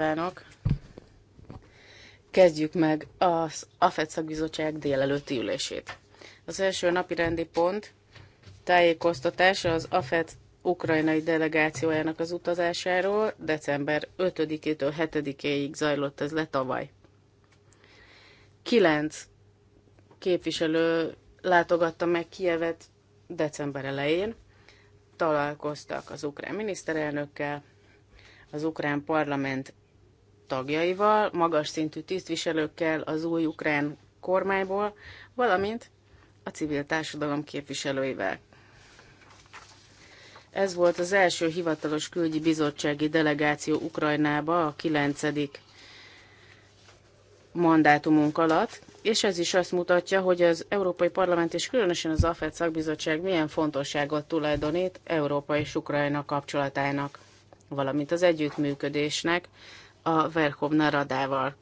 kívánok! Kezdjük meg az Afed szakbizottság délelőtti ülését. Az első napi rendi pont tájékoztatása az AFET ukrajnai delegációjának az utazásáról december 5-től 7 éig zajlott ez le tavaly. Kilenc képviselő látogatta meg Kievet december elején, találkoztak az ukrán miniszterelnökkel, az ukrán parlament tagjaival, magas szintű tisztviselőkkel az új ukrán kormányból, valamint a civil társadalom képviselőivel. Ez volt az első hivatalos külügyi bizottsági delegáció Ukrajnába a 9. mandátumunk alatt, és ez is azt mutatja, hogy az Európai Parlament és különösen az AFED szakbizottság milyen fontosságot tulajdonít Európa és Ukrajna kapcsolatának, valamint az együttműködésnek a Verhovna Radával.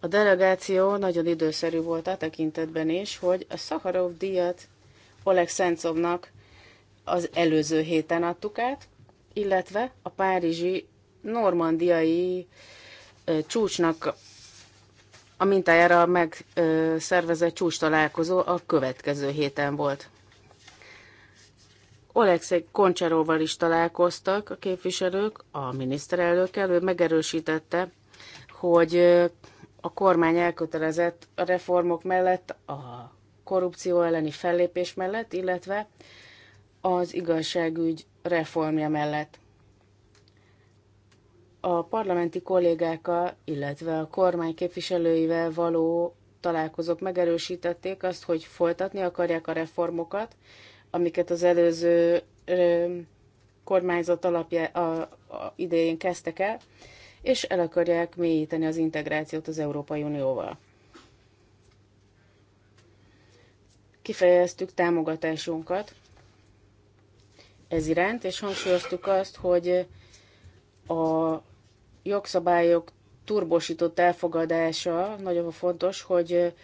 A delegáció nagyon időszerű volt a tekintetben is, hogy a Szaharov díjat Oleg Szencovnak az előző héten adtuk át, illetve a párizsi normandiai csúcsnak a mintájára megszervezett csúcs találkozó a következő héten volt. Olexej Koncseróval is találkoztak a képviselők, a miniszterelnökkel, ő megerősítette, hogy a kormány elkötelezett a reformok mellett, a korrupció elleni fellépés mellett, illetve az igazságügy reformja mellett. A parlamenti kollégákkal, illetve a kormány képviselőivel való találkozók megerősítették azt, hogy folytatni akarják a reformokat, amiket az előző kormányzat alapja a, a idején kezdtek el, és el akarják mélyíteni az integrációt az Európai Unióval. Kifejeztük támogatásunkat ez iránt, és hangsúlyoztuk azt, hogy a jogszabályok turbosított elfogadása nagyon fontos, hogy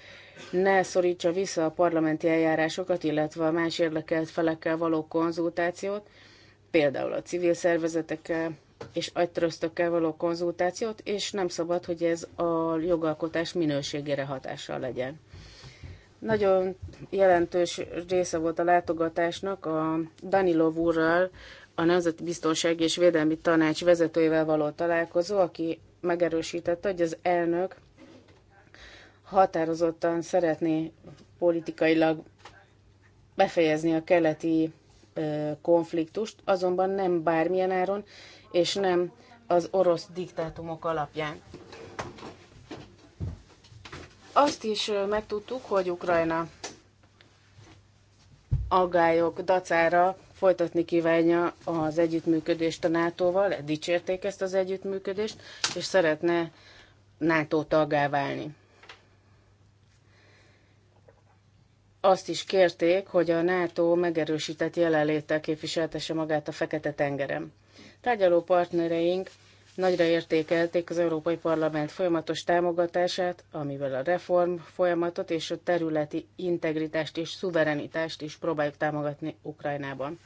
ne szorítsa vissza a parlamenti eljárásokat, illetve a más érdekelt felekkel való konzultációt, például a civil szervezetekkel és agytrösztökkel való konzultációt, és nem szabad, hogy ez a jogalkotás minőségére hatással legyen. Nagyon jelentős része volt a látogatásnak a Danilov úrral, a Nemzeti Biztonság és Védelmi Tanács vezetőjével való találkozó, aki megerősítette, hogy az elnök határozottan szeretné politikailag befejezni a keleti konfliktust, azonban nem bármilyen áron, és nem az orosz diktátumok alapján. Azt is megtudtuk, hogy Ukrajna aggályok dacára folytatni kívánja az együttműködést a NATO-val, dicsérték ezt az együttműködést, és szeretne NATO tagá válni. azt is kérték, hogy a NATO megerősített jelenléttel képviseltesse magát a Fekete-tengeren. Tárgyaló partnereink nagyra értékelték az Európai Parlament folyamatos támogatását, amivel a reform folyamatot és a területi integritást és szuverenitást is próbáljuk támogatni Ukrajnában.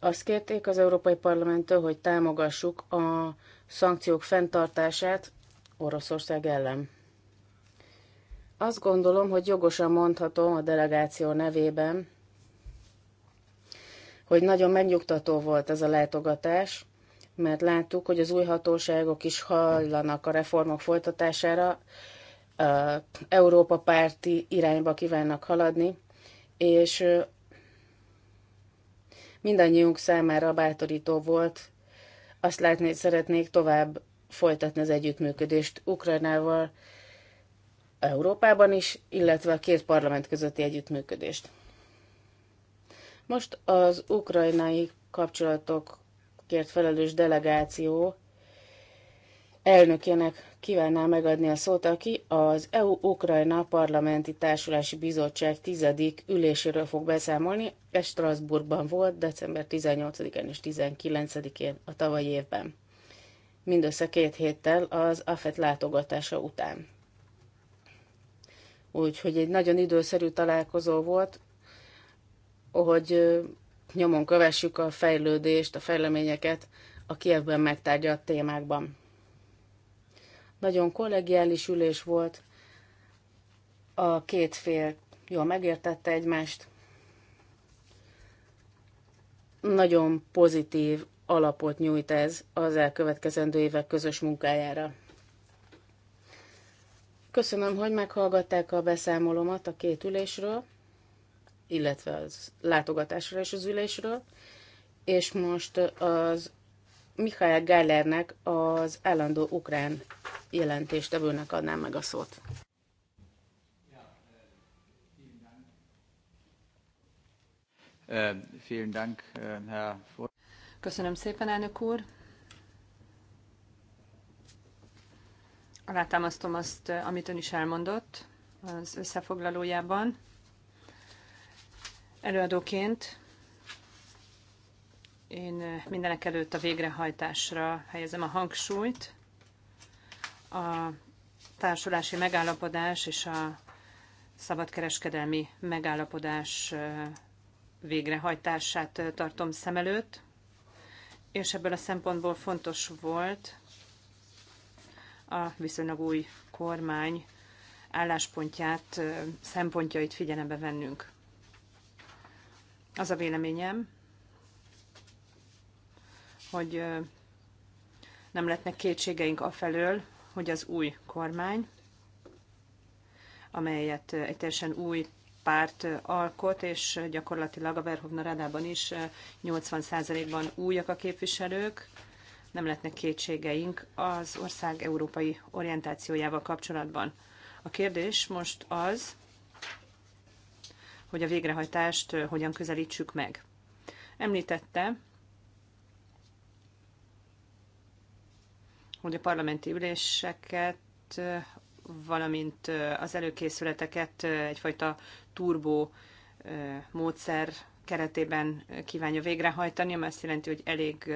Azt kérték az Európai Parlamenttől, hogy támogassuk a szankciók fenntartását Oroszország ellen. Azt gondolom, hogy jogosan mondhatom a delegáció nevében, hogy nagyon megnyugtató volt ez a látogatás, mert láttuk, hogy az új hatóságok is hajlanak a reformok folytatására, Európa párti irányba kívánnak haladni, és mindannyiunk számára bátorító volt azt látni, hogy szeretnék tovább folytatni az együttműködést Ukrajnával, Európában is, illetve a két parlament közötti együttműködést. Most az ukrajnai kapcsolatokért felelős delegáció elnökének kívánná megadni a szót, aki az EU-Ukrajna Parlamenti Társulási Bizottság tizedik üléséről fog beszámolni. Ez Strasbourgban volt december 18-án és 19-én a tavalyi évben. Mindössze két héttel az AFET látogatása után. Úgyhogy egy nagyon időszerű találkozó volt, hogy nyomon kövessük a fejlődést, a fejleményeket a Kievben megtárgyalt témákban. Nagyon kollegiális ülés volt, a két fél jól megértette egymást, nagyon pozitív alapot nyújt ez az elkövetkezendő évek közös munkájára. Köszönöm, hogy meghallgatták a beszámolomat a két ülésről, illetve az látogatásról és az ülésről, és most az Mihály Gálernek, az állandó ukrán jelentéstevőnek adnám meg a szót. Köszönöm szépen, elnök úr! alátámasztom azt, amit ön is elmondott az összefoglalójában. Előadóként én mindenek előtt a végrehajtásra helyezem a hangsúlyt. A társulási megállapodás és a szabadkereskedelmi megállapodás végrehajtását tartom szem előtt, és ebből a szempontból fontos volt a viszonylag új kormány álláspontját, szempontjait figyelembe vennünk. Az a véleményem, hogy nem lettnek kétségeink afelől, hogy az új kormány, amelyet egy teljesen új párt alkot, és gyakorlatilag a Verhovna Radában is 80%-ban újak a képviselők, nem lettnek kétségeink az ország európai orientációjával kapcsolatban. A kérdés most az, hogy a végrehajtást hogyan közelítsük meg. Említette, hogy a parlamenti üléseket, valamint az előkészületeket egyfajta turbó módszer keretében kívánja végrehajtani, ami azt jelenti, hogy elég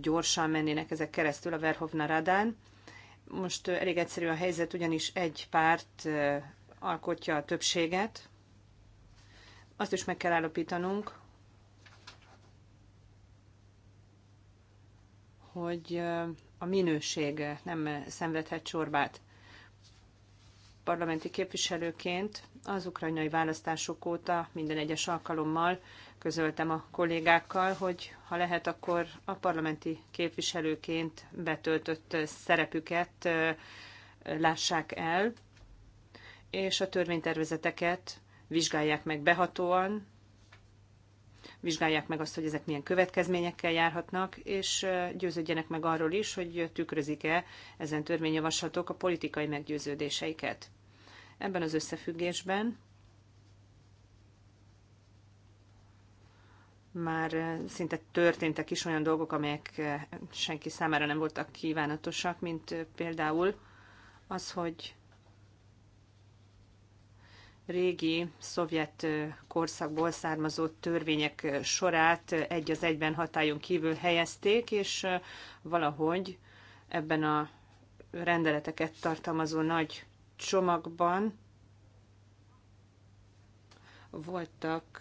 gyorsan mennének ezek keresztül a Verhovna Radán. Most elég egyszerű a helyzet, ugyanis egy párt alkotja a többséget. Azt is meg kell állapítanunk, hogy a minőség nem szenvedhet csorbát parlamenti képviselőként az ukrajnai választások óta minden egyes alkalommal közöltem a kollégákkal, hogy ha lehet, akkor a parlamenti képviselőként betöltött szerepüket lássák el, és a törvénytervezeteket vizsgálják meg behatóan, vizsgálják meg azt, hogy ezek milyen következményekkel járhatnak, és győződjenek meg arról is, hogy tükrözik-e ezen törvényjavaslatok a politikai meggyőződéseiket. Ebben az összefüggésben már szinte történtek is olyan dolgok, amelyek senki számára nem voltak kívánatosak, mint például az, hogy régi szovjet korszakból származó törvények sorát egy az egyben hatályon kívül helyezték, és valahogy ebben a rendeleteket tartalmazó nagy csomagban voltak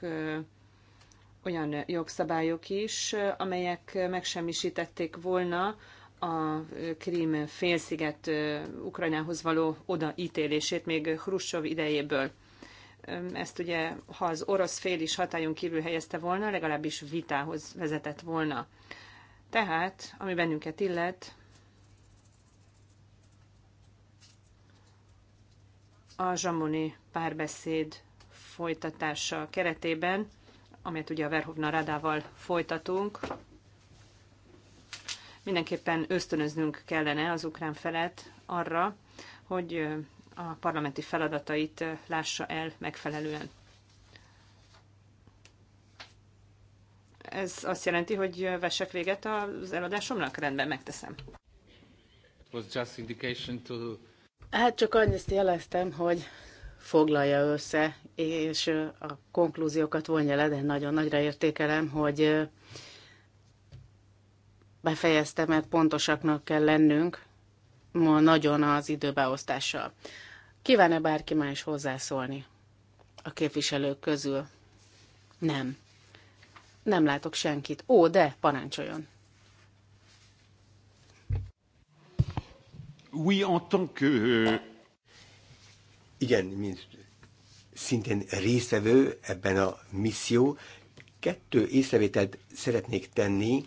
olyan jogszabályok is, amelyek megsemmisítették volna a Krím félsziget Ukrajnához való odaítélését még Hruscsov idejéből ezt ugye, ha az orosz fél is hatályon kívül helyezte volna, legalábbis vitához vezetett volna. Tehát, ami bennünket illet, a Zsamoni párbeszéd folytatása keretében, amelyet ugye a Verhovna Radával folytatunk, mindenképpen ösztönöznünk kellene az ukrán felett arra, hogy a parlamenti feladatait lássa el megfelelően. Ez azt jelenti, hogy vessek véget az eladásomnak? Rendben, megteszem. To... Hát csak annyit jeleztem, hogy foglalja össze, és a konklúziókat vonja le, de nagyon nagyra értékelem, hogy befejezte, mert pontosaknak kell lennünk ma nagyon az időbeosztással. Kíván-e bárki más hozzászólni a képviselők közül? Nem. Nem látok senkit. Ó, de parancsoljon. Oui, en tant que... Euh, Igen, mint szintén résztvevő ebben a misszió, kettő észrevételt szeretnék tenni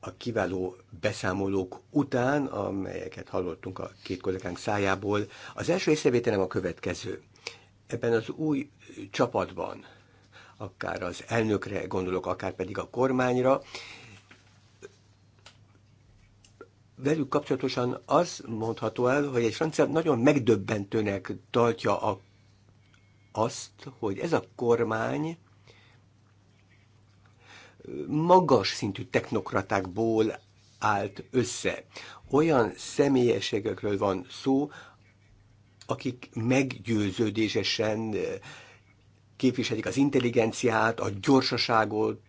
a kiváló beszámolók után, amelyeket hallottunk a két kollégánk szájából, az első észrevételem a következő. Ebben az új csapatban, akár az elnökre gondolok, akár pedig a kormányra, velük kapcsolatosan az mondható el, hogy egy francia nagyon megdöbbentőnek tartja a, azt, hogy ez a kormány magas szintű technokratákból állt össze. Olyan személyességekről van szó, akik meggyőződésesen eh, képviselik az intelligenciát, a gyorsaságot,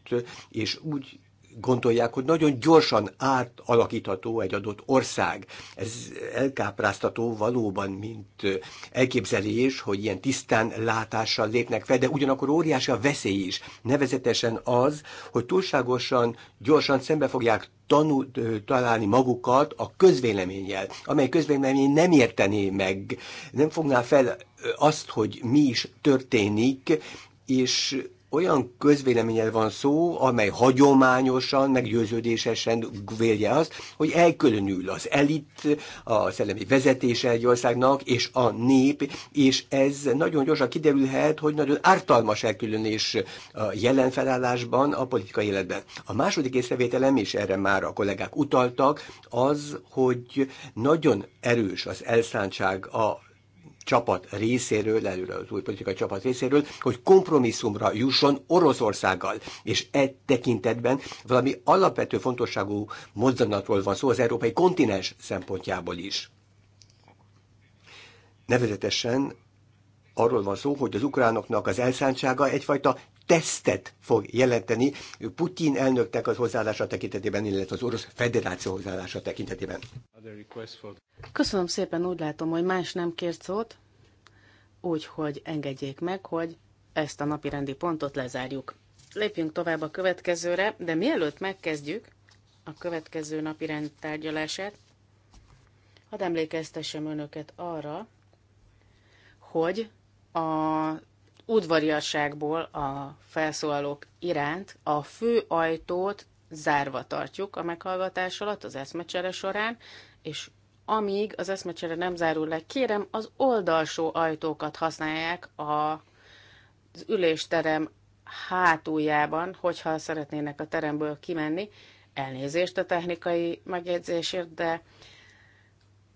és úgy gondolják, hogy nagyon gyorsan átalakítható egy adott ország. Ez elkápráztató valóban, mint elképzelés, hogy ilyen tisztán látással lépnek fel, de ugyanakkor óriási a veszély is. Nevezetesen az, hogy túlságosan gyorsan szembe fogják tanul, találni magukat a közvéleménnyel, amely közvélemény nem értené meg, nem fogná fel azt, hogy mi is történik, és olyan közvéleményel van szó, amely hagyományosan, meggyőződésesen vélje azt, hogy elkülönül az elit, a szellemi vezetés egy országnak, és a nép, és ez nagyon gyorsan kiderülhet, hogy nagyon ártalmas elkülönés a jelen felállásban, a politikai életben. A második észrevételem, és erre már a kollégák utaltak, az, hogy nagyon erős az elszántság a csapat részéről, előre az új politikai csapat részéről, hogy kompromisszumra jusson Oroszországgal. És e tekintetben valami alapvető fontosságú mozzanatról van szó az európai kontinens szempontjából is. Nevezetesen arról van szó, hogy az ukránoknak az elszántsága egyfajta tesztet fog jelenteni Putin elnöknek az hozzáállása tekintetében, illetve az Orosz Federáció hozzáállása tekintetében. Köszönöm szépen, úgy látom, hogy más nem kért szót, úgyhogy engedjék meg, hogy ezt a napi rendi pontot lezárjuk. Lépjünk tovább a következőre, de mielőtt megkezdjük a következő napi rend tárgyalását, hadd emlékeztessem önöket arra, hogy a udvariasságból a felszólalók iránt a fő ajtót zárva tartjuk a meghallgatás alatt, az eszmecsere során, és amíg az eszmecsere nem zárul le, kérem, az oldalsó ajtókat használják a, az ülésterem hátuljában, hogyha szeretnének a teremből kimenni. Elnézést a technikai megjegyzésért, de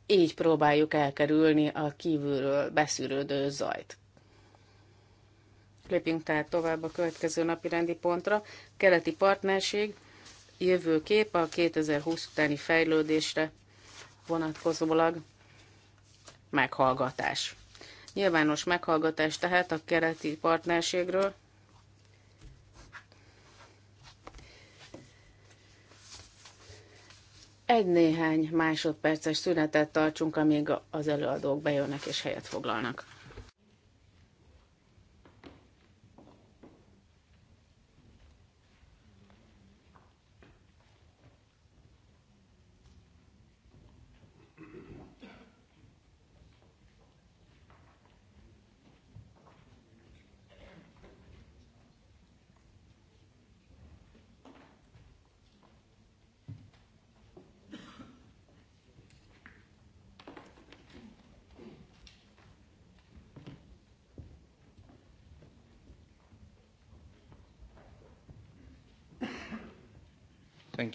így próbáljuk elkerülni a kívülről beszűrődő zajt. Lépjünk tehát tovább a következő napi rendi pontra. Keleti partnerség, kép a 2020 utáni fejlődésre vonatkozólag meghallgatás. Nyilvános meghallgatás tehát a keleti partnerségről. Egy néhány másodperces szünetet tartsunk, amíg az előadók bejönnek és helyet foglalnak.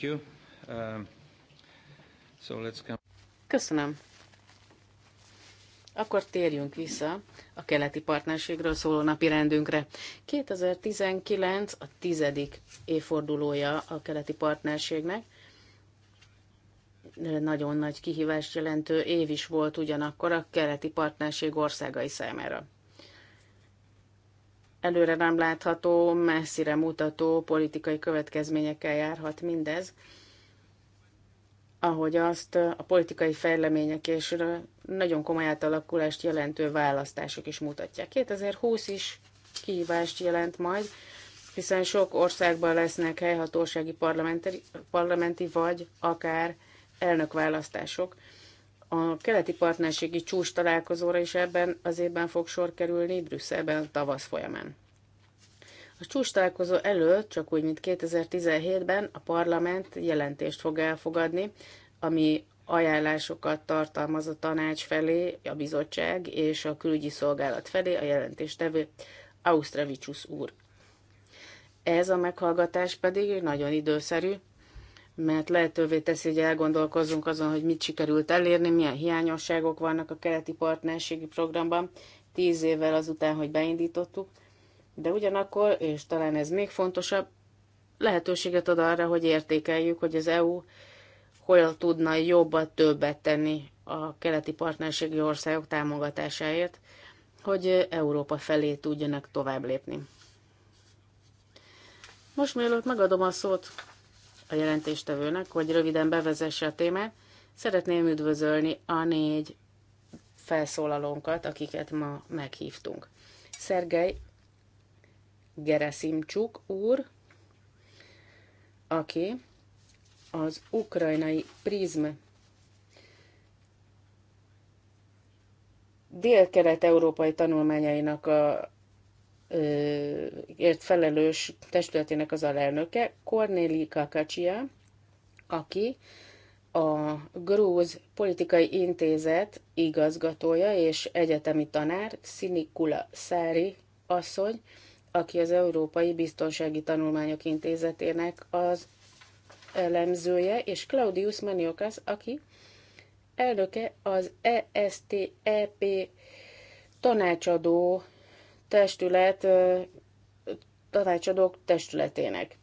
Thank you. Um, so let's come. Köszönöm. Akkor térjünk vissza a keleti partnerségről szóló napi rendünkre. 2019 a tizedik évfordulója a keleti partnerségnek. Nagyon nagy kihívást jelentő év is volt ugyanakkor a keleti partnerség országai számára előre nem látható, messzire mutató politikai következményekkel járhat mindez, ahogy azt a politikai fejlemények és nagyon komoly átalakulást jelentő választások is mutatják. 2020 is kihívást jelent majd, hiszen sok országban lesznek helyhatósági parlamenti vagy akár elnökválasztások a keleti partnerségi csúcs találkozóra is ebben az évben fog sor kerülni Brüsszelben tavasz folyamán. A csúcs találkozó előtt, csak úgy, mint 2017-ben a parlament jelentést fog elfogadni, ami ajánlásokat tartalmaz a tanács felé, a bizottság és a külügyi szolgálat felé a jelentéstevő Ausztravicsus úr. Ez a meghallgatás pedig nagyon időszerű, mert lehetővé teszi, hogy elgondolkozzunk azon, hogy mit sikerült elérni, milyen hiányosságok vannak a keleti partnerségi programban, tíz évvel azután, hogy beindítottuk. De ugyanakkor, és talán ez még fontosabb, lehetőséget ad arra, hogy értékeljük, hogy az EU hol tudna jobbat, többet tenni a keleti partnerségi országok támogatásáért, hogy Európa felé tudjanak tovább lépni. Most mielőtt megadom a szót a jelentéstevőnek, hogy röviden bevezesse a témát. Szeretném üdvözölni a négy felszólalónkat, akiket ma meghívtunk. Szergej Gereszimcsuk úr, aki az ukrajnai Prizm kelet európai tanulmányainak a ért felelős testületének az alelnöke, Kornéli Kakacsia, aki a Grúz Politikai Intézet igazgatója és egyetemi tanár, Szinikula Szári asszony, aki az Európai Biztonsági Tanulmányok Intézetének az elemzője, és Claudius Maniokas, aki elnöke az ESTEP tanácsadó testület tanácsadók testületének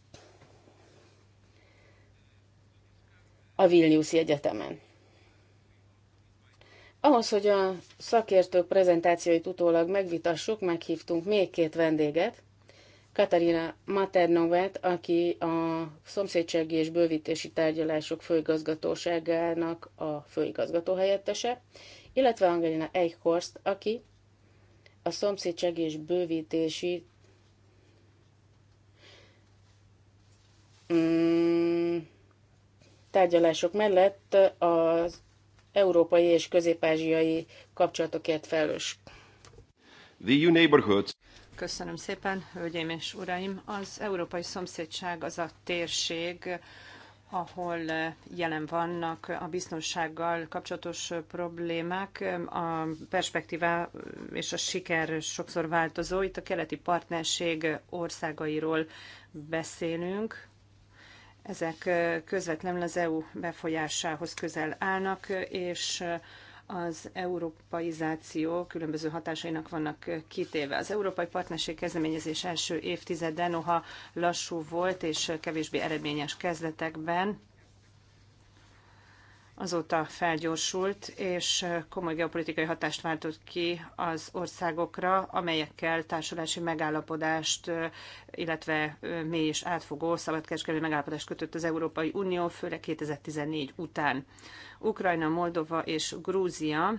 a Vilniuszi Egyetemen. Ahhoz, hogy a szakértők prezentációit utólag megvitassuk, meghívtunk még két vendéget. Katarina Maternovet, aki a szomszédsági és bővítési tárgyalások főigazgatóságának a főigazgató helyettese, illetve Angelina Eichhorst, aki a szomszédság és bővítési mm, tárgyalások mellett az európai és közép-ázsiai kapcsolatokért felelős. The EU neighborhoods. Köszönöm szépen, hölgyeim és uraim! Az európai szomszédság az a térség, ahol eh, jelen vannak a biztonsággal kapcsolatos eh, problémák, a perspektíva eh, és a siker sokszor változó. Itt a keleti partnerség országairól beszélünk. Ezek közvetlenül az EU befolyásához közel állnak, és az európaizáció különböző hatásainak vannak kitéve. Az Európai Partnerség kezdeményezés első évtizede noha lassú volt és kevésbé eredményes kezdetekben, azóta felgyorsult, és komoly geopolitikai hatást váltott ki az országokra, amelyekkel társulási megállapodást, illetve mély és átfogó szabadkereskedelmi megállapodást kötött az Európai Unió, főleg 2014 után. Ukrajna, Moldova és Grúzia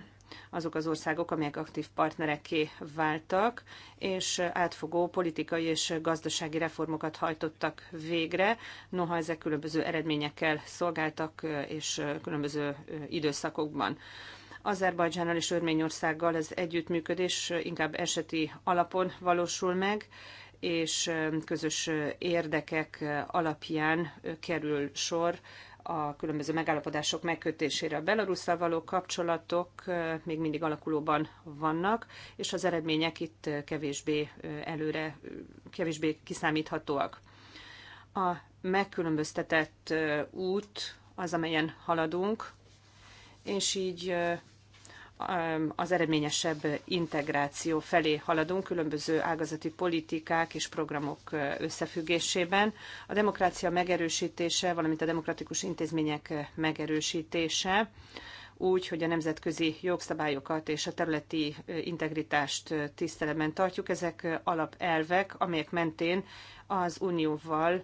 azok az országok, amelyek aktív partnereké váltak, és átfogó politikai és gazdasági reformokat hajtottak végre, noha ezek különböző eredményekkel szolgáltak, és különböző időszakokban. Azerbajdzsánnal és Örményországgal az együttműködés inkább eseti alapon valósul meg, és közös érdekek alapján kerül sor a különböző megállapodások megkötésére. A Belarusszal való kapcsolatok még mindig alakulóban vannak, és az eredmények itt kevésbé előre, kevésbé kiszámíthatóak. A megkülönböztetett út az, amelyen haladunk, és így Um, az eredményesebb integráció felé haladunk különböző ágazati politikák és programok uh, összefüggésében. A demokrácia megerősítése, valamint a demokratikus intézmények uh, megerősítése, úgy, hogy a nemzetközi jogszabályokat és a területi uh, integritást tiszteletben tartjuk. Ezek alapelvek, amelyek mentén az Unióval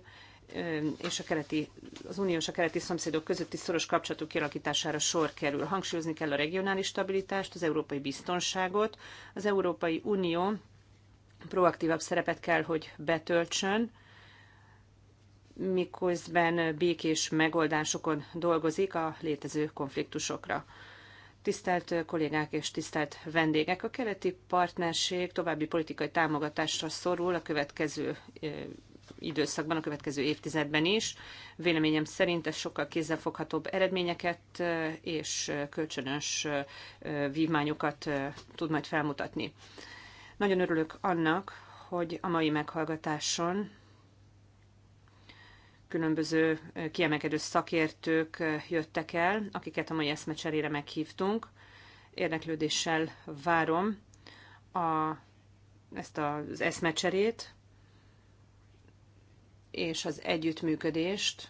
és a keleti, az unió és a keleti szomszédok közötti szoros kapcsolatok kialakítására sor kerül. Hangsúlyozni kell a regionális stabilitást, az európai biztonságot. Az Európai Unió proaktívabb szerepet kell, hogy betöltsön, miközben békés megoldásokon dolgozik a létező konfliktusokra. Tisztelt kollégák és tisztelt vendégek, a keleti partnerség további politikai támogatásra szorul a következő időszakban, a következő évtizedben is. Véleményem szerint ez sokkal kézzelfoghatóbb eredményeket és kölcsönös vívmányokat tud majd felmutatni. Nagyon örülök annak, hogy a mai meghallgatáson különböző kiemelkedő szakértők jöttek el, akiket a mai eszmecserére meghívtunk. Érdeklődéssel várom a, ezt az eszmecserét, és az együttműködést,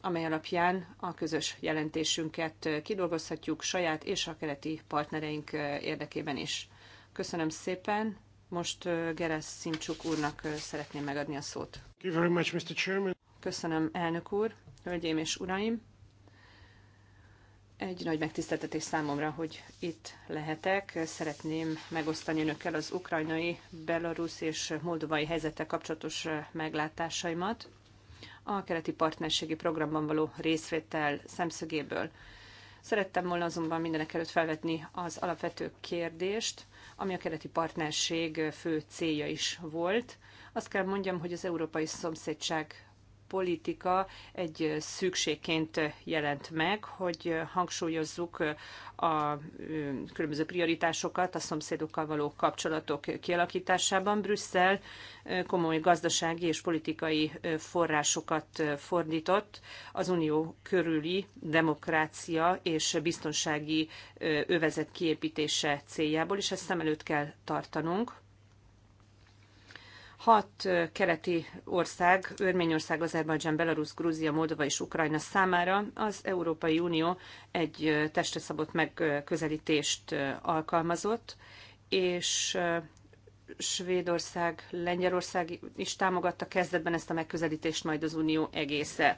amely alapján a közös jelentésünket kidolgozhatjuk saját és a keleti partnereink érdekében is. Köszönöm szépen, most Gerász Szimcsuk úrnak szeretném megadni a szót. Köszönöm, elnök úr, hölgyeim és uraim! Egy nagy megtiszteltetés számomra, hogy itt lehetek. Szeretném megosztani önökkel az ukrajnai, belarusz és moldovai helyzettel kapcsolatos meglátásaimat a keleti partnerségi programban való részvétel szemszögéből. Szerettem volna azonban mindenek előtt felvetni az alapvető kérdést, ami a keleti partnerség fő célja is volt. Azt kell mondjam, hogy az európai szomszédság politika egy szükségként jelent meg, hogy hangsúlyozzuk a különböző prioritásokat a szomszédokkal való kapcsolatok kialakításában. Brüsszel komoly gazdasági és politikai forrásokat fordított az unió körüli demokrácia és biztonsági övezet kiépítése céljából, és ezt szem előtt kell tartanunk hat keleti ország, Örményország, Azerbajdzsán, Belarus, Grúzia, Moldova és Ukrajna számára az Európai Unió egy testre szabott megközelítést alkalmazott, és Svédország, Lengyelország is támogatta kezdetben ezt a megközelítést, majd az Unió egésze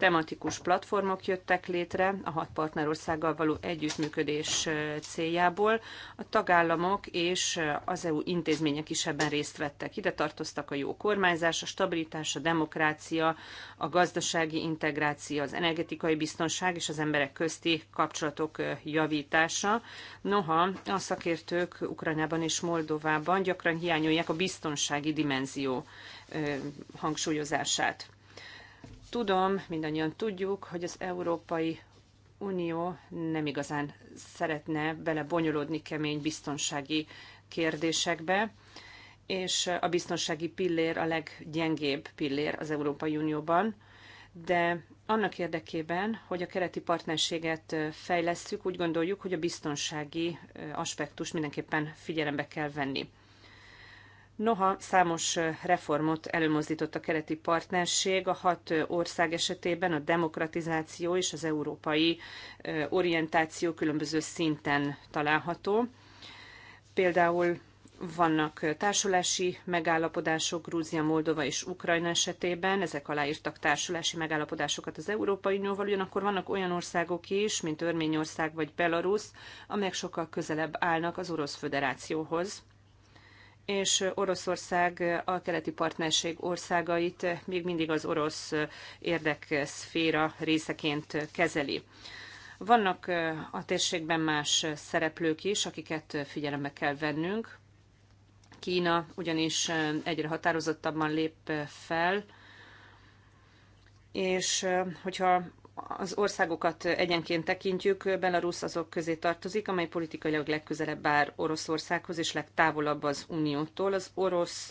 tematikus platformok jöttek létre a hat partnerországgal való együttműködés céljából. A tagállamok és az EU intézmények is ebben részt vettek. Ide tartoztak a jó kormányzás, a stabilitás, a demokrácia, a gazdasági integráció, az energetikai biztonság és az emberek közti kapcsolatok javítása. Noha a szakértők Ukrajnában és Moldovában gyakran hiányolják a biztonsági dimenzió hangsúlyozását Tudom, mindannyian tudjuk, hogy az Európai Unió nem igazán szeretne belebonyolódni kemény biztonsági kérdésekbe, és a biztonsági pillér a leggyengébb pillér az Európai Unióban, de annak érdekében, hogy a kereti partnerséget fejlesszük, úgy gondoljuk, hogy a biztonsági aspektus mindenképpen figyelembe kell venni. Noha számos reformot előmozdított a keleti partnerség, a hat ország esetében a demokratizáció és az európai orientáció különböző szinten található. Például vannak társulási megállapodások Grúzia, Moldova és Ukrajna esetében, ezek aláírtak társulási megállapodásokat az Európai Unióval, ugyanakkor vannak olyan országok is, mint Örményország vagy Belarus, amelyek sokkal közelebb állnak az Orosz Föderációhoz és Oroszország a keleti partnerség országait még mindig az orosz érdekszféra részeként kezeli. Vannak a térségben más szereplők is, akiket figyelembe kell vennünk. Kína ugyanis egyre határozottabban lép fel, és hogyha az országokat egyenként tekintjük, Belarus azok közé tartozik, amely politikailag legközelebb áll Oroszországhoz és legtávolabb az Uniótól. Az orosz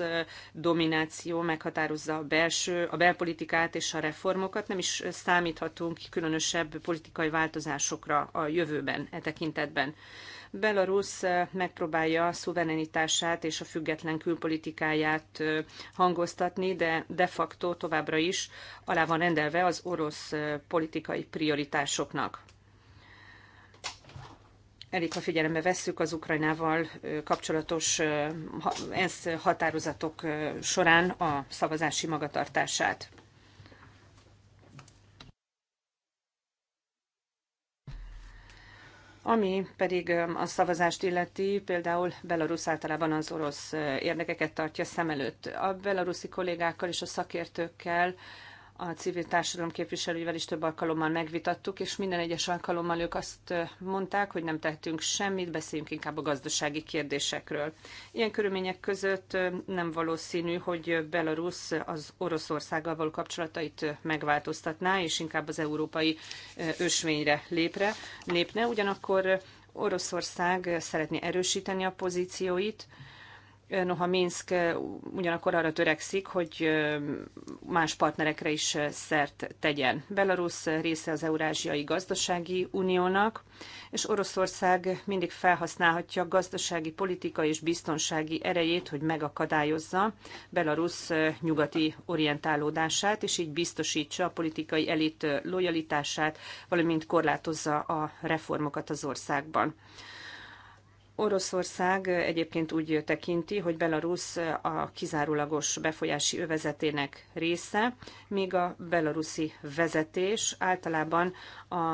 domináció meghatározza a belső, a belpolitikát és a reformokat, nem is számíthatunk különösebb politikai változásokra a jövőben e tekintetben. Belarus eh, megpróbálja a szuverenitását és a független külpolitikáját eh, hangoztatni, de de facto továbbra is alá van rendelve az orosz eh, politikai prioritásoknak. Elég, ha figyelembe vesszük az Ukrajnával kapcsolatos ENSZ határozatok során a szavazási magatartását. Ami pedig a szavazást illeti, például Belarus általában az orosz érdekeket tartja szem előtt. A belaruszi kollégákkal és a szakértőkkel a civil társadalom képviselőivel is több alkalommal megvitattuk, és minden egyes alkalommal ők azt mondták, hogy nem tehetünk semmit, beszéljünk inkább a gazdasági kérdésekről. Ilyen körülmények között nem valószínű, hogy Belarus az Oroszországgal való kapcsolatait megváltoztatná, és inkább az európai ösvényre lépre, lépne. Ugyanakkor Oroszország szeretné erősíteni a pozícióit, Noha Minsk ugyanakkor arra törekszik, hogy más partnerekre is szert tegyen. Belarus része az Eurázsiai Gazdasági Uniónak, és Oroszország mindig felhasználhatja gazdasági, politikai és biztonsági erejét, hogy megakadályozza Belarus nyugati orientálódását, és így biztosítsa a politikai elit lojalitását, valamint korlátozza a reformokat az országban. Oroszország egyébként úgy tekinti, hogy Belarus a kizárólagos befolyási övezetének része, míg a belaruszi vezetés általában a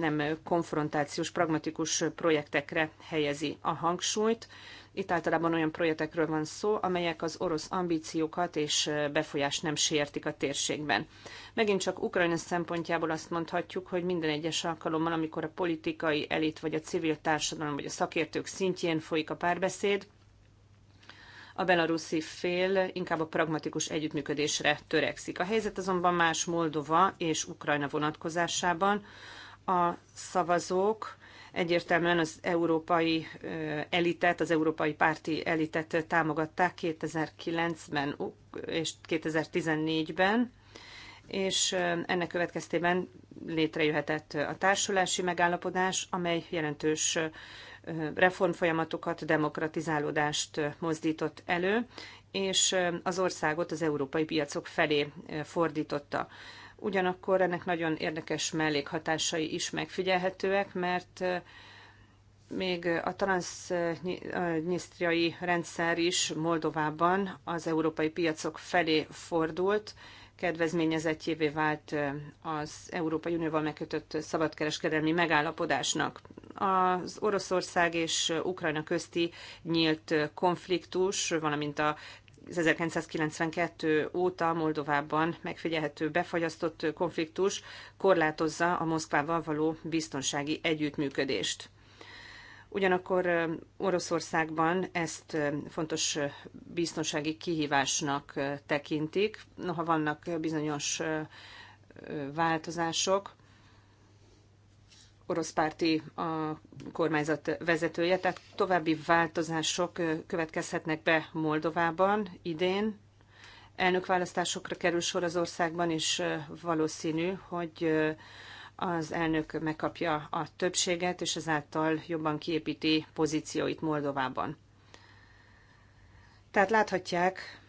nem konfrontációs, pragmatikus projektekre helyezi a hangsúlyt, itt általában olyan projektekről van szó, amelyek az orosz ambíciókat és befolyást nem sértik a térségben. Megint csak Ukrajna szempontjából azt mondhatjuk, hogy minden egyes alkalommal, amikor a politikai elit vagy a civil társadalom vagy a szakértők szintjén folyik a párbeszéd, a belaruszi fél inkább a pragmatikus együttműködésre törekszik. A helyzet azonban más Moldova és Ukrajna vonatkozásában. A szavazók egyértelműen az európai elitet, az európai párti elitet támogatták 2009-ben és 2014-ben, és ennek következtében létrejöhetett a társulási megállapodás, amely jelentős reformfolyamatokat, demokratizálódást mozdított elő, és az országot az európai piacok felé fordította ugyanakkor ennek nagyon érdekes mellékhatásai is megfigyelhetőek, mert még a transznyisztriai rendszer is Moldovában az európai piacok felé fordult, kedvezményezettjévé vált az Európai Unióval megkötött szabadkereskedelmi megállapodásnak. Az Oroszország és Ukrajna közti nyílt konfliktus, valamint a 1992 óta Moldovában megfigyelhető befagyasztott konfliktus korlátozza a Moszkvával való biztonsági együttműködést. Ugyanakkor Oroszországban ezt fontos biztonsági kihívásnak tekintik, noha vannak bizonyos változások, orosz párti a kormányzat vezetője, tehát további változások következhetnek be Moldovában idén. Elnökválasztásokra kerül sor az országban, és valószínű, hogy az elnök megkapja a többséget, és ezáltal jobban kiépíti pozícióit Moldovában. Tehát láthatják,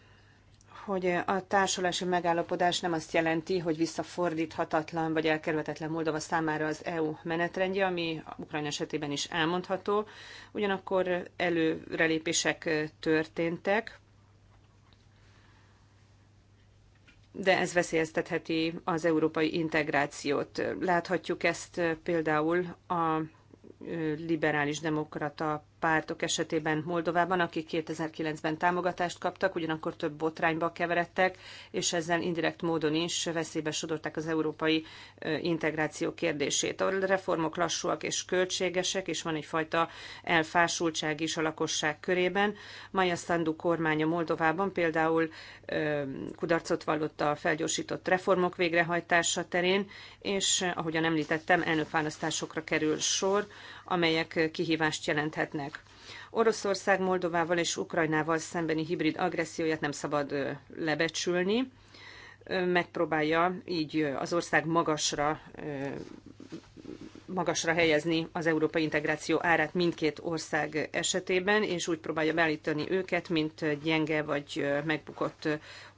hogy a társulási megállapodás nem azt jelenti, hogy visszafordíthatatlan vagy elkerülhetetlen Moldova számára az EU menetrendje, ami Ukrajna esetében is elmondható. Ugyanakkor előrelépések történtek, de ez veszélyeztetheti az európai integrációt. Láthatjuk ezt például a liberális demokrata pártok esetében Moldovában, akik 2009-ben támogatást kaptak, ugyanakkor több botrányba keveredtek, és ezzel indirekt módon is veszélybe sodorták az európai integráció kérdését. A reformok lassúak és költségesek, és van egyfajta elfásultság is a lakosság körében. Maja Sandu kormánya Moldovában például kudarcot vallott a felgyorsított reformok végrehajtása terén, és ahogyan említettem, elnökválasztásokra kerül sor, amelyek kihívást jelenthetnek. Oroszország Moldovával és Ukrajnával szembeni hibrid agresszióját nem szabad lebecsülni. Megpróbálja így az ország magasra magasra helyezni az európai integráció árát mindkét ország esetében, és úgy próbálja beállítani őket, mint gyenge vagy megbukott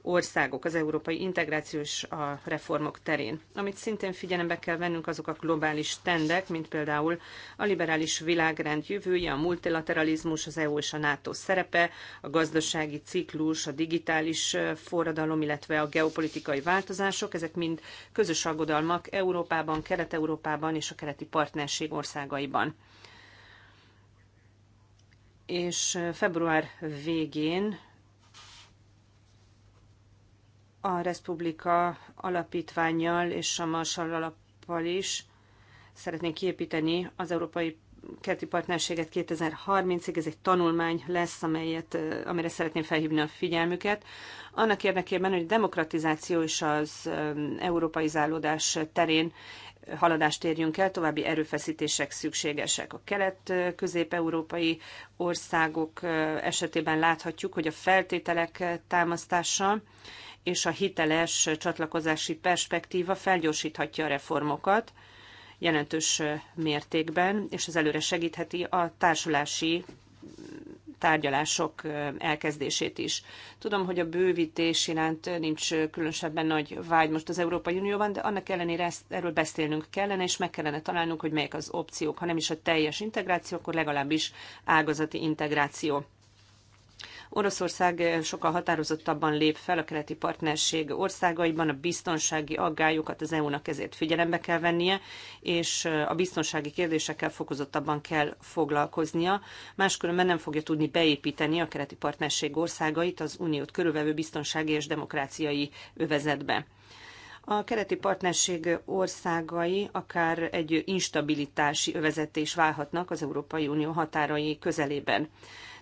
országok az európai integrációs a reformok terén. Amit szintén figyelembe kell vennünk, azok a globális trendek, mint például a liberális világrend jövője, a multilateralizmus, az EU és a NATO szerepe, a gazdasági ciklus, a digitális forradalom, illetve a geopolitikai változások, ezek mind közös aggodalmak Európában, Kelet-Európában és a keleti partnerség országaiban és február végén a Respublika alapítványjal és a Marshall alappal is szeretnénk kiépíteni az Európai Kerti Partnerséget 2030-ig. Ez egy tanulmány lesz, amelyet, amire szeretném felhívni a figyelmüket. Annak érdekében, hogy a demokratizáció és az um, európai zálódás terén haladást érjünk el, további erőfeszítések szükségesek. A kelet-közép-európai uh, országok uh, esetében láthatjuk, hogy a feltételek uh, támasztása és a hiteles csatlakozási perspektíva felgyorsíthatja a reformokat jelentős mértékben, és az előre segítheti a társulási tárgyalások elkezdését is. Tudom, hogy a bővítés iránt nincs különösebben nagy vágy most az Európai Unióban, de annak ellenére ezt, erről beszélnünk kellene, és meg kellene találnunk, hogy melyek az opciók, nem is a teljes integráció, akkor legalábbis ágazati integráció. Oroszország sokkal határozottabban lép fel a keleti partnerség országaiban, a biztonsági aggályokat az EU-nak ezért figyelembe kell vennie, és a biztonsági kérdésekkel fokozottabban kell foglalkoznia, máskülönben nem fogja tudni beépíteni a keleti partnerség országait az uniót körülvevő biztonsági és demokráciai övezetbe a keleti partnerség országai akár egy instabilitási övezetté is válhatnak az Európai Unió határai közelében.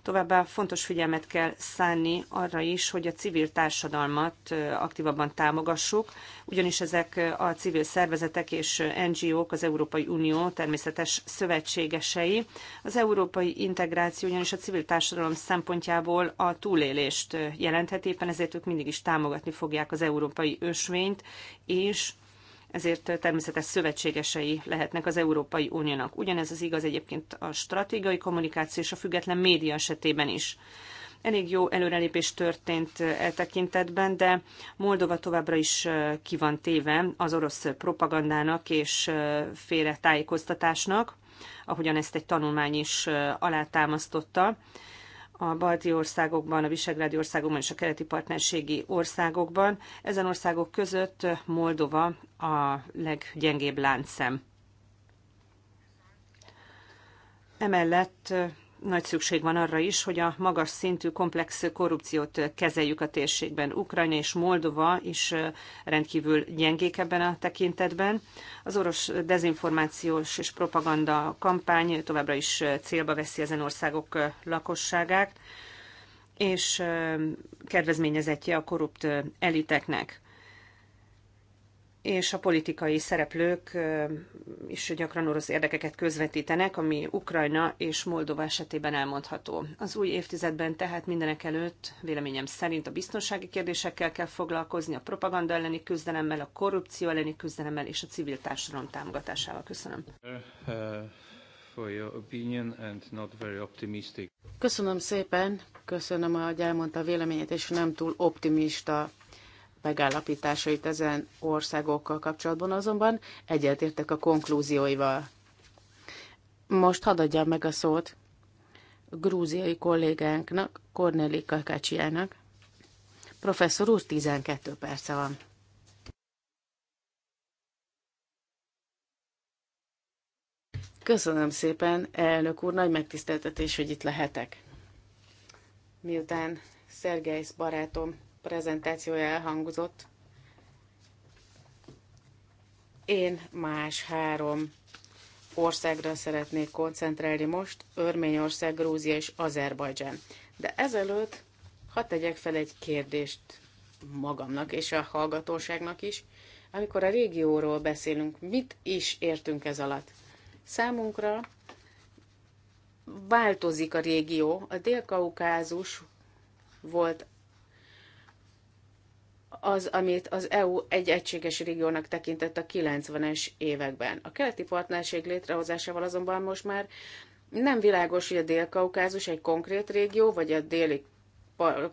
Továbbá fontos figyelmet kell szánni arra is, hogy a civil társadalmat aktívabban támogassuk, ugyanis ezek a civil szervezetek és NGO-k az Európai Unió természetes szövetségesei. Az európai integráció ugyanis a civil társadalom szempontjából a túlélést jelentheti, éppen ezért ők mindig is támogatni fogják az európai ösvényt, és ezért természetes szövetségesei lehetnek az Európai Uniónak. Ugyanez az igaz egyébként a stratégiai kommunikáció és a független média esetében is. Elég jó előrelépés történt e tekintetben, de Moldova továbbra is e, ki van téve az orosz propagandának és e, félretájékoztatásnak, ahogyan ezt egy tanulmány is e, alátámasztotta a balti országokban, a visegrádi országokban és a keleti partnerségi országokban. Ezen országok között Moldova a leggyengébb láncszem. Emellett nagy szükség van arra is, hogy a magas szintű komplex korrupciót kezeljük a térségben. Ukrajna és Moldova is rendkívül gyengék ebben a tekintetben. Az orosz dezinformációs és propaganda kampány továbbra is célba veszi ezen országok lakosságát, és kedvezményezetje a korrupt eliteknek és a politikai szereplők is gyakran orosz érdekeket közvetítenek, ami Ukrajna és Moldova esetében elmondható. Az új évtizedben tehát mindenek előtt véleményem szerint a biztonsági kérdésekkel kell foglalkozni, a propaganda elleni küzdelemmel, a korrupció elleni küzdelemmel és a civil társadalom támogatásával. Köszönöm. Uh, uh, köszönöm szépen, köszönöm, hogy elmondta a véleményét, és nem túl optimista megállapításait ezen országokkal kapcsolatban, azonban egyetértek a konklúzióival. Most hadd adjam meg a szót grúziai kollégánknak, Kornéli Kakácsiának. Professzor úr, 12 perce van. Köszönöm szépen, elnök úr, nagy megtiszteltetés, hogy itt lehetek. Miután Szergejsz barátom prezentációja elhangzott, én más három országra szeretnék koncentrálni most, Örményország, Grúzia és Azerbajdzsán. De ezelőtt hadd tegyek fel egy kérdést magamnak és a hallgatóságnak is. Amikor a régióról beszélünk, mit is értünk ez alatt? Számunkra változik a régió. A Dél-Kaukázus volt az, amit az EU egy egységes régiónak tekintett a 90-es években. A keleti partnerség létrehozásával azonban most már nem világos, hogy a Dél-Kaukázus egy konkrét régió, vagy a déli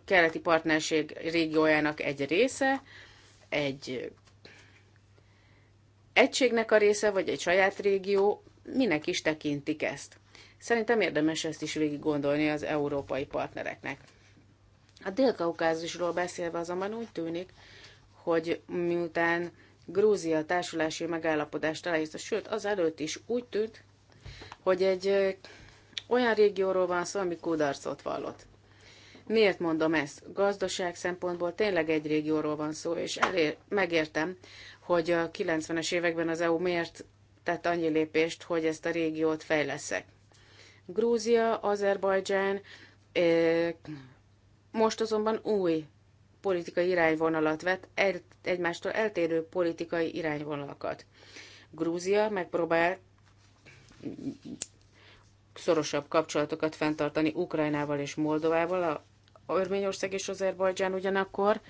keleti partnerség régiójának egy része, egy egységnek a része, vagy egy saját régió, minek is tekintik ezt. Szerintem érdemes ezt is végig gondolni az európai partnereknek. A Dél-Kaukázusról beszélve azonban úgy tűnik, hogy miután Grúzia társulási megállapodást aláírta, sőt, az előtt is úgy tűnt, hogy egy olyan régióról van szó, ami kudarcot vallott. Miért mondom ezt? Gazdaság szempontból tényleg egy régióról van szó, és elér, megértem, hogy a 90-es években az EU miért tett annyi lépést, hogy ezt a régiót fejleszek. Grúzia, Azerbajdzsán, most azonban új politikai irányvonalat vett, el, egymástól eltérő politikai irányvonalakat. Grúzia megpróbál szorosabb kapcsolatokat fenntartani Ukrajnával és Moldovával, a Örményország és Azerbajdzsán ugyanakkor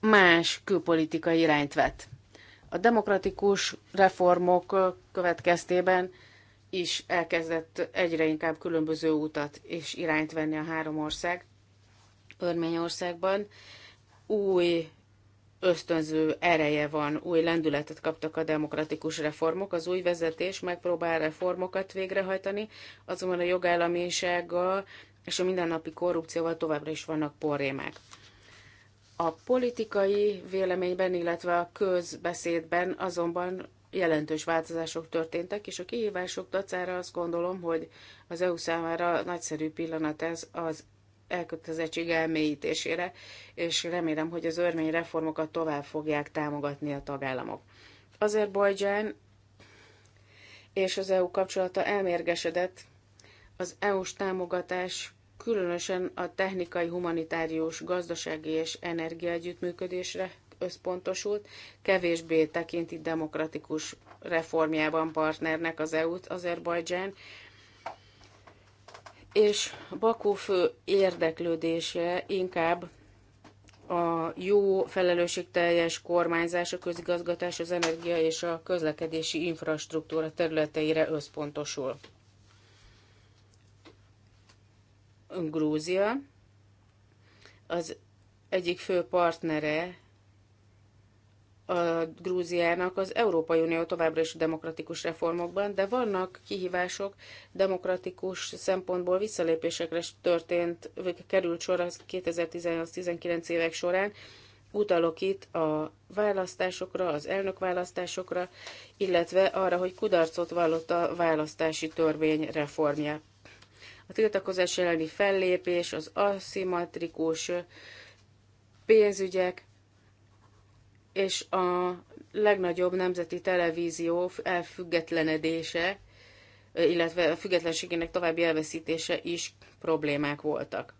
más külpolitikai irányt vett. A demokratikus reformok következtében is elkezdett egyre inkább különböző utat és irányt venni a három ország, Örményországban új ösztönző ereje van, új lendületet kaptak a demokratikus reformok, az új vezetés megpróbál reformokat végrehajtani, azonban a jogállamisággal és a mindennapi korrupcióval továbbra is vannak porrémák. A politikai véleményben, illetve a közbeszédben azonban jelentős változások történtek, és a kihívások tacára azt gondolom, hogy az EU számára nagyszerű pillanat ez az elkötelezettség elmélyítésére, és remélem, hogy az örmény reformokat tovább fogják támogatni a tagállamok. Azerbajdzsán és az EU kapcsolata elmérgesedett, az EU-s támogatás különösen a technikai, humanitárius, gazdasági és energiaegyüttműködésre összpontosult, kevésbé tekinti demokratikus reformjában partnernek az EU-t Azerbajdzsán, és Bakú fő érdeklődése inkább a jó, felelősségteljes kormányzás, a közigazgatás, az energia és a közlekedési infrastruktúra területeire összpontosul. Grúzia az egyik fő partnere a Grúziának az Európai Unió továbbra is demokratikus reformokban, de vannak kihívások, demokratikus szempontból visszalépésekre történt, vagy került sor az 2018-19 évek során. Utalok itt a választásokra, az elnökválasztásokra, illetve arra, hogy kudarcot vallott a választási törvény reformja. A tiltakozás elleni fellépés, az aszimmetrikus pénzügyek, és a legnagyobb nemzeti televízió elfüggetlenedése, illetve a függetlenségének további elveszítése is problémák voltak.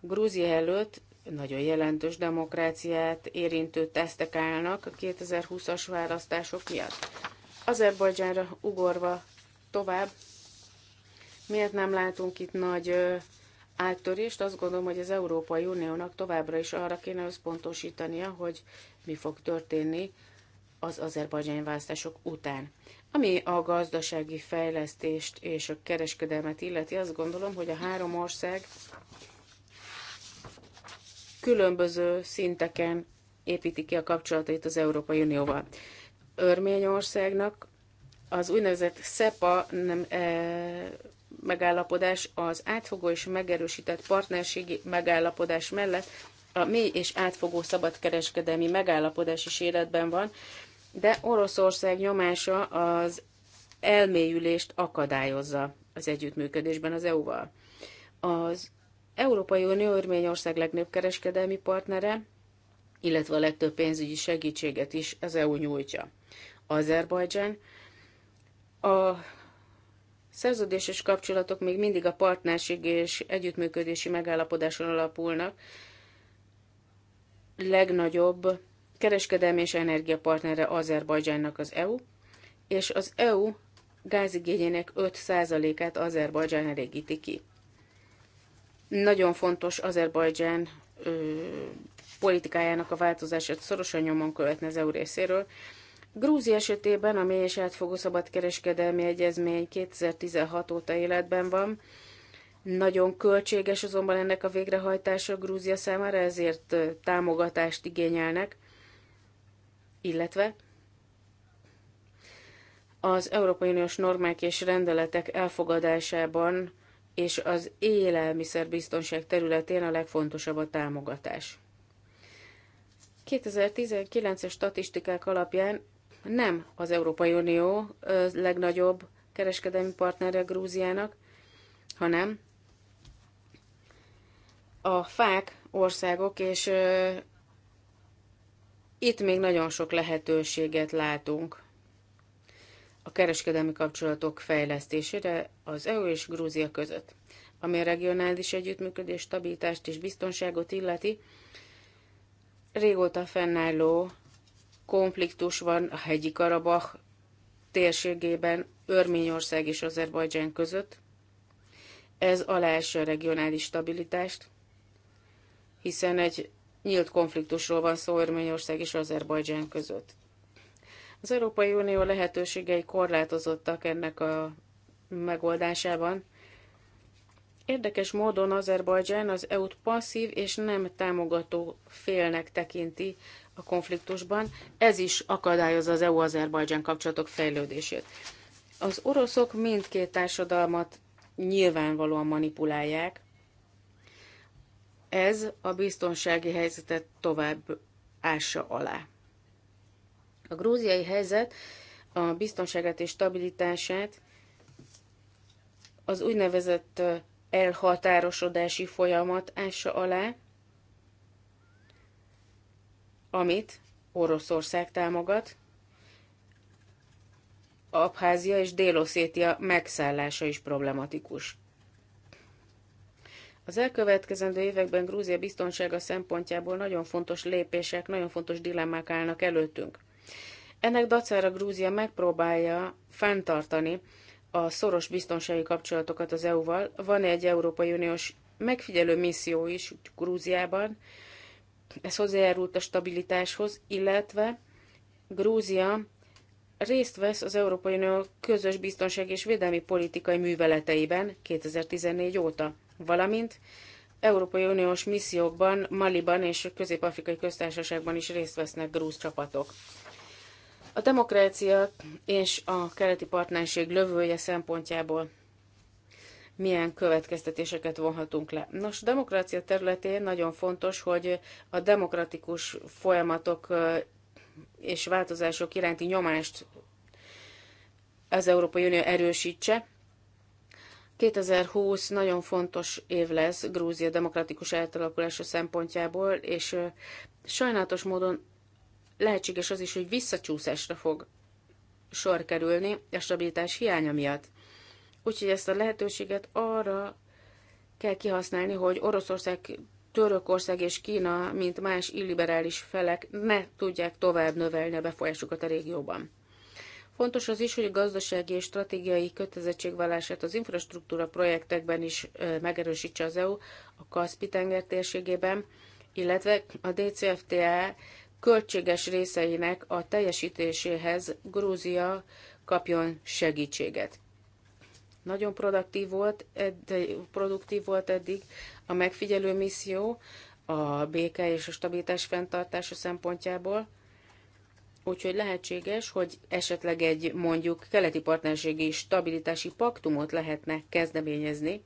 Grúzia előtt nagyon jelentős demokráciát érintő tesztek állnak a 2020-as választások miatt. Azerbajdzsánra ugorva tovább, miért nem látunk itt nagy áttörést? Azt gondolom, hogy az Európai Uniónak továbbra is arra kéne összpontosítania, hogy mi fog történni az azerbajdzsáni választások után. Ami a gazdasági fejlesztést és a kereskedelmet illeti, azt gondolom, hogy a három ország különböző szinteken építi ki a kapcsolatait az Európai Unióval. Örményországnak az úgynevezett SEPA nem, e, megállapodás az átfogó és megerősített partnerségi megállapodás mellett a mély és átfogó szabadkereskedelmi megállapodás is életben van, de Oroszország nyomása az elmélyülést akadályozza az együttműködésben az EU-val. Az Európai Unió Örményország legnagyobb kereskedelmi partnere, illetve a legtöbb pénzügyi segítséget is az EU nyújtja. Azerbajdzsán a szerződéses kapcsolatok még mindig a partnerség és együttműködési megállapodáson alapulnak, legnagyobb kereskedelmi és energiapartnere Azerbajdzsánnak az EU, és az EU gázigényének 5%-át Azerbajdzsán elégíti ki. Nagyon fontos Azerbajdzsán ö, politikájának a változását szorosan nyomon követne az EU részéről. Grúzi esetében a mély és átfogó szabadkereskedelmi egyezmény 2016 óta életben van, nagyon költséges azonban ennek a végrehajtása Grúzia számára, ezért támogatást igényelnek, illetve az Európai Uniós normák és rendeletek elfogadásában és az élelmiszerbiztonság területén a legfontosabb a támogatás. 2019-es statisztikák alapján nem az Európai Unió legnagyobb kereskedelmi partnere Grúziának, hanem a fák országok, és itt még nagyon sok lehetőséget látunk a kereskedelmi kapcsolatok fejlesztésére az EU és Grúzia között, ami a regionális együttműködés, stabilitást és biztonságot illeti. Régóta fennálló konfliktus van a hegyi Karabach térségében Örményország és Azerbajdzsán között. Ez aláássa a regionális stabilitást, hiszen egy nyílt konfliktusról van szó Örményország és Azerbajdzsán között. Az Európai Unió lehetőségei korlátozottak ennek a megoldásában. Érdekes módon Azerbajdzsán az EU-t passzív és nem támogató félnek tekinti a konfliktusban. Ez is akadályozza az EU-Azerbajdzsán kapcsolatok fejlődését. Az oroszok mindkét társadalmat nyilvánvalóan manipulálják, ez a biztonsági helyzetet tovább ássa alá. A grúziai helyzet a biztonságát és stabilitását az úgynevezett elhatárosodási folyamat ássa alá, amit Oroszország támogat, Abházia és Déloszétia megszállása is problematikus. Az elkövetkezendő években Grúzia biztonsága szempontjából nagyon fontos lépések, nagyon fontos dilemmák állnak előttünk. Ennek dacára Grúzia megpróbálja fenntartani a szoros biztonsági kapcsolatokat az EU-val. Van egy Európai Uniós megfigyelő misszió is Grúziában, ez hozzájárult a stabilitáshoz, illetve Grúzia részt vesz az Európai Unió közös biztonság és védelmi politikai műveleteiben 2014 óta valamint Európai Uniós missziókban, Maliban és Közép-Afrikai Köztársaságban is részt vesznek grúz csapatok. A demokrácia és a keleti partnerség lövője szempontjából milyen következtetéseket vonhatunk le. Nos, demokrácia területén nagyon fontos, hogy a demokratikus folyamatok és változások iránti nyomást az Európai Unió erősítse, 2020 nagyon fontos év lesz Grúzia demokratikus átalakulása szempontjából, és sajnálatos módon lehetséges az is, hogy visszacsúszásra fog sor kerülni a stabilitás hiánya miatt. Úgyhogy ezt a lehetőséget arra kell kihasználni, hogy Oroszország, Törökország és Kína, mint más illiberális felek ne tudják tovább növelni a befolyásukat a régióban. Fontos az is, hogy a gazdasági és stratégiai kötelezettségvállását az infrastruktúra projektekben is megerősítse az EU a Kaspi-tenger térségében, illetve a DCFTA e költséges részeinek a teljesítéséhez Grúzia kapjon segítséget. Nagyon produktív volt, eddig, produktív volt eddig a megfigyelő misszió a béke és a stabilitás fenntartása szempontjából, Úgyhogy lehetséges, hogy esetleg egy mondjuk keleti partnerségi stabilitási paktumot lehetne kezdeményezni.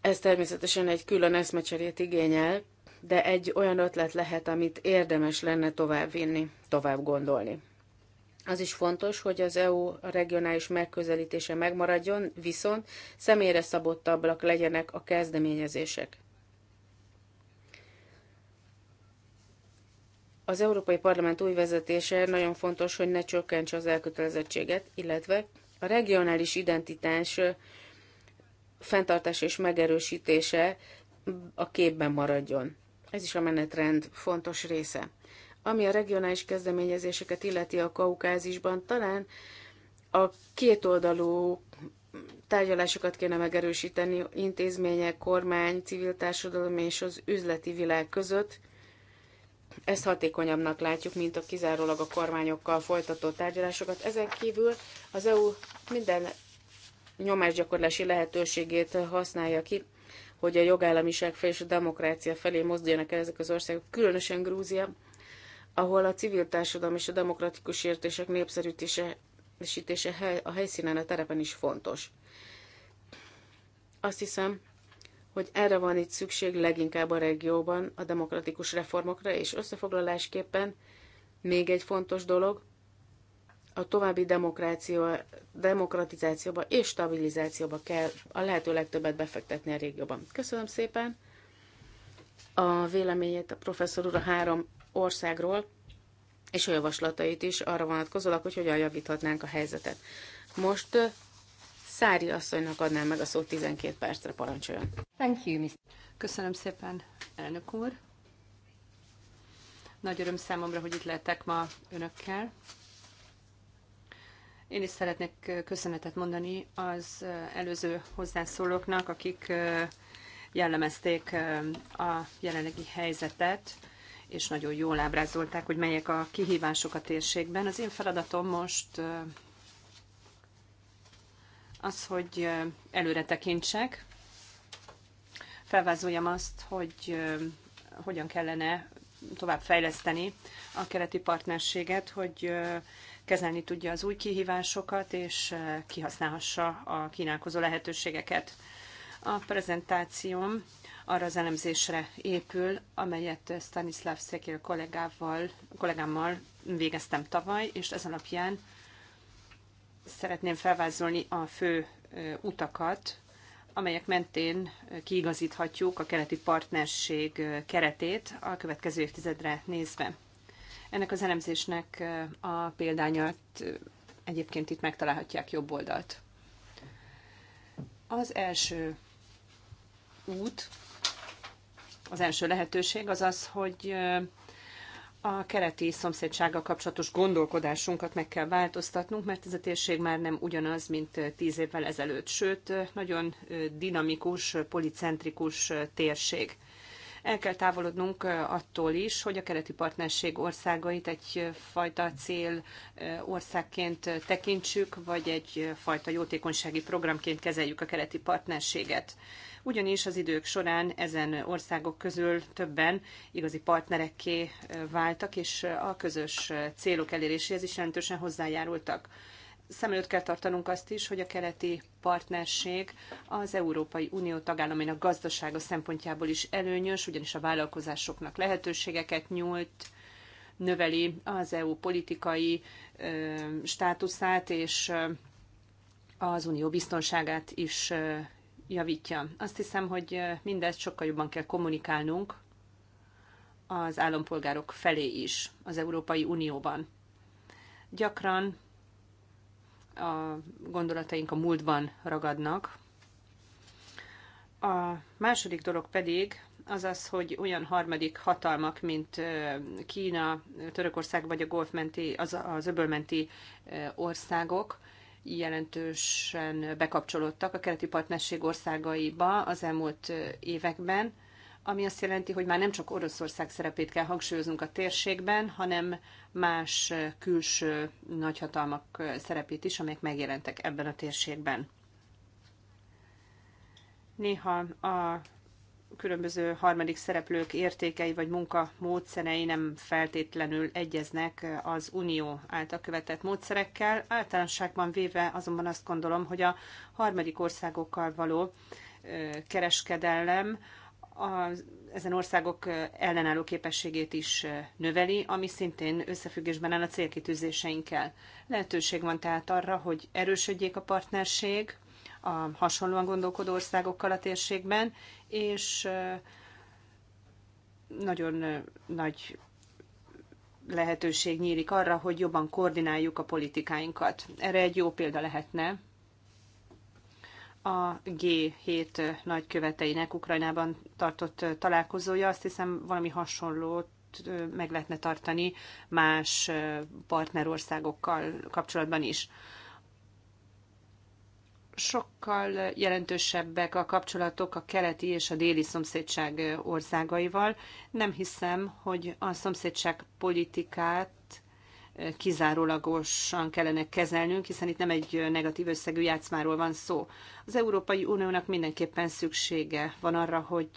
Ez természetesen egy külön eszmecserét igényel, de egy olyan ötlet lehet, amit érdemes lenne továbbvinni, tovább gondolni. Az is fontos, hogy az EU regionális megközelítése megmaradjon, viszont személyre szabottabbak legyenek a kezdeményezések. az Európai Parlament új vezetése nagyon fontos, hogy ne csökkentse az elkötelezettséget, illetve a regionális identitás fenntartása és megerősítése a képben maradjon. Ez is a menetrend fontos része. Ami a regionális kezdeményezéseket illeti a Kaukázisban, talán a kétoldalú tárgyalásokat kéne megerősíteni intézmények, kormány, civil társadalom és az üzleti világ között, ezt hatékonyabbnak látjuk, mint a kizárólag a kormányokkal folytatott tárgyalásokat. Ezen kívül az EU minden nyomásgyakorlási lehetőségét használja ki, hogy a jogállamiság fel és a demokrácia felé mozduljanak el ezek az országok, különösen Grúzia, ahol a civil társadalom és a demokratikus értések népszerűtése a helyszínen, a terepen is fontos. Azt hiszem, hogy erre van itt szükség leginkább a régióban a demokratikus reformokra, és összefoglalásképpen még egy fontos dolog, a további demokratizációba és stabilizációba kell a lehető legtöbbet befektetni a régióban. Köszönöm szépen a véleményét a professzor úr a három országról, és a javaslatait is arra vonatkozólag, hogy hogyan javíthatnánk a helyzetet. Most Szári asszonynak adnám meg a szót 12 percre, parancsoljon. Thank you, Mr. Köszönöm szépen, elnök úr. Nagy öröm számomra, hogy itt lehetek ma önökkel. Én is szeretnék köszönetet mondani az előző hozzászólóknak, akik jellemezték a jelenlegi helyzetet, és nagyon jól ábrázolták, hogy melyek a kihívások a térségben. Az én feladatom most az, hogy előre tekintsek, felvázoljam azt, hogy hogyan kellene tovább fejleszteni a keleti partnerséget, hogy kezelni tudja az új kihívásokat, és kihasználhassa a kínálkozó lehetőségeket. A prezentációm arra az elemzésre épül, amelyet Stanislav Szekil kollégával, kollégámmal végeztem tavaly, és ez alapján szeretném felvázolni a fő utakat, amelyek mentén kiigazíthatjuk a keleti partnerség keretét a következő évtizedre nézve. Ennek az elemzésnek a példányát egyébként itt megtalálhatják jobb oldalt. Az első út, az első lehetőség az az, hogy a keleti szomszédsággal kapcsolatos gondolkodásunkat meg kell változtatnunk, mert ez a térség már nem ugyanaz, mint tíz évvel ezelőtt, sőt, nagyon dinamikus, policentrikus térség. El kell távolodnunk attól is, hogy a keleti partnerség országait egyfajta cél országként tekintsük, vagy egyfajta jótékonysági programként kezeljük a keleti partnerséget ugyanis az idők során ezen országok közül többen igazi partnerekké váltak, és a közös célok eléréséhez is jelentősen hozzájárultak szem előtt kell tartanunk azt is, hogy a keleti partnerség az Európai Unió tagállamainak gazdasága szempontjából is előnyös, ugyanis a vállalkozásoknak lehetőségeket nyújt, növeli az EU politikai ö, státuszát és az unió biztonságát is javítja. Azt hiszem, hogy mindezt sokkal jobban kell kommunikálnunk az állampolgárok felé is az Európai Unióban. Gyakran a gondolataink a múltban ragadnak. A második dolog pedig az az, hogy olyan harmadik hatalmak, mint Kína, Törökország vagy a golfmenti, az, az öbölmenti országok, jelentősen bekapcsolódtak a keleti partnerség országaiba az elmúlt években, ami azt jelenti, hogy már nem csak Oroszország szerepét kell hangsúlyoznunk a térségben, hanem más külső nagyhatalmak szerepét is, amelyek megjelentek ebben a térségben. Néha a különböző harmadik szereplők értékei vagy munkamódszerei nem feltétlenül egyeznek az unió által követett módszerekkel. Általánosságban véve azonban azt gondolom, hogy a harmadik országokkal való kereskedelem az, ezen országok ellenálló képességét is növeli, ami szintén összefüggésben áll a célkitűzéseinkkel. Lehetőség van tehát arra, hogy erősödjék a partnerség, a hasonlóan gondolkodó országokkal a térségben, és nagyon nagy lehetőség nyílik arra, hogy jobban koordináljuk a politikáinkat. Erre egy jó példa lehetne a G7 nagyköveteinek Ukrajnában tartott találkozója. Azt hiszem valami hasonlót meg lehetne tartani más partnerországokkal kapcsolatban is sokkal jelentősebbek a kapcsolatok a keleti és a déli szomszédság országaival. Nem hiszem, hogy a szomszédság politikát eh, kizárólagosan kellene kezelnünk, hiszen itt nem egy negatív összegű játszmáról van szó. Az Európai Uniónak mindenképpen szüksége van arra, hogy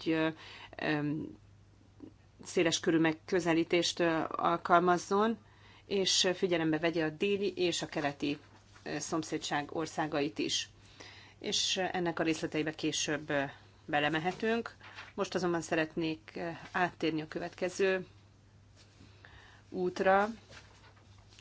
eh, széles körű megközelítést eh, alkalmazzon, és figyelembe vegye a déli és a keleti szomszédság országait is és ennek a részleteibe később belemehetünk. Most azonban szeretnék áttérni a következő útra,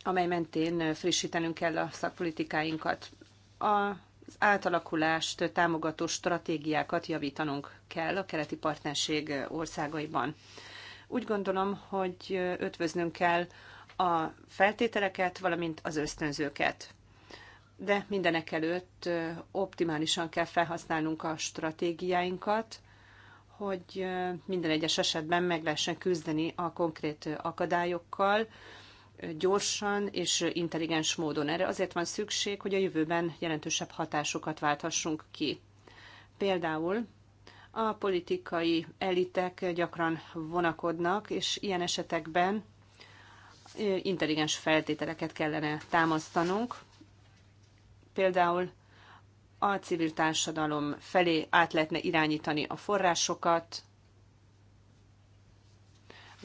amely mentén frissítenünk kell a szakpolitikáinkat. Az átalakulást támogató stratégiákat javítanunk kell a keleti partnerség országaiban. Úgy gondolom, hogy ötvöznünk kell a feltételeket, valamint az ösztönzőket de mindenek előtt optimálisan kell felhasználnunk a stratégiáinkat, hogy minden egyes esetben meg lehessen küzdeni a konkrét akadályokkal, gyorsan és intelligens módon. Erre azért van szükség, hogy a jövőben jelentősebb hatásokat válthassunk ki. Például a politikai elitek gyakran vonakodnak, és ilyen esetekben intelligens feltételeket kellene támasztanunk, például a civil társadalom felé át lehetne irányítani a forrásokat,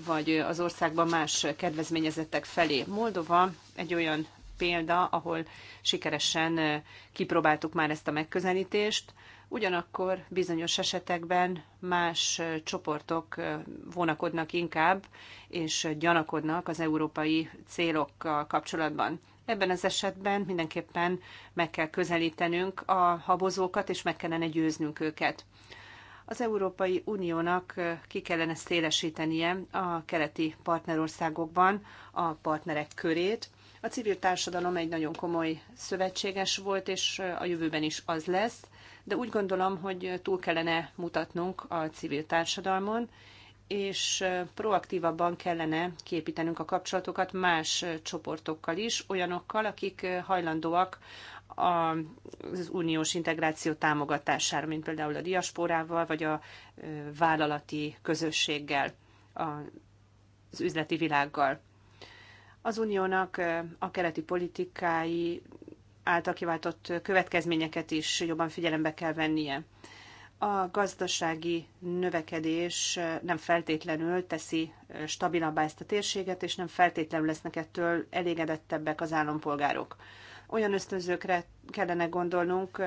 vagy az országban más kedvezményezettek felé. Moldova egy olyan példa, ahol sikeresen kipróbáltuk már ezt a megközelítést, ugyanakkor bizonyos esetekben más csoportok vonakodnak inkább, és gyanakodnak az európai célokkal kapcsolatban. Ebben az esetben mindenképpen meg kell közelítenünk a habozókat, és meg kellene győznünk őket. Az Európai Uniónak ki kellene szélesítenie a keleti partnerországokban a partnerek körét. A civil társadalom egy nagyon komoly szövetséges volt, és a jövőben is az lesz, de úgy gondolom, hogy túl kellene mutatnunk a civil társadalmon, és proaktívabban kellene képítenünk a kapcsolatokat más csoportokkal is, olyanokkal, akik hajlandóak az uniós integráció támogatására, mint például a diasporával, vagy a vállalati közösséggel, az üzleti világgal. Az uniónak a keleti politikái által kiváltott következményeket is jobban figyelembe kell vennie a gazdasági növekedés nem feltétlenül teszi stabilabbá ezt a térséget, és nem feltétlenül lesznek ettől elégedettebbek az állampolgárok. Olyan ösztönzőkre kellene gondolnunk,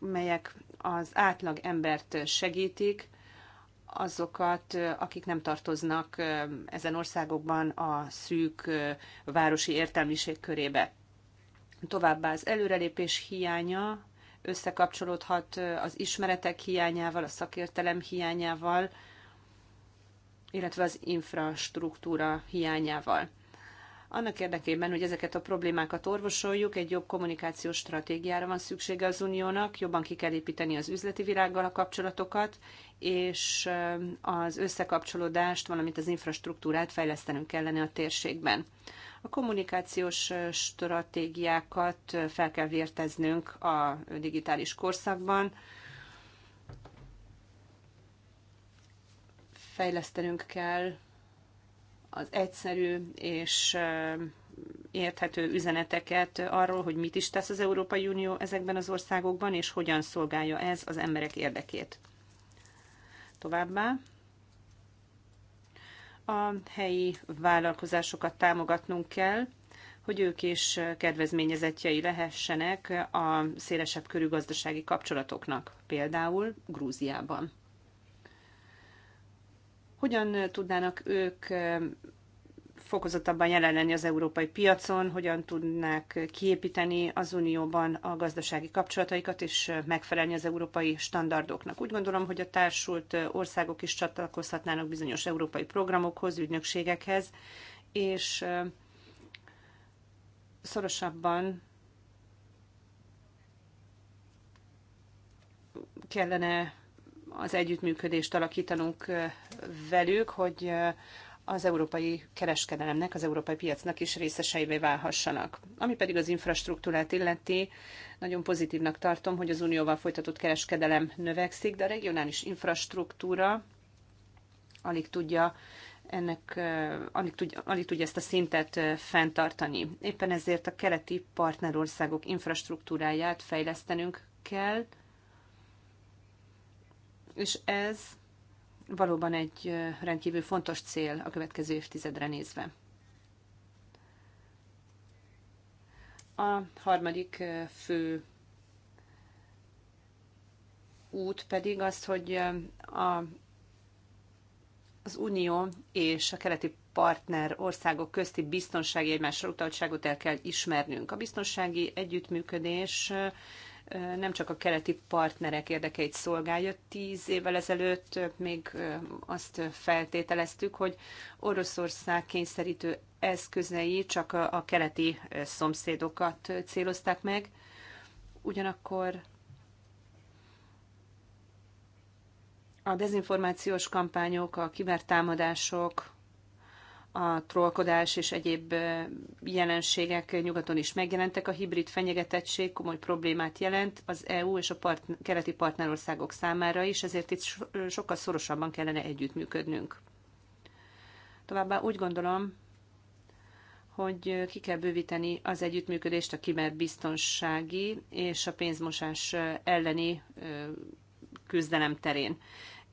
amelyek az átlag embert segítik, azokat, akik nem tartoznak ezen országokban a szűk városi értelmiség körébe. Továbbá az előrelépés hiánya összekapcsolódhat az ismeretek hiányával, a szakértelem hiányával, illetve az infrastruktúra hiányával. Annak érdekében, hogy ezeket a problémákat orvosoljuk, egy jobb kommunikációs stratégiára van szüksége az uniónak, jobban ki kell építeni az üzleti világgal a kapcsolatokat, és az összekapcsolódást, valamint az infrastruktúrát fejlesztenünk kellene a térségben. A kommunikációs stratégiákat fel kell vérteznünk a digitális korszakban. Fejlesztenünk kell az egyszerű és érthető üzeneteket arról, hogy mit is tesz az Európai Unió ezekben az országokban, és hogyan szolgálja ez az emberek érdekét. Továbbá a helyi vállalkozásokat támogatnunk kell, hogy ők is kedvezményezetjei lehessenek a szélesebb körű gazdasági kapcsolatoknak, például Grúziában. Hogyan tudnának ők fokozottabban jelen lenni az európai piacon, hogyan tudnák kiépíteni az Unióban a gazdasági kapcsolataikat és megfelelni az európai standardoknak. Úgy gondolom, hogy a társult országok is csatlakozhatnának bizonyos európai programokhoz, ügynökségekhez, és szorosabban kellene az együttműködést alakítanunk velük, hogy az európai kereskedelemnek, az európai piacnak is részeseivé válhassanak. Ami pedig az infrastruktúrát illeti, nagyon pozitívnak tartom, hogy az unióval folytatott kereskedelem növekszik, de a regionális infrastruktúra alig tudja ennek alig tudja, alig tudja ezt a szintet fenntartani. Éppen ezért a keleti partnerországok infrastruktúráját fejlesztenünk kell, és ez valóban egy rendkívül fontos cél a következő évtizedre nézve. A harmadik fő út pedig az, hogy a, az Unió és a keleti partner országok közti biztonsági egymásra utaltságot el kell ismernünk. A biztonsági együttműködés nem csak a keleti partnerek érdekeit szolgálja. Tíz évvel ezelőtt még azt feltételeztük, hogy Oroszország kényszerítő eszközei csak a keleti szomszédokat célozták meg. Ugyanakkor a dezinformációs kampányok, a kibertámadások, a trollkodás és egyéb jelenségek nyugaton is megjelentek. A hibrid fenyegetettség komoly problémát jelent az EU és a part, keleti partnerországok számára is, ezért itt sokkal szorosabban kellene együttműködnünk. Továbbá úgy gondolom, hogy ki kell bővíteni az együttműködést a kiberbiztonsági és a pénzmosás elleni küzdelem terén.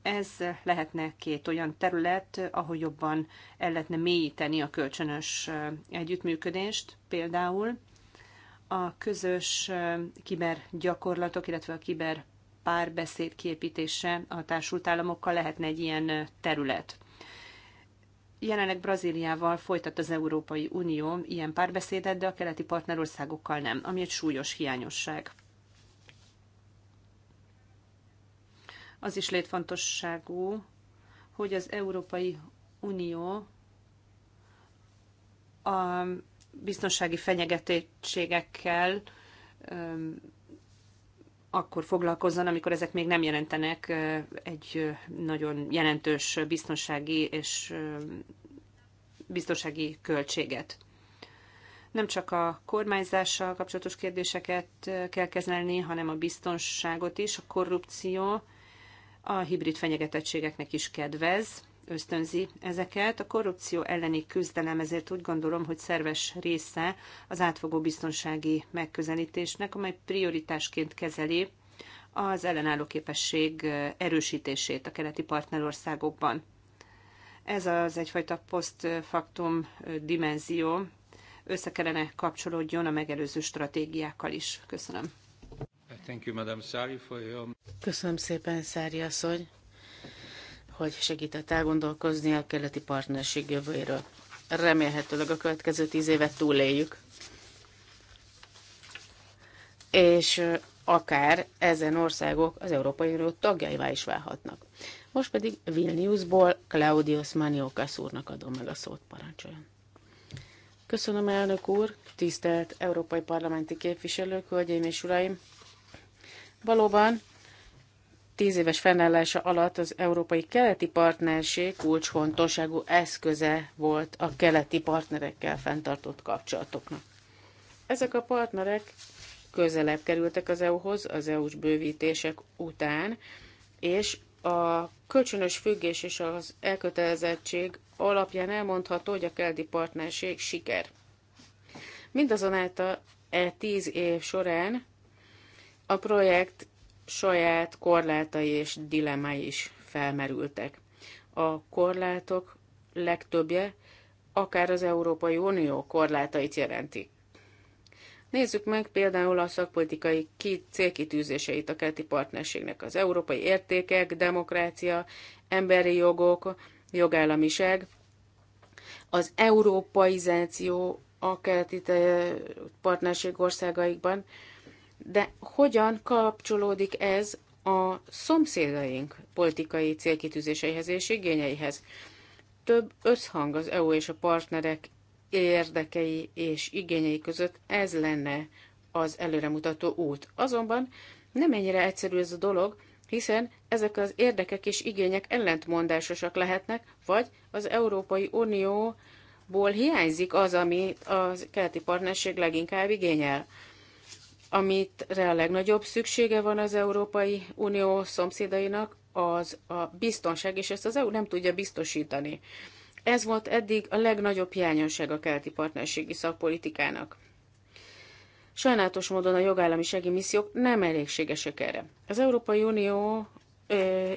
Ez lehetne két olyan terület, ahol jobban el lehetne mélyíteni a kölcsönös eh, együttműködést, például a közös eh, kiber gyakorlatok illetve a kiber párbeszéd kiépítése a társult államokkal lehetne egy ilyen eh, terület. Jelenleg Brazíliával folytat az Európai Unió ilyen párbeszédet, de a keleti partnerországokkal nem, ami egy súlyos hiányosság. az is létfontosságú, hogy az Európai Unió a biztonsági fenyegetettségekkel akkor foglalkozzon, amikor ezek még nem jelentenek egy nagyon jelentős biztonsági és biztonsági költséget. Nem csak a kormányzással kapcsolatos kérdéseket kell kezelni, hanem a biztonságot is, a korrupció, a hibrid fenyegetettségeknek is kedvez, ösztönzi ezeket. A korrupció elleni küzdelem ezért úgy gondolom, hogy szerves része az átfogó biztonsági megközelítésnek, amely prioritásként kezeli az ellenálló képesség erősítését a keleti partnerországokban. Ez az egyfajta posztfaktum dimenzió össze kellene kapcsolódjon a megelőző stratégiákkal is. Köszönöm. Köszönöm szépen, Szári asszony, hogy segített elgondolkozni a keleti partnerség jövőjéről. Remélhetőleg a következő tíz évet túléljük. És akár ezen országok az Európai Unió tagjaivá is válhatnak. Most pedig Vilniusból Claudius Maniokas úrnak adom meg a szót, parancsoljon. Köszönöm, elnök úr, tisztelt európai parlamenti képviselők, hölgyeim és uraim! Valóban tíz éves fennállása alatt az Európai Keleti Partnerség kulcsfontosságú eszköze volt a keleti partnerekkel fenntartott kapcsolatoknak. Ezek a partnerek közelebb kerültek az EU-hoz az EU-s bővítések után, és a kölcsönös függés és az elkötelezettség alapján elmondható, hogy a keleti partnerség siker. Mindazonáltal e tíz év során a projekt saját korlátai és dilemmái is felmerültek. A korlátok legtöbbje akár az Európai Unió korlátait jelenti. Nézzük meg például a szakpolitikai célkitűzéseit a keleti partnerségnek. Az európai értékek, demokrácia, emberi jogok, jogállamiság, az európaizáció a keleti partnerség országaikban, de hogyan kapcsolódik ez a szomszédaink politikai célkitűzéseihez és igényeihez? Több összhang az EU és a partnerek érdekei és igényei között ez lenne az előremutató út. Azonban nem ennyire egyszerű ez a dolog, hiszen ezek az érdekek és igények ellentmondásosak lehetnek, vagy az Európai Unióból hiányzik az, amit a keleti partnerség leginkább igényel amit a legnagyobb szüksége van az Európai Unió szomszédainak, az a biztonság, és ezt az EU nem tudja biztosítani. Ez volt eddig a legnagyobb hiányosság a keleti partnerségi szakpolitikának. Sajnálatos módon a jogállamisági missziók nem elégségesek erre. Az Európai Unió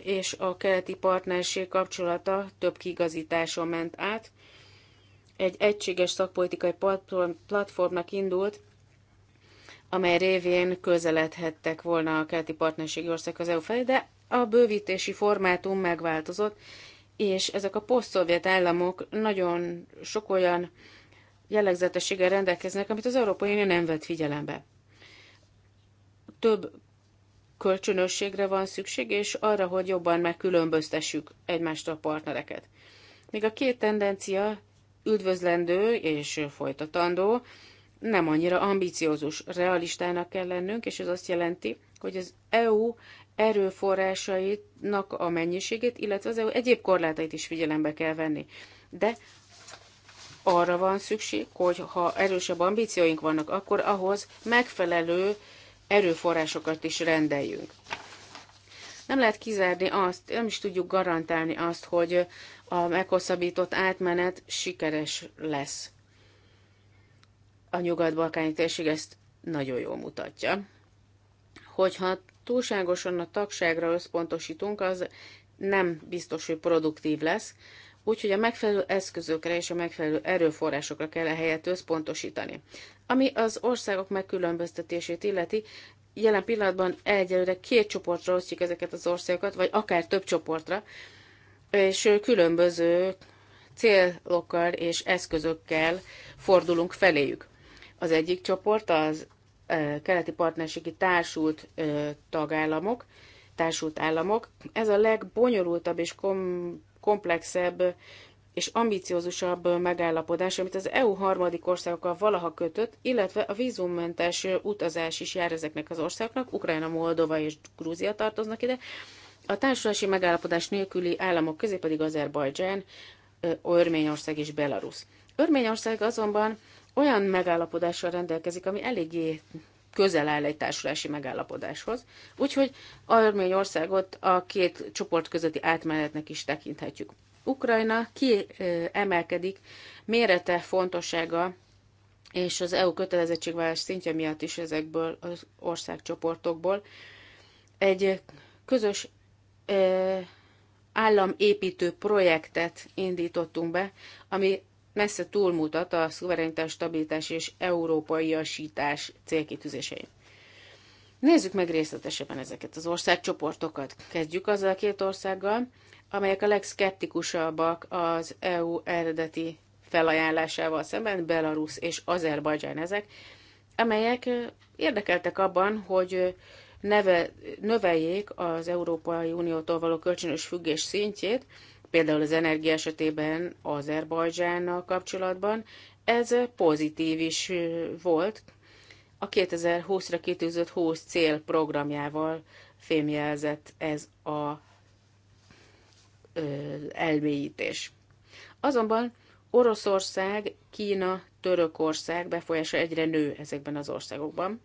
és a keleti partnerség kapcsolata több kigazításon ment át. Egy egységes szakpolitikai platformnak indult, amely révén közeledhettek volna a keleti partnerségi ország az EU felé, de a bővítési formátum megváltozott, és ezek a posztszovjet államok nagyon sok olyan jellegzetességgel rendelkeznek, amit az Európai Unió nem vett figyelembe. Több kölcsönösségre van szükség, és arra, hogy jobban megkülönböztessük egymástól a partnereket. Még a két tendencia üdvözlendő és folytatandó, nem annyira ambiciózus, realistának kell lennünk, és ez azt jelenti, hogy az EU erőforrásainak a mennyiségét, illetve az EU egyéb korlátait is figyelembe kell venni. De arra van szükség, hogy ha erősebb ambícióink vannak, akkor ahhoz megfelelő erőforrásokat is rendeljünk. Nem lehet kizárni azt, nem is tudjuk garantálni azt, hogy a meghosszabbított átmenet sikeres lesz a nyugat-balkáni térség ezt nagyon jól mutatja. Hogyha túlságosan a tagságra összpontosítunk, az nem biztos, hogy produktív lesz, úgyhogy a megfelelő eszközökre és a megfelelő erőforrásokra kell helyet összpontosítani. Ami az országok megkülönböztetését illeti, jelen pillanatban egyelőre két csoportra osztjuk ezeket az országokat, vagy akár több csoportra, és különböző célokkal és eszközökkel fordulunk feléjük. Az egyik csoport az keleti partnerségi társult tagállamok, társult államok. Ez a legbonyolultabb és kom- komplexebb és ambiciózusabb megállapodás, amit az EU harmadik országokkal valaha kötött, illetve a vízummentes utazás is jár ezeknek az országoknak, Ukrajna, Moldova és Grúzia tartoznak ide. A társulási megállapodás nélküli államok közé pedig Azerbajdzsán, Örményország és Belarus. Örményország azonban olyan megállapodással rendelkezik, ami eléggé közel áll egy társulási megállapodáshoz. Úgyhogy Arményországot a két csoport közötti átmenetnek is tekinthetjük. Ukrajna kiemelkedik mérete, fontossága és az EU kötelezettségvállás szintje miatt is ezekből az országcsoportokból egy közös eh, államépítő projektet indítottunk be, ami messze túlmutat a szuverenitás, stabilitás és európaiasítás célkitűzésein. Nézzük meg részletesebben ezeket az országcsoportokat. Kezdjük azzal a két országgal, amelyek a legszkeptikusabbak az EU eredeti felajánlásával szemben, Belarus és Azerbajdzsán ezek, amelyek érdekeltek abban, hogy neve, növeljék az Európai Uniótól való kölcsönös függés szintjét, például az energia esetében Azerbajdzsánnal kapcsolatban, ez pozitív is volt. A 2020-ra kitűzött 20 cél programjával fémjelzett ez a elmélyítés. Azonban Oroszország, Kína, Törökország befolyása egyre nő ezekben az országokban,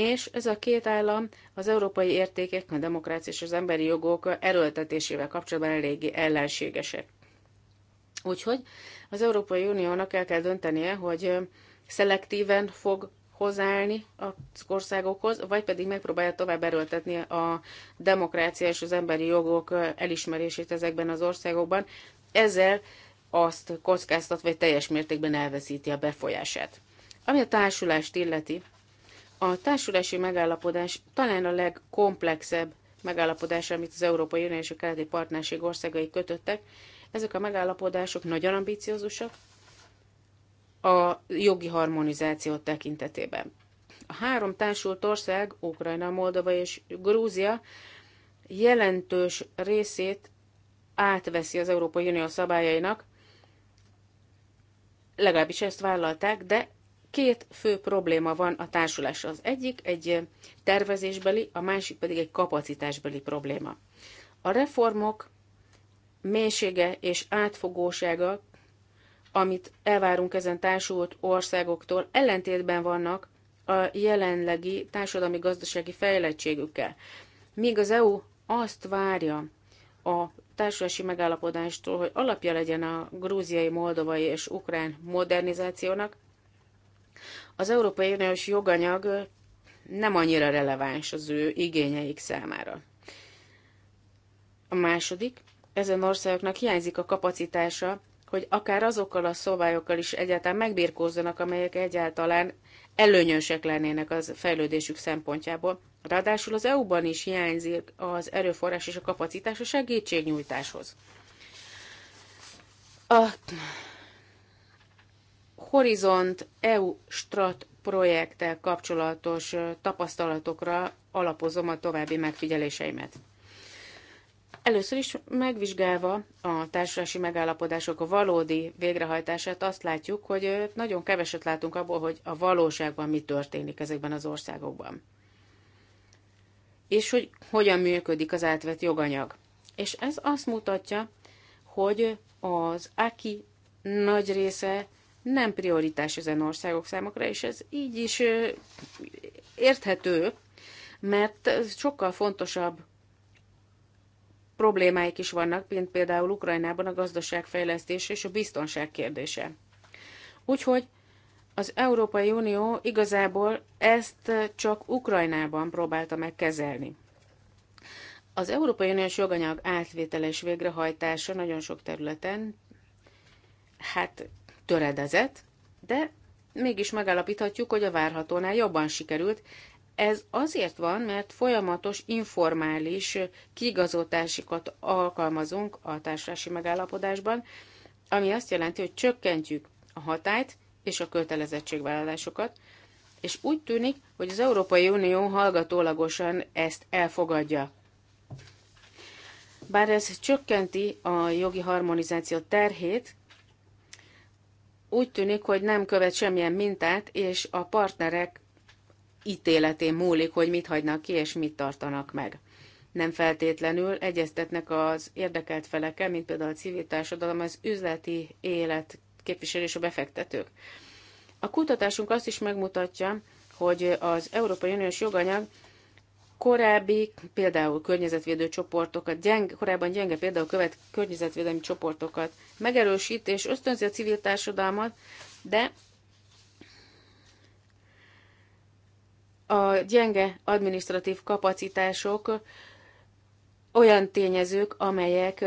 és ez a két állam az európai értékek, a demokrácia és az emberi jogok erőltetésével kapcsolatban eléggé ellenségesek. Úgyhogy az Európai Uniónak el kell döntenie, hogy szelektíven fog hozzáállni az országokhoz, vagy pedig megpróbálja tovább erőltetni a demokrácia és az emberi jogok elismerését ezekben az országokban, ezzel azt kockáztat, vagy teljes mértékben elveszíti a befolyását. Ami a társulást illeti, a társulási megállapodás talán a legkomplexebb megállapodás, amit az Európai Unió és a Keleti Partnerség országai kötöttek. Ezek a megállapodások nagyon ambiciózusak a jogi harmonizáció tekintetében. A három társult ország, Ukrajna, Moldova és Grúzia jelentős részét átveszi az Európai Unió szabályainak, legalábbis ezt vállalták, de Két fő probléma van a társulás. Az egyik egy tervezésbeli, a másik pedig egy kapacitásbeli probléma. A reformok mélysége és átfogósága, amit elvárunk ezen társult országoktól, ellentétben vannak a jelenlegi társadalmi-gazdasági fejlettségükkel. Míg az EU azt várja a társulási megállapodástól, hogy alapja legyen a grúziai, moldovai és ukrán modernizációnak, az Európai Uniós joganyag nem annyira releváns az ő igényeik számára. A második, ezen országoknak hiányzik a kapacitása, hogy akár azokkal a szabályokkal is egyáltalán megbírkózzanak, amelyek egyáltalán előnyösek lennének az fejlődésük szempontjából. Ráadásul az EU-ban is hiányzik az erőforrás és a kapacitás a segítségnyújtáshoz. A Horizont EU Strat projekttel kapcsolatos tapasztalatokra alapozom a további megfigyeléseimet. Először is megvizsgálva a társulási megállapodások a valódi végrehajtását, azt látjuk, hogy nagyon keveset látunk abból, hogy a valóságban mi történik ezekben az országokban. És hogy hogyan működik az átvett joganyag. És ez azt mutatja, hogy az AKI nagy része nem prioritás ezen országok számokra, és ez így is érthető, mert sokkal fontosabb problémáik is vannak, mint például Ukrajnában a gazdaságfejlesztés és a biztonság kérdése. Úgyhogy az Európai Unió igazából ezt csak Ukrajnában próbálta megkezelni. Az Európai Uniós joganyag átvételes végrehajtása nagyon sok területen, hát töredezett, de mégis megállapíthatjuk, hogy a várhatónál jobban sikerült. Ez azért van, mert folyamatos informális kiigazításikat alkalmazunk a társulási megállapodásban, ami azt jelenti, hogy csökkentjük a hatályt és a kötelezettségvállalásokat, és úgy tűnik, hogy az Európai Unió hallgatólagosan ezt elfogadja. Bár ez csökkenti a jogi harmonizáció terhét, úgy tűnik, hogy nem követ semmilyen mintát, és a partnerek ítéletén múlik, hogy mit hagynak ki és mit tartanak meg. Nem feltétlenül egyeztetnek az érdekelt felekkel, mint például a civil társadalom, az üzleti élet képviselés a befektetők. A kutatásunk azt is megmutatja, hogy az Európai Uniós joganyag korábbi, például környezetvédő csoportokat, gyenge, korábban gyenge például követ környezetvédelmi csoportokat megerősít és ösztönzi a civil társadalmat, de a gyenge administratív kapacitások olyan tényezők, amelyek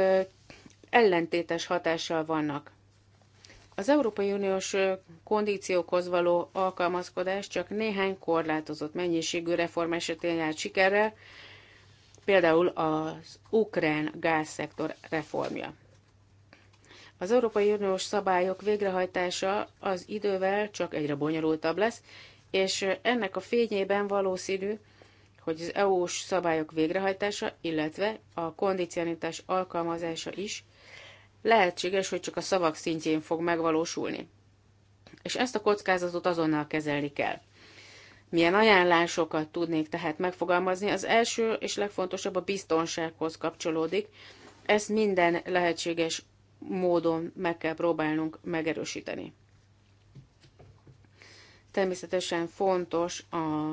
ellentétes hatással vannak. Az Európai Uniós kondíciókhoz való alkalmazkodás csak néhány korlátozott mennyiségű reform esetén járt sikerrel, például az ukrán gázszektor reformja. Az Európai Uniós szabályok végrehajtása az idővel csak egyre bonyolultabb lesz, és ennek a fényében valószínű, hogy az EU-s szabályok végrehajtása, illetve a kondicionitás alkalmazása is lehetséges, hogy csak a szavak szintjén fog megvalósulni. És ezt a kockázatot azonnal kezelni kell. Milyen ajánlásokat tudnék tehát megfogalmazni? Az első és legfontosabb a biztonsághoz kapcsolódik. Ezt minden lehetséges módon meg kell próbálnunk megerősíteni. Természetesen fontos a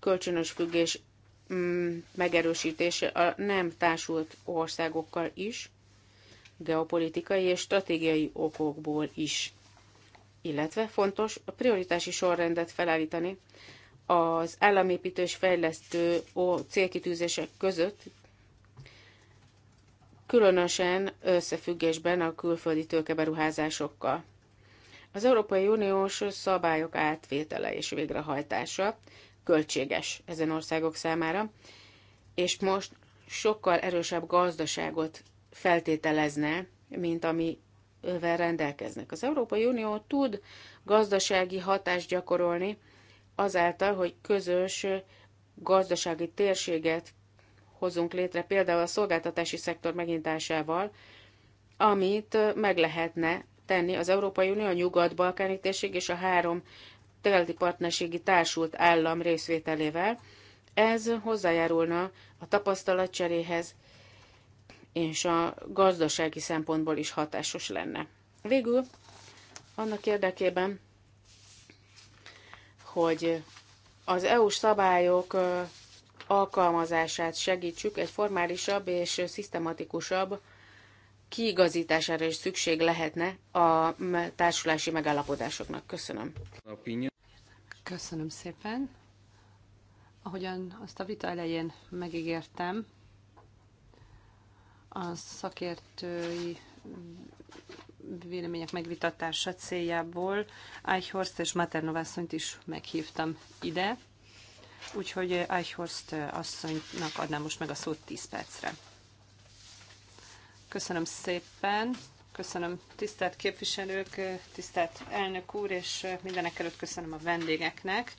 kölcsönös függés mm, megerősítése a nem társult országokkal is, geopolitikai és stratégiai okokból is. Illetve fontos a prioritási sorrendet felállítani az államépítő és fejlesztő célkitűzések között, különösen összefüggésben a külföldi tőkeberuházásokkal. Az Európai Uniós szabályok átvétele és végrehajtása költséges ezen országok számára, és most sokkal erősebb gazdaságot feltételezne, mint ami ővel rendelkeznek. Az Európai Unió tud gazdasági hatást gyakorolni azáltal, hogy közös gazdasági térséget hozunk létre, például a szolgáltatási szektor megnyitásával, amit meg lehetne tenni az Európai Unió, a Nyugat-Balkáni térség és a három területi partnerségi társult állam részvételével. Ez hozzájárulna a tapasztalatcseréhez, és a gazdasági szempontból is hatásos lenne. Végül annak érdekében, hogy az EU-s szabályok alkalmazását segítsük, egy formálisabb és szisztematikusabb kiigazítására is szükség lehetne a társulási megállapodásoknak. Köszönöm. Köszönöm szépen. Ahogyan azt a vita elején megígértem, a szakértői vélemények megvitatása céljából Eichhorst és Maternovasszonyt is meghívtam ide, úgyhogy Eichhorst asszonynak adnám most meg a szót 10 percre. Köszönöm szépen, köszönöm tisztelt képviselők, tisztelt elnök úr, és mindenek előtt köszönöm a vendégeknek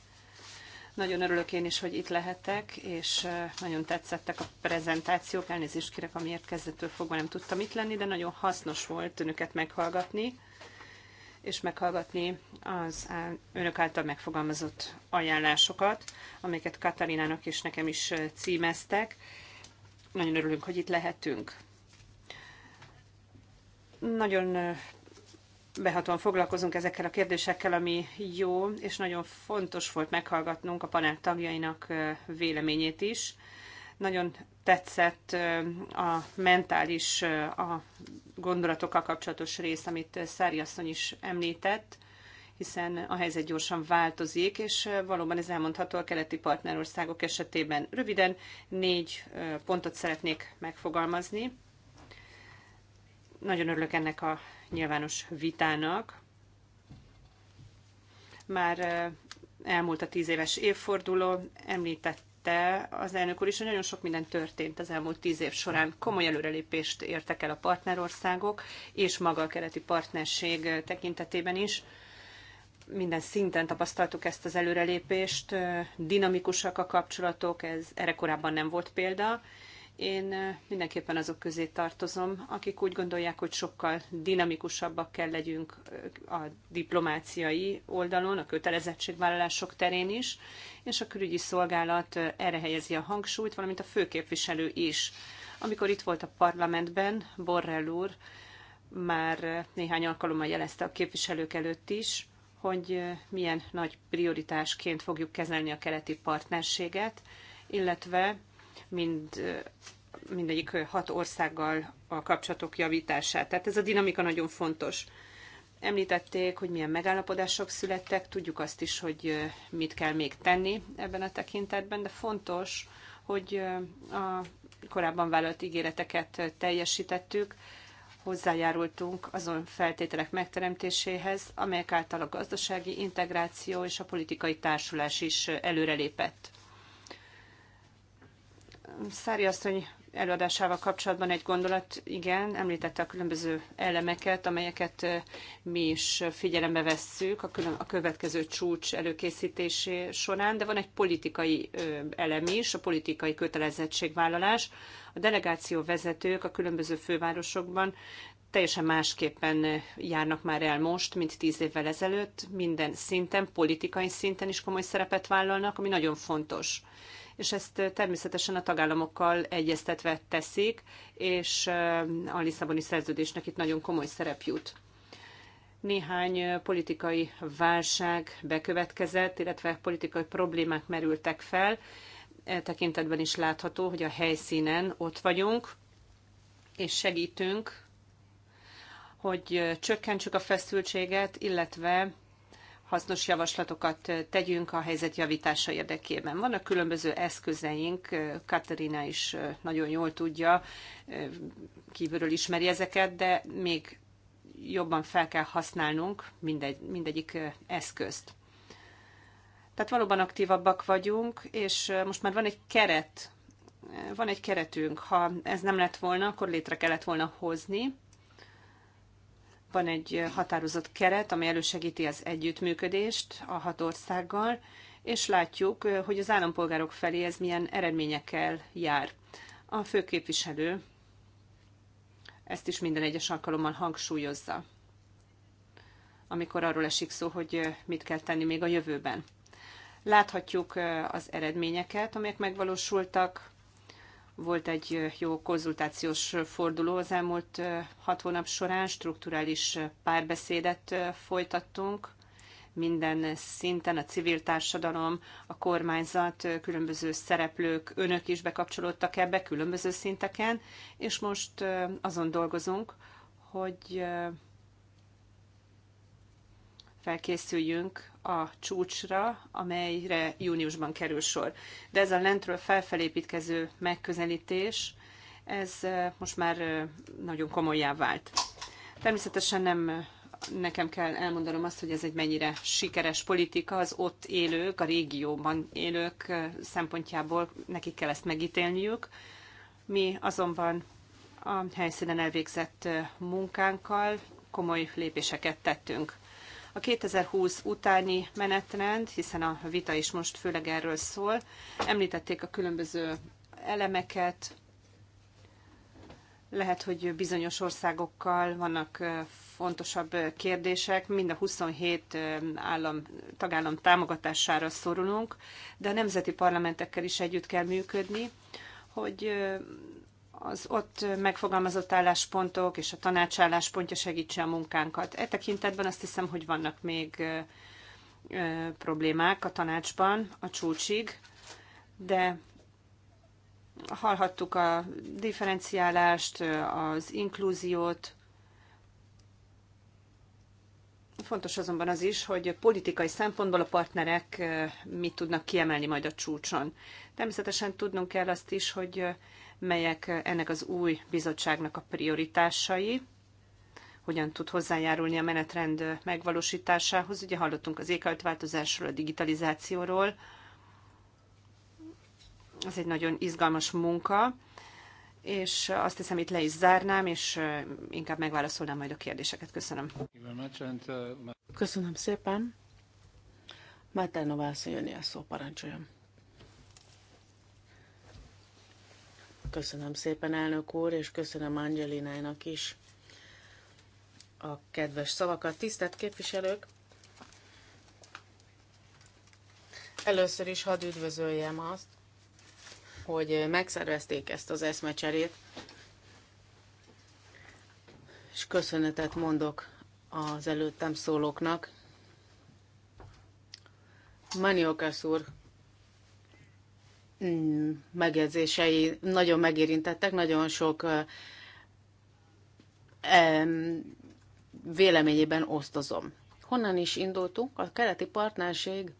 nagyon örülök én is, hogy itt lehetek, és nagyon tetszettek a prezentációk. Elnézést kérek, amiért kezdettől fogva nem tudtam itt lenni, de nagyon hasznos volt önöket meghallgatni, és meghallgatni az önök által megfogalmazott ajánlásokat, amiket Katalinának és nekem is címeztek. Nagyon örülünk, hogy itt lehetünk. Nagyon behatóan foglalkozunk ezekkel a kérdésekkel, ami jó, és nagyon fontos volt meghallgatnunk a panel tagjainak véleményét is. Nagyon tetszett a mentális, a gondolatokkal kapcsolatos rész, amit Szári asszony is említett, hiszen a helyzet gyorsan változik, és valóban ez elmondható a keleti partnerországok esetében. Röviden négy pontot szeretnék megfogalmazni. Nagyon örülök ennek a nyilvános vitának. Már elmúlt a tíz éves évforduló, említette az elnök úr is, hogy nagyon sok minden történt az elmúlt tíz év során. Komoly előrelépést értek el a partnerországok, és maga a keleti partnerség tekintetében is minden szinten tapasztaltuk ezt az előrelépést, dinamikusak a kapcsolatok, ez erre korábban nem volt példa, én mindenképpen azok közé tartozom, akik úgy gondolják, hogy sokkal dinamikusabbak kell legyünk a diplomáciai oldalon, a kötelezettségvállalások terén is, és a külügyi szolgálat erre helyezi a hangsúlyt, valamint a főképviselő is. Amikor itt volt a parlamentben, Borrell úr már néhány alkalommal jelezte a képviselők előtt is, hogy milyen nagy prioritásként fogjuk kezelni a keleti partnerséget, illetve mind mindegyik hat országgal a kapcsolatok javítását. Tehát ez a dinamika nagyon fontos. Említették, hogy milyen megállapodások születtek, tudjuk azt is, hogy mit kell még tenni ebben a tekintetben, de fontos, hogy a korábban vállalt ígéreteket teljesítettük, hozzájárultunk azon feltételek megteremtéséhez, amelyek által a gazdasági integráció és a politikai társulás is előrelépett. Szári asszony előadásával kapcsolatban egy gondolat, igen, említette a különböző elemeket, amelyeket mi is figyelembe vesszük a, külön, a következő csúcs előkészítésé során, de van egy politikai elem is, a politikai kötelezettségvállalás. A delegáció vezetők a különböző fővárosokban teljesen másképpen járnak már el most, mint tíz évvel ezelőtt. Minden szinten, politikai szinten is komoly szerepet vállalnak, ami nagyon fontos és ezt természetesen a tagállamokkal egyeztetve teszik, és a Lisszaboni szerződésnek itt nagyon komoly szerep jut néhány politikai válság bekövetkezett, illetve politikai problémák merültek fel. E tekintetben is látható, hogy a helyszínen ott vagyunk, és segítünk, hogy csökkentsük a feszültséget, illetve hasznos javaslatokat tegyünk a helyzet javítása érdekében. Vannak különböző eszközeink, Katerina is nagyon jól tudja, kívülről ismeri ezeket, de még jobban fel kell használnunk mindegy, mindegyik eszközt. Tehát valóban aktívabbak vagyunk, és most már van egy keret, van egy keretünk. Ha ez nem lett volna, akkor létre kellett volna hozni, van egy határozott keret, amely elősegíti az együttműködést a hat országgal, és látjuk, hogy az állampolgárok felé ez milyen eredményekkel jár. A főképviselő ezt is minden egyes alkalommal hangsúlyozza, amikor arról esik szó, hogy mit kell tenni még a jövőben. Láthatjuk az eredményeket, amelyek megvalósultak, volt egy jó konzultációs forduló az elmúlt hat hónap során, strukturális párbeszédet folytattunk minden szinten, a civil társadalom, a kormányzat, különböző szereplők, önök is bekapcsolódtak ebbe különböző szinteken, és most azon dolgozunk, hogy felkészüljünk a csúcsra, amelyre júniusban kerül sor. De ez a lentről felfelépítkező megközelítés, ez most már nagyon komolyá vált. Természetesen nem nekem kell elmondanom azt, hogy ez egy mennyire sikeres politika, az ott élők, a régióban élők szempontjából nekik kell ezt megítélniük. Mi azonban a helyszínen elvégzett munkánkkal komoly lépéseket tettünk. A 2020 utáni menetrend, hiszen a vita is most főleg erről szól, említették a különböző elemeket, lehet, hogy bizonyos országokkal vannak fontosabb kérdések, mind a 27 állam, tagállam támogatására szorulunk, de a nemzeti parlamentekkel is együtt kell működni, hogy az ott megfogalmazott álláspontok és a tanács álláspontja segítse a munkánkat. E tekintetben azt hiszem, hogy vannak még problémák a tanácsban a csúcsig, de hallhattuk a differenciálást, az inkluziót. Fontos azonban az is, hogy politikai szempontból a partnerek mit tudnak kiemelni majd a csúcson. Természetesen tudnunk kell azt is, hogy melyek ennek az új bizottságnak a prioritásai, hogyan tud hozzájárulni a menetrend megvalósításához. Ugye hallottunk az éghajlatváltozásról, a digitalizációról. Ez egy nagyon izgalmas munka, és azt hiszem itt le is zárnám, és inkább megválaszolnám majd a kérdéseket. Köszönöm. Köszönöm szépen. Máté Novász jönni a szó, parancsoljon. Köszönöm szépen, elnök úr, és köszönöm Angelinának is a kedves szavakat. Tisztelt képviselők! Először is hadd üdvözöljem azt, hogy megszervezték ezt az eszmecserét, és köszönetet mondok az előttem szólóknak. Maniokas úr megjegyzései nagyon megérintettek, nagyon sok véleményében osztozom. Honnan is indultunk? A keleti partnerség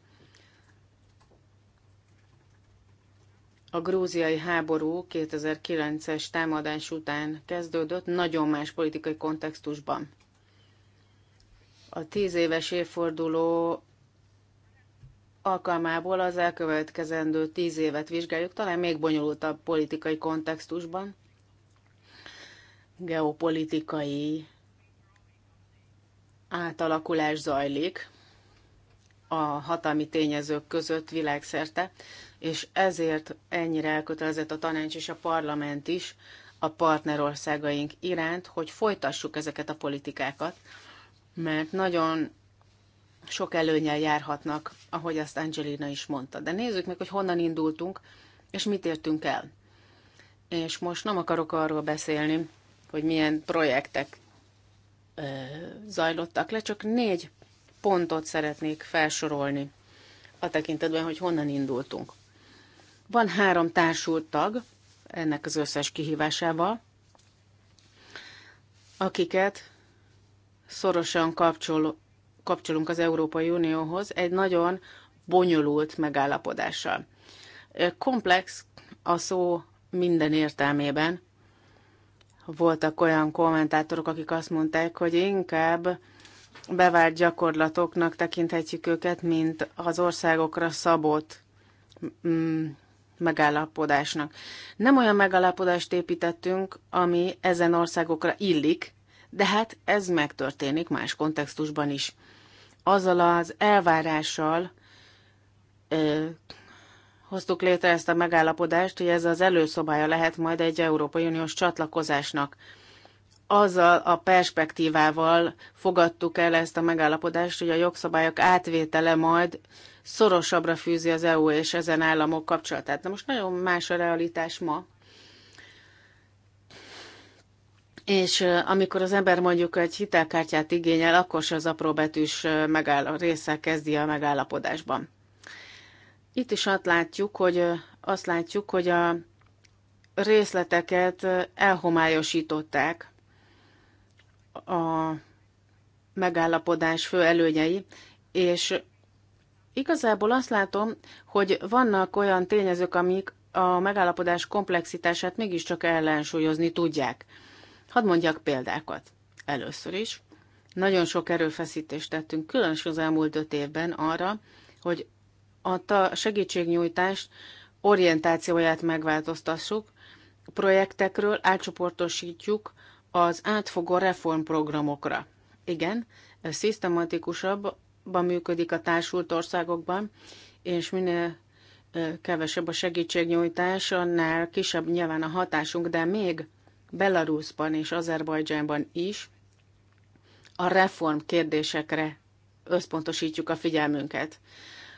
a grúziai háború 2009-es támadás után kezdődött, nagyon más politikai kontextusban. A tíz éves évforduló alkalmából az elkövetkezendő tíz évet vizsgáljuk, talán még bonyolultabb politikai kontextusban, geopolitikai átalakulás zajlik a hatalmi tényezők között világszerte, és ezért ennyire elkötelezett a tanács és a parlament is a partnerországaink iránt, hogy folytassuk ezeket a politikákat, mert nagyon sok előnyel járhatnak, ahogy azt Angelina is mondta. De nézzük meg, hogy honnan indultunk, és mit értünk el. És most nem akarok arról beszélni, hogy milyen projektek ö, zajlottak le, csak négy pontot szeretnék felsorolni a tekintetben, hogy honnan indultunk. Van három társult tag ennek az összes kihívásával, akiket szorosan kapcsoló, kapcsolunk az Európai Unióhoz egy nagyon bonyolult megállapodással. Komplex a szó minden értelmében. Voltak olyan kommentátorok, akik azt mondták, hogy inkább bevált gyakorlatoknak tekinthetjük őket, mint az országokra szabott mm, megállapodásnak. Nem olyan megállapodást építettünk, ami ezen országokra illik, de hát ez megtörténik más kontextusban is azzal az elvárással ö, hoztuk létre ezt a megállapodást, hogy ez az előszobája lehet majd egy Európai Uniós csatlakozásnak. Azzal a perspektívával fogadtuk el ezt a megállapodást, hogy a jogszabályok átvétele majd szorosabbra fűzi az EU és ezen államok kapcsolatát. Na most nagyon más a realitás ma. És amikor az ember mondjuk egy hitelkártyát igényel, akkor se az apró betűs megáll, része kezdi a megállapodásban. Itt is azt látjuk, hogy, azt látjuk, hogy a részleteket elhomályosították a megállapodás fő előnyei, és igazából azt látom, hogy vannak olyan tényezők, amik a megállapodás komplexitását mégiscsak ellensúlyozni tudják. Hadd mondjak példákat. Először is nagyon sok erőfeszítést tettünk, különösen az elmúlt öt évben arra, hogy a segítségnyújtást orientációját megváltoztassuk, a projektekről átcsoportosítjuk az átfogó reformprogramokra. Igen, ez szisztematikusabban működik a társult országokban, és minél kevesebb a segítségnyújtás, annál kisebb nyilván a hatásunk, de még Belarusban és Azerbajdzsánban is a reform kérdésekre összpontosítjuk a figyelmünket.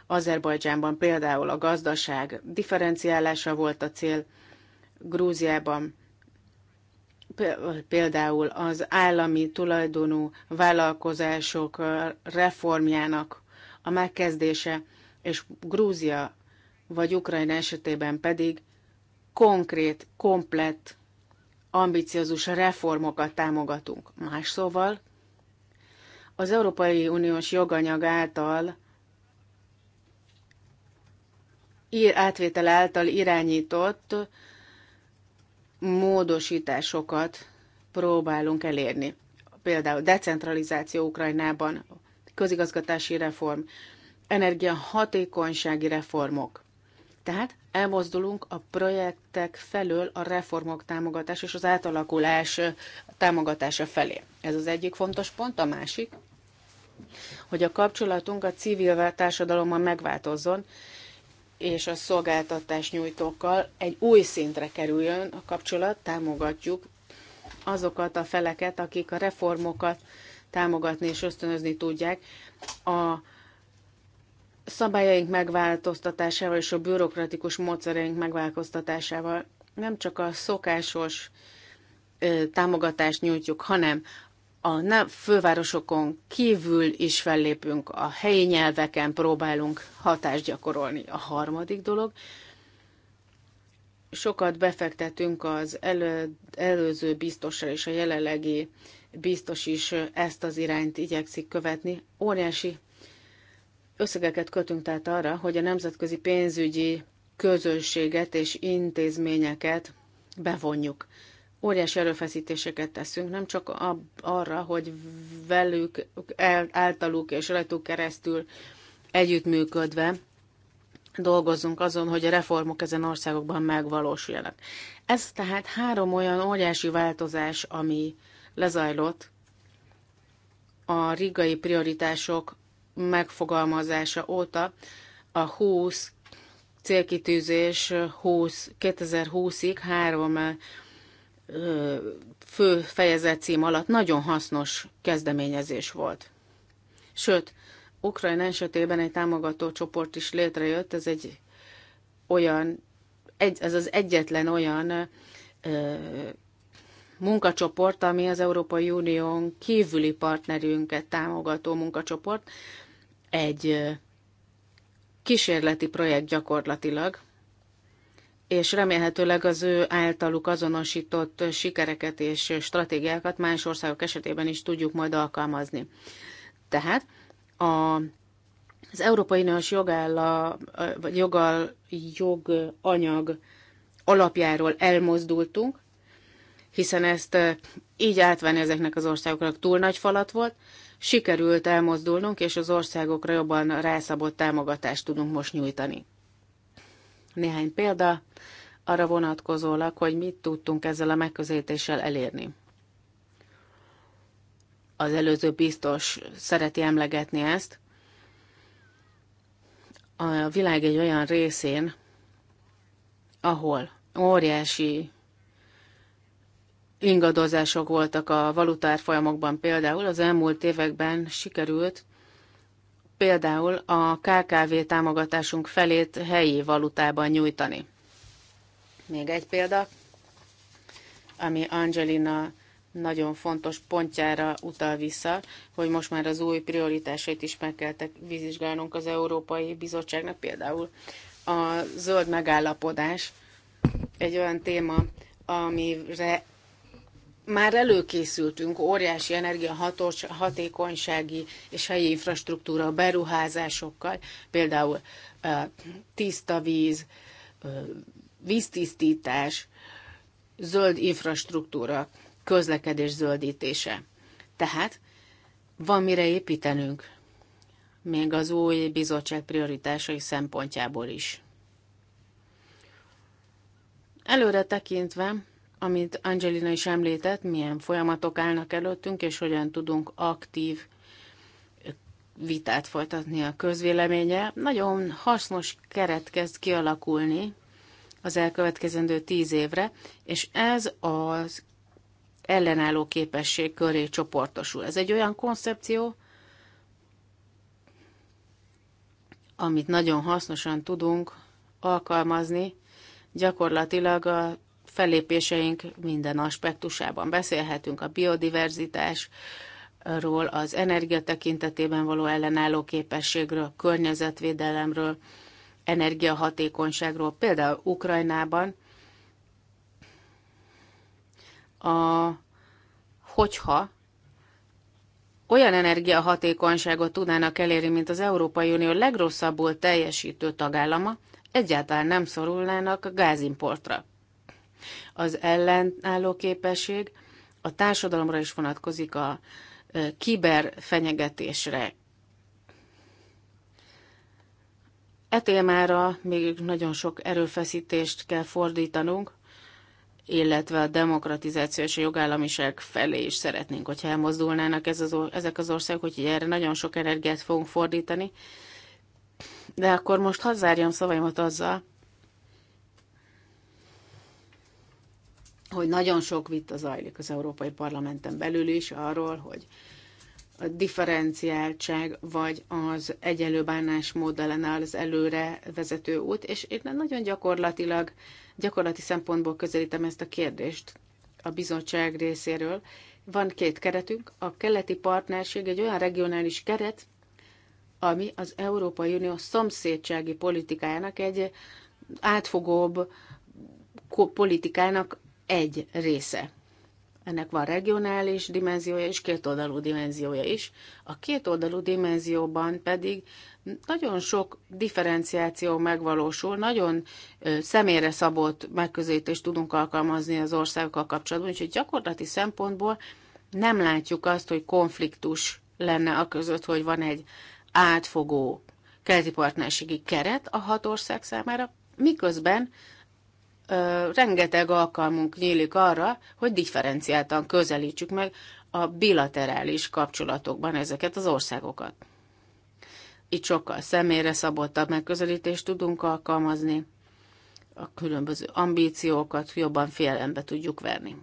Azerbajdzsánban például a gazdaság differenciálása volt a cél, Grúziában például az állami tulajdonú vállalkozások reformjának a megkezdése, és Grúzia vagy Ukrajna esetében pedig konkrét, komplett ambiciózus reformokat támogatunk. Más szóval, az Európai Uniós joganyag által ír átvétel által irányított módosításokat próbálunk elérni. Például decentralizáció Ukrajnában, közigazgatási reform, energiahatékonysági reformok, tehát elmozdulunk a projektek felől a reformok támogatás és az átalakulás támogatása felé. Ez az egyik fontos pont, a másik, hogy a kapcsolatunk a civil társadalommal megváltozzon, és a szolgáltatás nyújtókkal egy új szintre kerüljön a kapcsolat, támogatjuk azokat a feleket, akik a reformokat támogatni és ösztönözni tudják. A szabályaink megváltoztatásával és a bürokratikus módszereink megváltoztatásával nem csak a szokásos támogatást nyújtjuk, hanem a nem fővárosokon kívül is fellépünk, a helyi nyelveken próbálunk hatást gyakorolni. A harmadik dolog, sokat befektetünk az elő, előző biztosra és a jelenlegi biztos is ezt az irányt igyekszik követni. Óriási Összegeket kötünk tehát arra, hogy a nemzetközi pénzügyi közönséget és intézményeket bevonjuk. Óriási erőfeszítéseket teszünk, nem csak arra, hogy velük, általuk és rajtuk keresztül együttműködve dolgozzunk azon, hogy a reformok ezen országokban megvalósuljanak. Ez tehát három olyan óriási változás, ami lezajlott a rigai prioritások megfogalmazása óta a 20 célkitűzés 20, 2020-ig három fő fejezet cím alatt nagyon hasznos kezdeményezés volt. Sőt, Ukrajna esetében egy támogató csoport is létrejött, ez egy olyan, egy, ez az egyetlen olyan ö, munkacsoport, ami az Európai Unión kívüli partnerünket támogató munkacsoport, egy kísérleti projekt gyakorlatilag, és remélhetőleg az ő általuk azonosított sikereket és stratégiákat más országok esetében is tudjuk majd alkalmazni. Tehát a az Európai Uniós vagy jogal, joganyag alapjáról elmozdultunk, hiszen ezt így átvenni ezeknek az országoknak túl nagy falat volt, sikerült elmozdulnunk, és az országokra jobban rászabott támogatást tudunk most nyújtani. Néhány példa arra vonatkozólag, hogy mit tudtunk ezzel a megközelítéssel elérni. Az előző biztos szereti emlegetni ezt. A világ egy olyan részén, ahol óriási ingadozások voltak a valutárfolyamokban például, az elmúlt években sikerült például a KKV támogatásunk felét helyi valutában nyújtani. Még egy példa, ami Angelina nagyon fontos pontjára utal vissza, hogy most már az új prioritásait is meg kell vizsgálnunk az Európai Bizottságnak, például a zöld megállapodás egy olyan téma, amire már előkészültünk óriási energiahatékonysági és helyi infrastruktúra beruházásokkal, például tiszta víz, víztisztítás, zöld infrastruktúra, közlekedés zöldítése. Tehát van mire építenünk, még az új bizottság prioritásai szempontjából is. Előre tekintve, amit Angelina is említett, milyen folyamatok állnak előttünk, és hogyan tudunk aktív vitát folytatni a közvéleménye. Nagyon hasznos keret kezd kialakulni az elkövetkezendő tíz évre, és ez az ellenálló képesség köré csoportosul. Ez egy olyan koncepció, amit nagyon hasznosan tudunk alkalmazni gyakorlatilag a fellépéseink minden aspektusában. Beszélhetünk a biodiverzitásról, az energia tekintetében való ellenálló képességről, környezetvédelemről, energiahatékonyságról, például Ukrajnában, a, hogyha olyan energiahatékonyságot tudnának elérni, mint az Európai Unió legrosszabbul teljesítő tagállama, egyáltalán nem szorulnának a gázimportra. Az ellenálló képesség a társadalomra is vonatkozik a kiberfenyegetésre. Etémára még nagyon sok erőfeszítést kell fordítanunk, illetve a demokratizáció és a jogállamiság felé is szeretnénk, hogyha elmozdulnának ez az, ezek az országok, hogy erre nagyon sok energiát fogunk fordítani. De akkor most hazárjam szavaimat azzal, hogy nagyon sok vita zajlik az Európai Parlamenten belül is arról, hogy a differenciáltság vagy az egyenlő bánásmód lenne az előre vezető út, és én nagyon gyakorlatilag, gyakorlati szempontból közelítem ezt a kérdést a bizottság részéről. Van két keretünk, a keleti partnerség egy olyan regionális keret, ami az Európai Unió szomszédsági politikájának egy átfogóbb politikának egy része. Ennek van regionális dimenziója és kétoldalú dimenziója is. A kétoldalú dimenzióban pedig nagyon sok differenciáció megvalósul, nagyon személyre szabott megközelítést tudunk alkalmazni az országokkal kapcsolatban, úgyhogy gyakorlati szempontból nem látjuk azt, hogy konfliktus lenne a között, hogy van egy átfogó keleti partnerségi keret a hat ország számára, miközben rengeteg alkalmunk nyílik arra, hogy differenciáltan közelítsük meg a bilaterális kapcsolatokban ezeket az országokat. Itt sokkal személyre szabottabb megközelítést tudunk alkalmazni, a különböző ambíciókat jobban figyelembe tudjuk verni.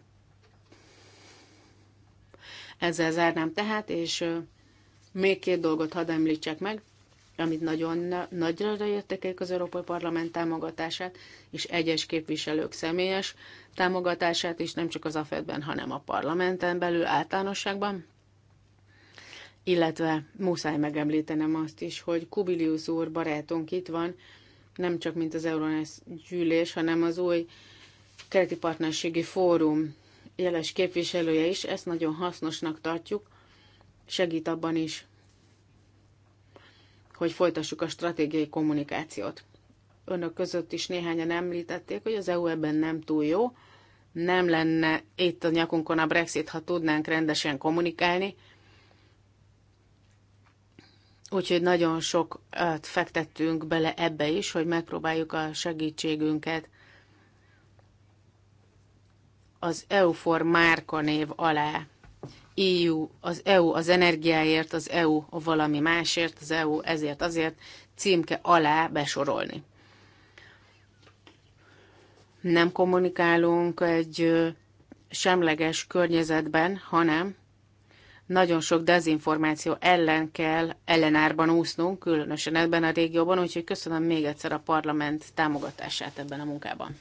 Ezzel zárnám tehát, és még két dolgot hadd említsek meg amit nagyon nagyra értékelik az Európai Parlament támogatását, és egyes képviselők személyes támogatását is, nem csak az AFED-ben, hanem a parlamenten belül általánosságban. Illetve muszáj megemlítenem azt is, hogy Kubilius úr barátunk itt van, nem csak mint az Euronesz gyűlés, hanem az új keleti partnerségi fórum jeles képviselője is, ezt nagyon hasznosnak tartjuk, segít abban is, hogy folytassuk a stratégiai kommunikációt. Önök között is néhányan említették, hogy az EU ebben nem túl jó, nem lenne itt a nyakunkon a Brexit, ha tudnánk rendesen kommunikálni. Úgyhogy nagyon sokat fektettünk bele ebbe is, hogy megpróbáljuk a segítségünket az EU EU4 márkanév alá EU, az EU az energiáért, az EU a valami másért, az EU ezért, azért címke alá besorolni. Nem kommunikálunk egy semleges környezetben, hanem nagyon sok dezinformáció ellen kell ellenárban úsznunk, különösen ebben a régióban, úgyhogy köszönöm még egyszer a parlament támogatását ebben a munkában.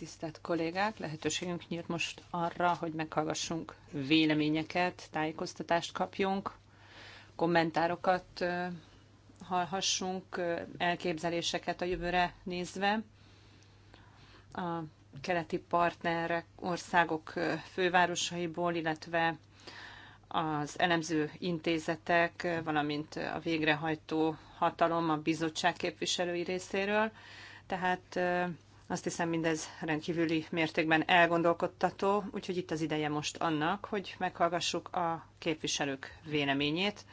Tisztelt kollégák, lehetőségünk nyílt most arra, hogy meghallgassunk véleményeket, tájékoztatást kapjunk, kommentárokat hallhassunk, elképzeléseket a jövőre nézve. A keleti partnerek, országok fővárosaiból, illetve az elemző intézetek, valamint a végrehajtó hatalom a bizottság képviselői részéről. Tehát azt hiszem mindez rendkívüli mértékben elgondolkodtató, úgyhogy itt az ideje most annak, hogy meghallgassuk a képviselők véleményét.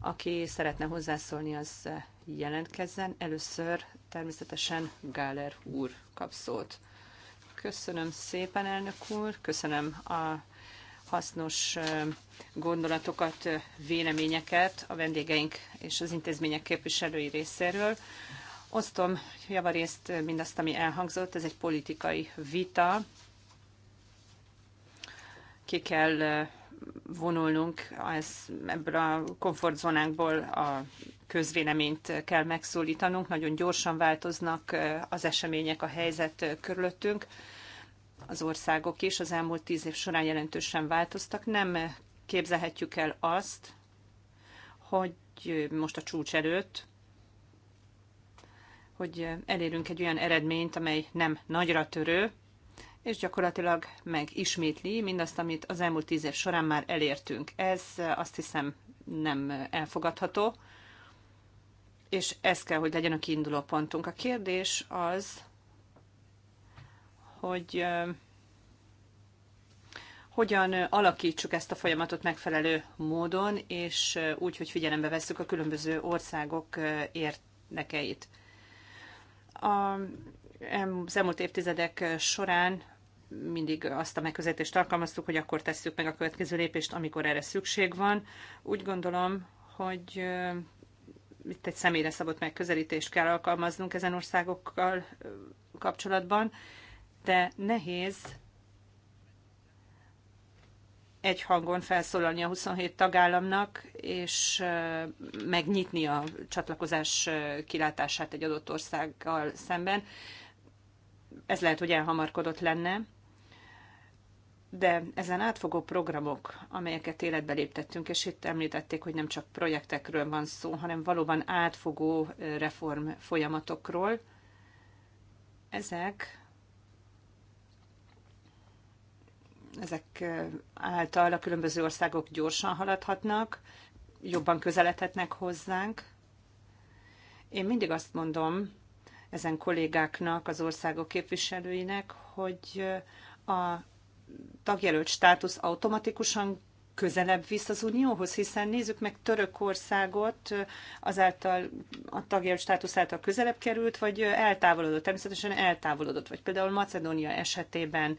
Aki szeretne hozzászólni, az jelentkezzen. Először természetesen Gáler úr kap szót. Köszönöm szépen, elnök úr, köszönöm a hasznos gondolatokat, véleményeket a vendégeink és az intézmények képviselői részéről. Osztom javarészt mindazt, ami elhangzott, ez egy politikai vita. Ki kell vonulnunk, ez, ebből a komfortzónánkból a közvéleményt kell megszólítanunk, nagyon gyorsan változnak az események, a helyzet körülöttünk. Az országok is az elmúlt tíz év során jelentősen változtak. Nem képzelhetjük el azt, hogy most a csúcs előtt hogy elérünk egy olyan eredményt, amely nem nagyra törő, és gyakorlatilag megismétli mindazt, amit az elmúlt tíz év során már elértünk. Ez azt hiszem nem elfogadható, és ez kell, hogy legyen a kiinduló pontunk. A kérdés az, hogy hogyan alakítsuk ezt a folyamatot megfelelő módon, és úgy, hogy figyelembe vesszük a különböző országok érdekeit. A, az elmúlt évtizedek során mindig azt a megközelítést alkalmaztuk, hogy akkor tesszük meg a következő lépést, amikor erre szükség van. Úgy gondolom, hogy itt egy személyre szabott megközelítést kell alkalmaznunk ezen országokkal kapcsolatban, de nehéz egy hangon felszólalni a 27 tagállamnak, és megnyitni a csatlakozás kilátását egy adott országgal szemben. Ez lehet, hogy elhamarkodott lenne, de ezen átfogó programok, amelyeket életbe léptettünk, és itt említették, hogy nem csak projektekről van szó, hanem valóban átfogó reform folyamatokról, ezek ezek által a különböző országok gyorsan haladhatnak, jobban közeledhetnek hozzánk. Én mindig azt mondom ezen kollégáknak, az országok képviselőinek, hogy a tagjelölt státusz automatikusan közelebb visz az Unióhoz, hiszen nézzük meg Törökországot, azáltal a tagjelölt státusz által közelebb került, vagy eltávolodott, természetesen eltávolodott, vagy például Macedónia esetében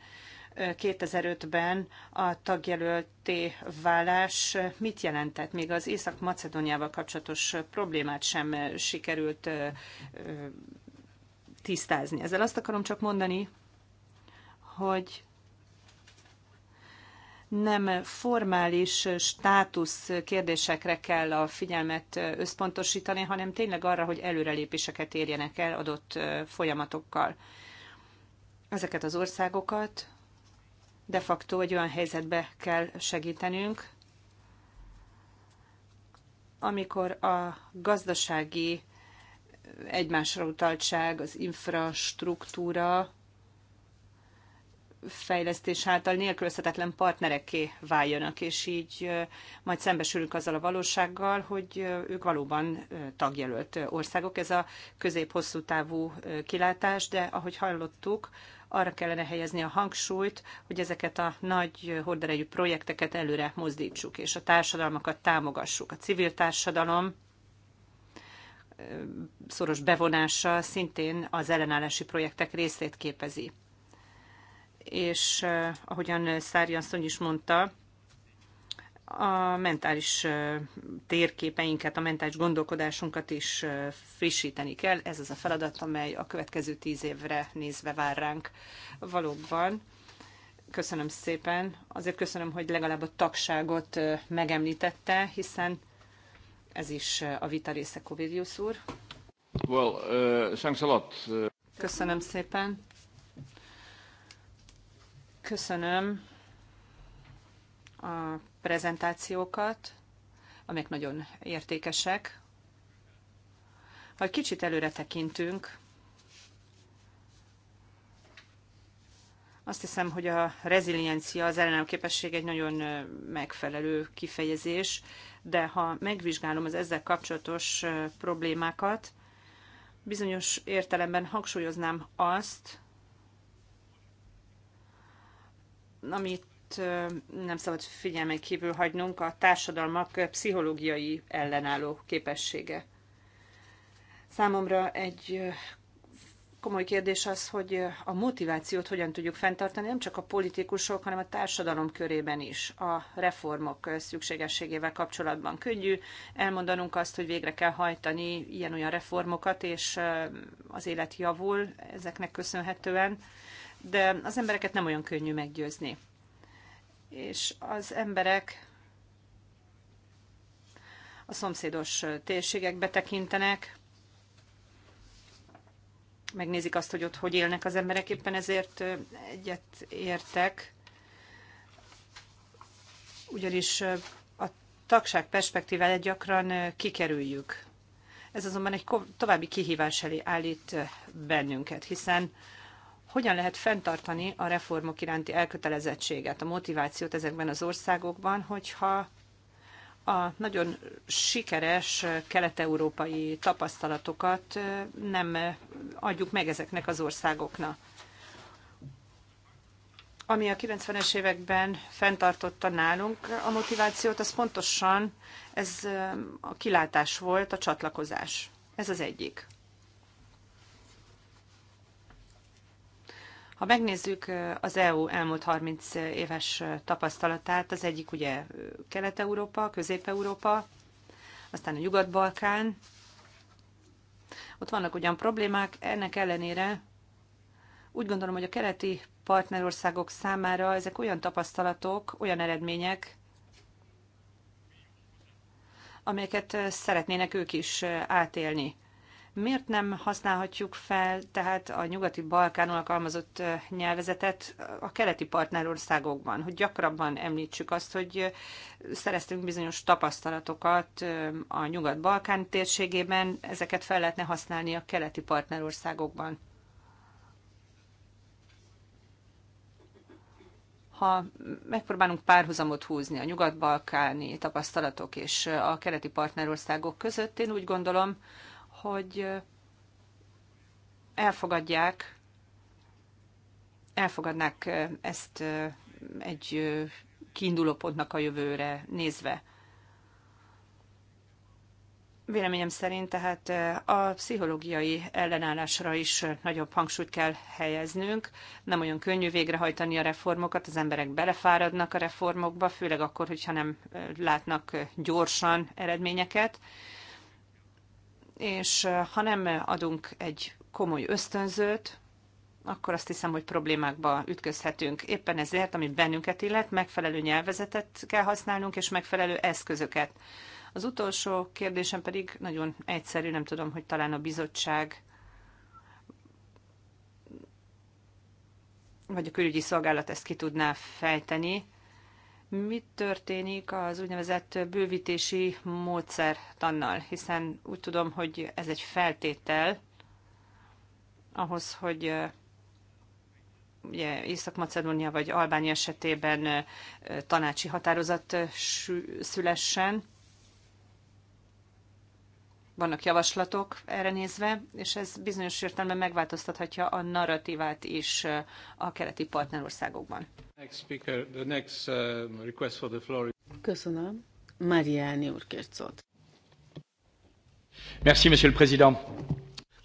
2005-ben a tagjelölté válás mit jelentett? Még az Észak-Macedóniával kapcsolatos problémát sem sikerült tisztázni. Ezzel azt akarom csak mondani, hogy nem formális státusz kérdésekre kell a figyelmet összpontosítani, hanem tényleg arra, hogy előrelépéseket érjenek el adott folyamatokkal. Ezeket az országokat de facto egy olyan helyzetbe kell segítenünk, amikor a gazdasági egymásra utaltság, az infrastruktúra fejlesztés által nélkülözhetetlen partnerekké váljanak, és így majd szembesülünk azzal a valósággal, hogy ők valóban tagjelölt országok. Ez a közép-hosszú távú kilátás, de ahogy hallottuk, arra kellene helyezni a hangsúlyt, hogy ezeket a nagy horderejű projekteket előre mozdítsuk, és a társadalmakat támogassuk. A civil társadalom szoros bevonása szintén az ellenállási projektek részét képezi. És ahogyan Szári asszony is mondta, a mentális térképeinket, a mentális gondolkodásunkat is frissíteni kell. Ez az a feladat, amely a következő tíz évre nézve vár ránk valóban. Köszönöm szépen. Azért köszönöm, hogy legalább a tagságot megemlítette, hiszen ez is a vita része, Kovidius úr. Well, uh, thanks a lot. Köszönöm szépen. Köszönöm a prezentációkat, amelyek nagyon értékesek. Ha egy kicsit előre tekintünk, azt hiszem, hogy a reziliencia, az ellenállóképesség egy nagyon megfelelő kifejezés, de ha megvizsgálom az ezzel kapcsolatos problémákat, bizonyos értelemben hangsúlyoznám azt, amit nem szabad figyelmen kívül hagynunk a társadalmak pszichológiai ellenálló képessége. Számomra egy komoly kérdés az, hogy a motivációt hogyan tudjuk fenntartani, nem csak a politikusok, hanem a társadalom körében is a reformok szükségességével kapcsolatban. Könnyű elmondanunk azt, hogy végre kell hajtani ilyen-olyan reformokat, és az élet javul ezeknek köszönhetően, de az embereket nem olyan könnyű meggyőzni és az emberek a szomszédos térségekbe tekintenek, megnézik azt, hogy ott hogy élnek az emberek, éppen ezért egyet értek, ugyanis a tagság perspektíváját gyakran kikerüljük. Ez azonban egy további kihívás elé állít bennünket, hiszen hogyan lehet fenntartani a reformok iránti elkötelezettséget, a motivációt ezekben az országokban, hogyha a nagyon sikeres kelet-európai tapasztalatokat nem adjuk meg ezeknek az országoknak. Ami a 90-es években fenntartotta nálunk a motivációt, az pontosan ez a kilátás volt, a csatlakozás. Ez az egyik. Ha megnézzük az EU elmúlt 30 éves tapasztalatát, az egyik ugye Kelet-Európa, Közép-Európa, aztán a Nyugat-Balkán. Ott vannak ugyan problémák, ennek ellenére úgy gondolom, hogy a keleti partnerországok számára ezek olyan tapasztalatok, olyan eredmények, amelyeket szeretnének ők is átélni. Miért nem használhatjuk fel tehát a nyugati Balkánon alkalmazott nyelvezetet a keleti partnerországokban, hogy gyakrabban említsük azt, hogy szereztünk bizonyos tapasztalatokat a nyugat-balkán térségében, ezeket fel lehetne használni a keleti partnerországokban? ha megpróbálunk párhuzamot húzni a nyugat-balkáni tapasztalatok és a keleti partnerországok között, én úgy gondolom, hogy elfogadják, elfogadnák ezt egy kiindulópontnak a jövőre nézve. Véleményem szerint tehát a pszichológiai ellenállásra is nagyobb hangsúlyt kell helyeznünk. Nem olyan könnyű végrehajtani a reformokat, az emberek belefáradnak a reformokba, főleg akkor, hogyha nem látnak gyorsan eredményeket és ha nem adunk egy komoly ösztönzőt, akkor azt hiszem, hogy problémákba ütközhetünk. Éppen ezért, ami bennünket illet, megfelelő nyelvezetet kell használnunk, és megfelelő eszközöket. Az utolsó kérdésem pedig nagyon egyszerű, nem tudom, hogy talán a bizottság vagy a külügyi szolgálat ezt ki tudná fejteni. Mit történik az úgynevezett bővítési módszertannal, hiszen úgy tudom, hogy ez egy feltétel ahhoz, hogy ugye Észak-Macedónia vagy Albánia esetében tanácsi határozat szülessen vannak javaslatok erre nézve, és ez bizonyos értelemben megváltoztathatja a narratívát is a keleti partnerországokban. Uh, Köszönöm. Mariani úr kért szót. Merci, monsieur le président.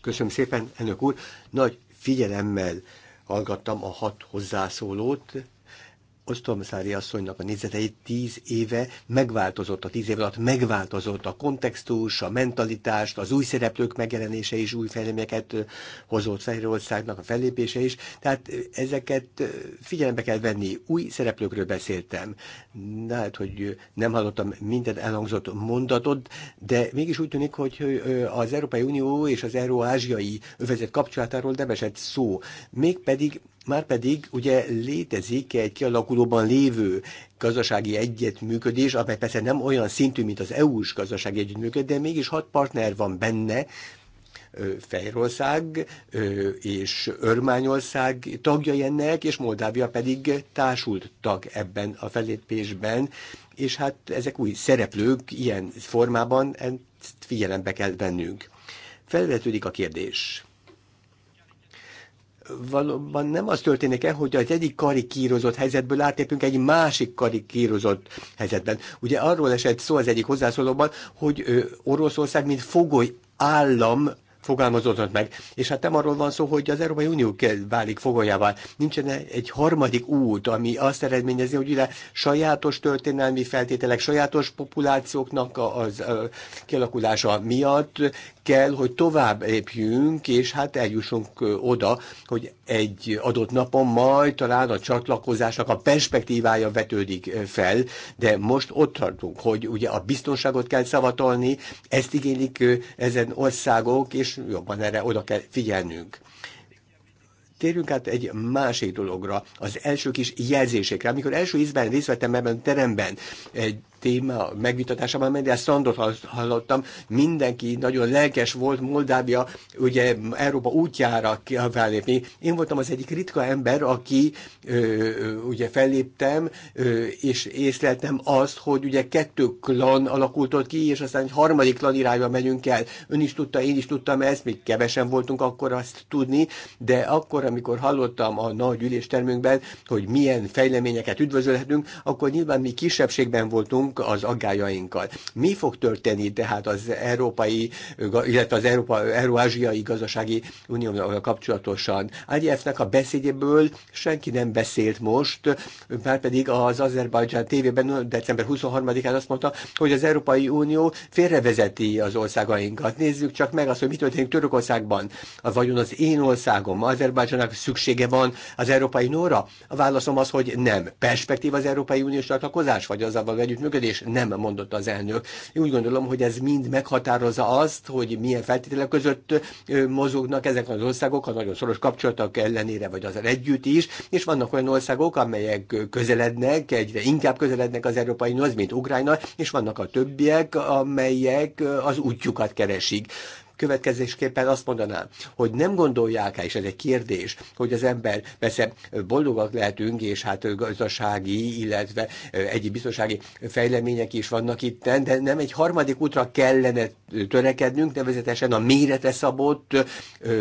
Köszönöm szépen, elnök úr. Nagy figyelemmel hallgattam a hat hozzászólót, Osztomszári asszonynak a nézeteit tíz éve megváltozott, a tíz év alatt megváltozott a kontextus, a mentalitást, az új szereplők megjelenése is új fejleményeket hozott Fehérországnak a fellépése is, tehát ezeket figyelembe kell venni. Új szereplőkről beszéltem. Hát, hogy nem hallottam minden elhangzott mondatot, de mégis úgy tűnik, hogy az Európai Unió és az Euró-Ázsiai övezet kapcsolatáról nem esett szó. Mégpedig Márpedig ugye létezik egy kialakulóban lévő gazdasági egyetműködés, amely persze nem olyan szintű, mint az EU-s gazdasági együttműködés, de mégis hat partner van benne, Fejrország és Örmányország tagjai ennek, és Moldávia pedig társult tag ebben a felépésben, és hát ezek új szereplők ilyen formában, ezt figyelembe kell vennünk. Felvetődik a kérdés, valóban nem az történik el, hogy az egyik karikírozott helyzetből átépünk egy másik karikírozott helyzetben. Ugye arról esett szó az egyik hozzászólóban, hogy Oroszország mint fogoly állam fogalmazódott meg. És hát nem arról van szó, hogy az Európai Unió kell, válik fogolyává. Nincsen egy harmadik út, ami azt eredményezi, hogy ugye sajátos történelmi feltételek, sajátos populációknak az, az kialakulása miatt kell, hogy tovább épjünk, és hát eljussunk oda, hogy egy adott napon majd talán a csatlakozásnak a perspektívája vetődik fel, de most ott tartunk, hogy ugye a biztonságot kell szavatolni, ezt igénylik ezen országok, és jobban erre oda kell figyelnünk. Térjünk át egy másik dologra, az első kis jelzésekre. Amikor első ízben részt vettem ebben a teremben, egy téma megvitatásában, mert ezt Strandot hallottam, mindenki nagyon lelkes volt Moldávia, ugye Európa útjára felépni. Én voltam az egyik ritka ember, aki ö, ugye felléptem, ö, és észleltem azt, hogy ugye kettő klan alakult ott ki, és aztán egy harmadik klan irányba megyünk el. Ön is tudta, én is tudtam ezt, még kevesen voltunk akkor azt tudni, de akkor, amikor hallottam a nagy üléstermünkben, hogy milyen fejleményeket üdvözölhetünk, akkor nyilván mi kisebbségben voltunk, magunk az aggájainkkal. Mi fog történni tehát az európai, illetve az Európa, Euróázsiai Gazdasági Unióval kapcsolatosan? Aliyevnek a beszédéből senki nem beszélt most, már pedig az Azerbajdzsán tévében december 23-án azt mondta, hogy az Európai Unió félrevezeti az országainkat. Nézzük csak meg azt, hogy mi történik Törökországban, vagyon az én országom, Azerbajdzsának szüksége van az Európai Nóra? A válaszom az, hogy nem. Perspektív az Európai Uniós csatlakozás, vagy az abban együttműködés? működés, nem mondott az elnök. Én úgy gondolom, hogy ez mind meghatározza azt, hogy milyen feltételek között mozognak ezek az országok, a nagyon szoros kapcsolatok ellenére, vagy az együtt is, és vannak olyan országok, amelyek közelednek, egyre inkább közelednek az Európai Unióhoz, mint Ukrajna, és vannak a többiek, amelyek az útjukat keresik következésképpen azt mondanám, hogy nem gondolják-e, és ez egy kérdés, hogy az ember, persze boldogak lehetünk, és hát gazdasági, illetve egyéb biztonsági fejlemények is vannak itt, de nem egy harmadik útra kellene törekednünk, nevezetesen a méretre szabott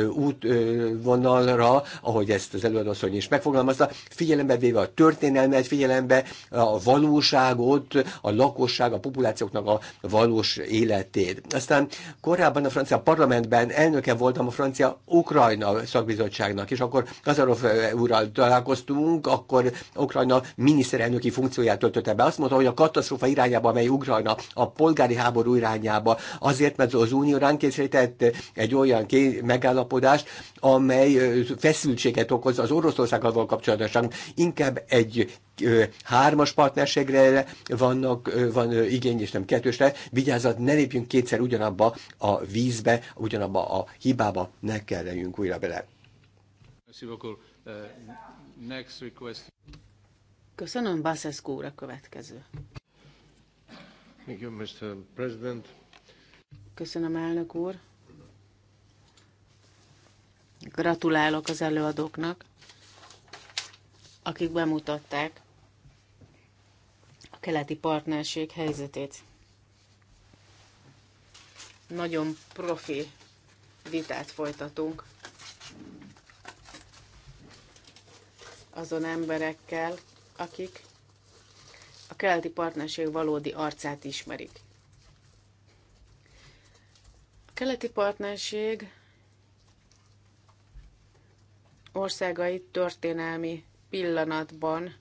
útvonalra, ahogy ezt az előadószony is megfogalmazta, figyelembe véve a történelmet, figyelembe a valóságot, a lakosság, a populációknak a valós életét. Aztán korábban a francia parlamentben elnöke voltam a francia-ukrajna szakbizottságnak, és akkor Kazarov eh, úrral találkoztunk, akkor Ukrajna miniszterelnöki funkcióját töltötte be. Azt mondta, hogy a katasztrófa irányába, amely Ukrajna a polgári háború irányába, azért, mert az Unió ránk készített egy olyan megállapodást, amely eh, feszültséget okoz az Oroszországgal kapcsolatosan. Inkább egy hármas partnerségre vannak, van igény, és nem kettősre. Vigyázat, ne lépjünk kétszer ugyanabba a vízbe, ugyanabba a hibába, ne kerüljünk újra bele. Euh, Köszönöm, Baszeszkó úr, a következő. you, Mr. Köszönöm, elnök úr. Gratulálok az előadóknak, akik bemutatták keleti partnerség helyzetét. Nagyon profi vitát folytatunk azon emberekkel, akik a keleti partnerség valódi arcát ismerik. A keleti partnerség országai történelmi pillanatban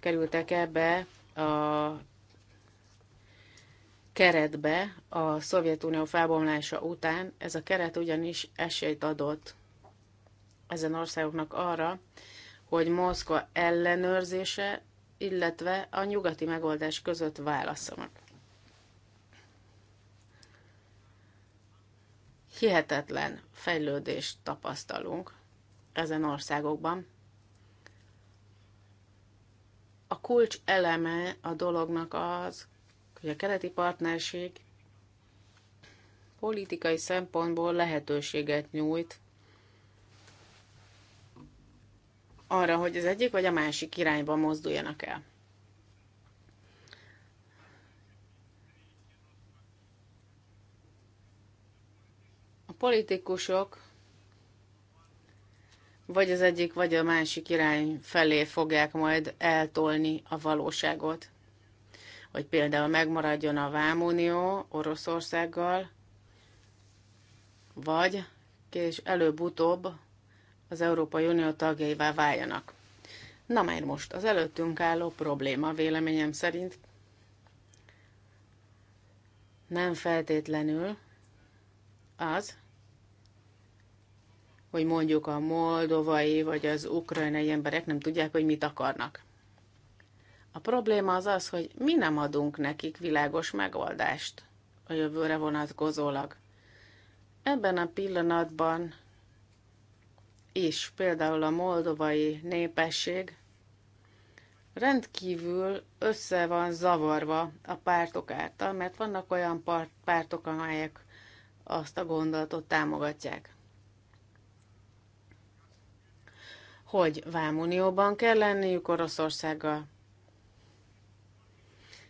kerültek ebbe a keretbe a Szovjetunió felbomlása után. Ez a keret ugyanis esélyt adott ezen országoknak arra, hogy Moszkva ellenőrzése, illetve a nyugati megoldás között válasszanak. Hihetetlen fejlődést tapasztalunk ezen országokban, a kulcs eleme a dolognak az, hogy a keleti partnerség politikai szempontból lehetőséget nyújt arra, hogy az egyik vagy a másik irányba mozduljanak el. A politikusok vagy az egyik, vagy a másik irány felé fogják majd eltolni a valóságot. Hogy például megmaradjon a Vámunió Oroszországgal, vagy és előbb-utóbb az Európai Unió tagjaivá váljanak. Na már most, az előttünk álló probléma véleményem szerint nem feltétlenül az, hogy mondjuk a moldovai vagy az ukrajnai emberek nem tudják, hogy mit akarnak. A probléma az az, hogy mi nem adunk nekik világos megoldást a jövőre vonatkozólag. Ebben a pillanatban is például a moldovai népesség rendkívül össze van zavarva a pártok által, mert vannak olyan pártok, amelyek azt a gondolatot támogatják. hogy vámunióban kell lenniük Oroszországgal.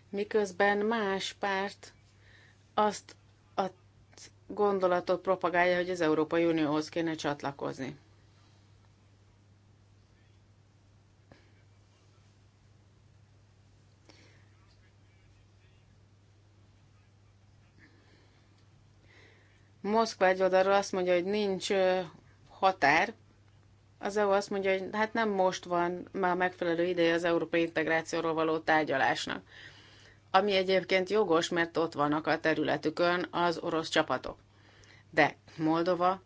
Miközben más párt azt a gondolatot propagálja, hogy az Európai Unióhoz kéne csatlakozni. Moszkva egy oldalról azt mondja, hogy nincs határ, az EU azt mondja, hogy hát nem most van már megfelelő ideje az európai integrációról való tárgyalásnak. Ami egyébként jogos, mert ott vannak a területükön az orosz csapatok. De Moldova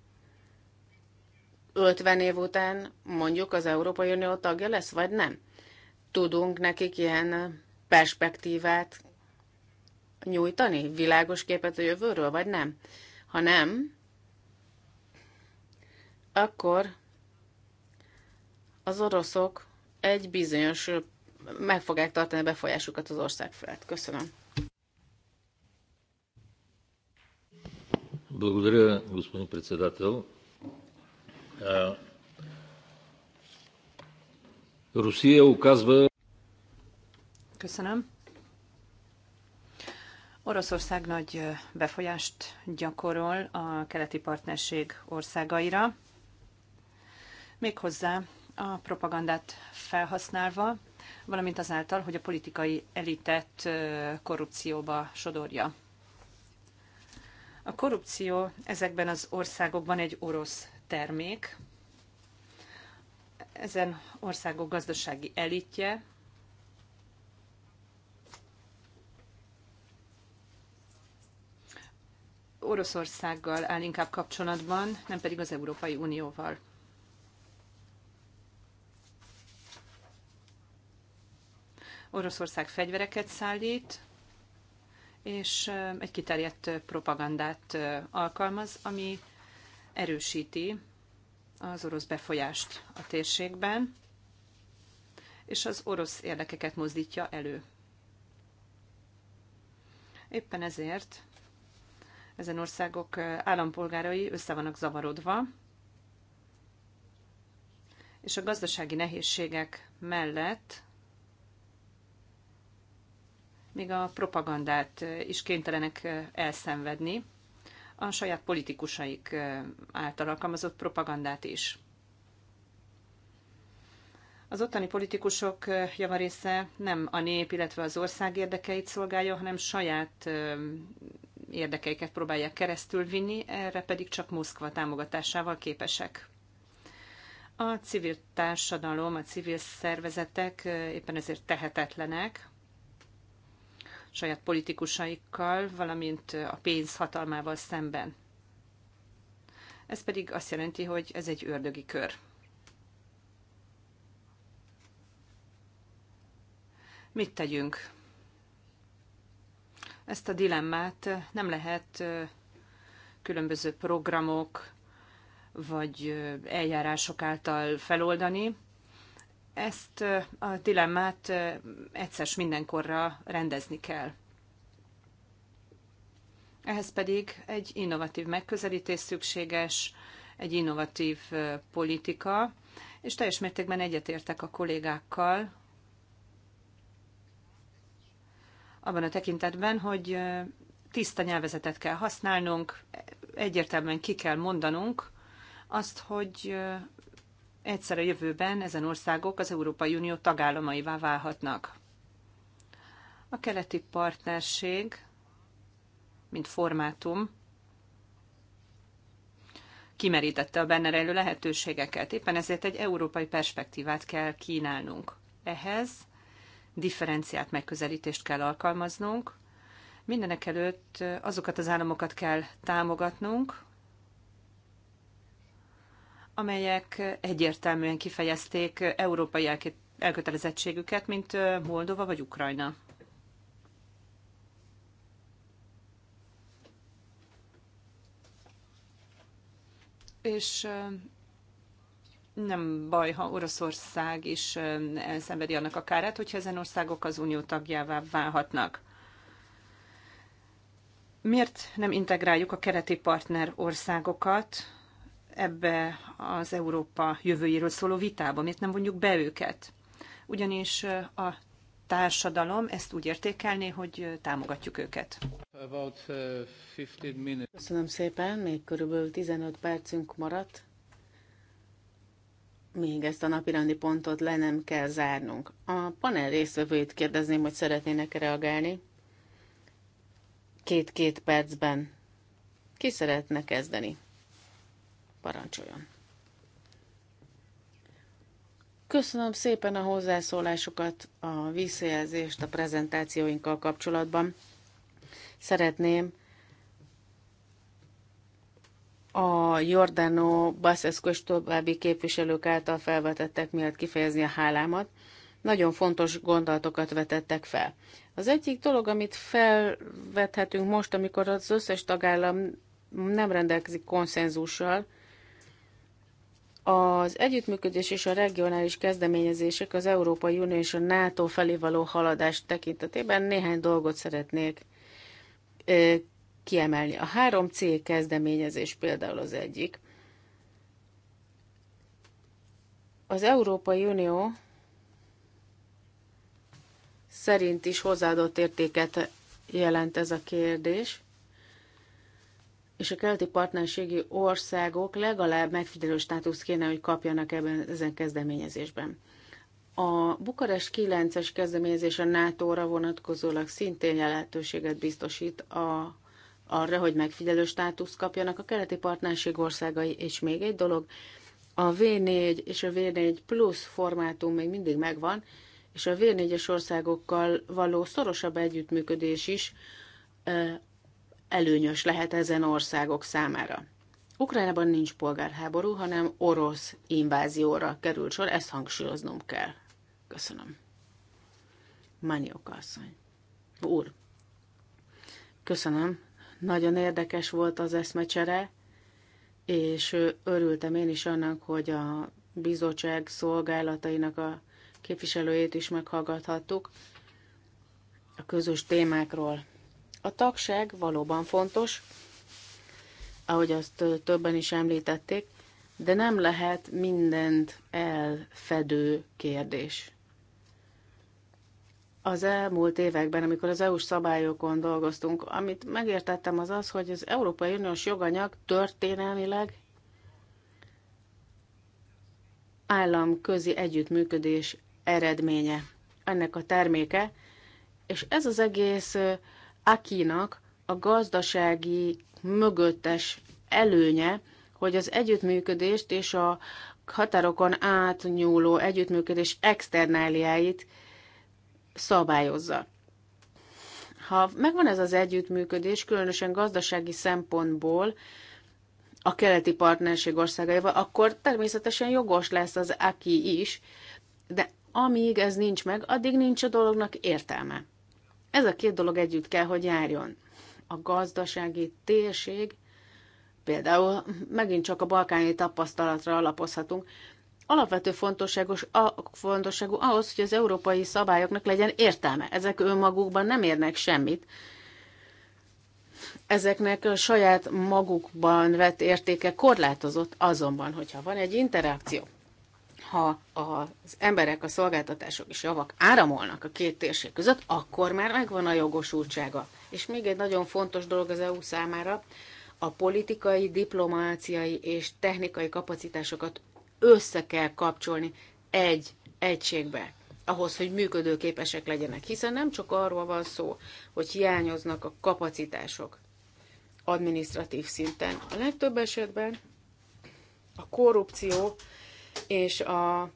50 év után mondjuk az Európai Unió tagja lesz, vagy nem? Tudunk nekik ilyen perspektívát nyújtani, világos képet a jövőről, vagy nem? Ha nem, akkor az oroszok egy bizonyos meg fogják tartani a befolyásukat az ország felett. Köszönöm. Благодаря, господин председател. Русия оказва. Köszönöm. Oroszország nagy befolyást gyakorol a keleti partnerség országaira, méghozzá a propagandát felhasználva, valamint azáltal, hogy a politikai elitet korrupcióba sodorja. A korrupció ezekben az országokban egy orosz termék. Ezen országok gazdasági elitje Oroszországgal áll inkább kapcsolatban, nem pedig az Európai Unióval. Oroszország fegyvereket szállít, és egy kiterjedt propagandát alkalmaz, ami erősíti az orosz befolyást a térségben, és az orosz érdekeket mozdítja elő. Éppen ezért ezen országok állampolgárai össze vannak zavarodva, és a gazdasági nehézségek mellett még a propagandát is kénytelenek elszenvedni, a saját politikusaik által alkalmazott propagandát is. Az ottani politikusok javarésze nem a nép, illetve az ország érdekeit szolgálja, hanem saját érdekeiket próbálják keresztül vinni, erre pedig csak Moszkva támogatásával képesek. A civil társadalom, a civil szervezetek éppen ezért tehetetlenek, saját politikusaikkal, valamint a pénz hatalmával szemben. Ez pedig azt jelenti, hogy ez egy ördögi kör. Mit tegyünk? Ezt a dilemmát nem lehet különböző programok vagy eljárások által feloldani, ezt a dilemmát egyszer mindenkorra rendezni kell. Ehhez pedig egy innovatív megközelítés szükséges, egy innovatív politika, és teljes mértékben egyetértek a kollégákkal abban a tekintetben, hogy tiszta nyelvezetet kell használnunk, egyértelműen ki kell mondanunk azt, hogy egyszer a jövőben ezen országok az Európai Unió tagállamaivá válhatnak. A keleti partnerség, mint formátum, kimerítette a benne rejlő lehetőségeket. Éppen ezért egy európai perspektívát kell kínálnunk. Ehhez differenciált megközelítést kell alkalmaznunk. Mindenek előtt azokat az államokat kell támogatnunk, amelyek egyértelműen kifejezték európai elkötelezettségüket, mint Moldova vagy Ukrajna. És nem baj, ha Oroszország is elszenvedi annak a kárát, hogyha ezen országok az unió tagjává válhatnak. Miért nem integráljuk a keleti partner országokat ebbe az Európa jövőjéről szóló vitába? Miért nem vonjuk be őket? Ugyanis a társadalom ezt úgy értékelné, hogy támogatjuk őket. Köszönöm szépen, még körülbelül 15 percünk maradt. Még ezt a napirendi pontot le nem kell zárnunk. A panel részvevőit kérdezném, hogy szeretnének -e reagálni. Két-két percben. Ki szeretne kezdeni? Parancsoljon! Köszönöm szépen a hozzászólásokat, a visszajelzést a prezentációinkkal kapcsolatban. Szeretném a Jordano Baszeszko és további képviselők által felvetettek miatt kifejezni a hálámat. Nagyon fontos gondolatokat vetettek fel. Az egyik dolog, amit felvethetünk most, amikor az összes tagállam nem rendelkezik konszenzussal, az együttműködés és a regionális kezdeményezések az Európai Unió és a NATO felé való haladás tekintetében néhány dolgot szeretnék kiemelni. A 3C kezdeményezés például az egyik. Az Európai Unió szerint is hozzáadott értéket jelent ez a kérdés és a keleti partnerségi országok legalább megfigyelő státuszt kéne, hogy kapjanak ebben ezen kezdeményezésben. A Bukarest 9-es kezdeményezés a NATO-ra vonatkozólag szintén lehetőséget biztosít a, arra, hogy megfigyelő státuszt kapjanak a keleti partnerség országai, és még egy dolog, a V4 és a V4 plusz formátum még mindig megvan, és a V4-es országokkal való szorosabb együttműködés is eh, előnyös lehet ezen országok számára. Ukrajnában nincs polgárháború, hanem orosz invázióra került sor, ezt hangsúlyoznom kell. Köszönöm. Manioka asszony. Úr. Köszönöm. Nagyon érdekes volt az eszmecsere, és örültem én is annak, hogy a bizottság szolgálatainak a képviselőjét is meghallgathattuk a közös témákról. A tagság valóban fontos, ahogy azt többen is említették, de nem lehet mindent elfedő kérdés. Az elmúlt években, amikor az EU-s szabályokon dolgoztunk, amit megértettem az az, hogy az Európai Uniós joganyag történelmileg államközi együttműködés eredménye, ennek a terméke, és ez az egész Akinak a gazdasági mögöttes előnye, hogy az együttműködést és a határokon átnyúló együttműködés externáliáit szabályozza. Ha megvan ez az együttműködés, különösen gazdasági szempontból a keleti partnerség országaival, akkor természetesen jogos lesz az aki is, de amíg ez nincs meg, addig nincs a dolognak értelme. Ez a két dolog együtt kell, hogy járjon. A gazdasági térség, például megint csak a balkáni tapasztalatra alapozhatunk, alapvető fontosságos, a, fontosságú ahhoz, hogy az európai szabályoknak legyen értelme. Ezek önmagukban nem érnek semmit. Ezeknek a saját magukban vett értéke korlátozott, azonban, hogyha van egy interakció ha az emberek, a szolgáltatások és javak áramolnak a két térség között, akkor már megvan a jogosultsága. És még egy nagyon fontos dolog az EU számára, a politikai, diplomáciai és technikai kapacitásokat össze kell kapcsolni egy egységbe ahhoz, hogy működőképesek legyenek. Hiszen nem csak arról van szó, hogy hiányoznak a kapacitások administratív szinten. A legtöbb esetben a korrupció és a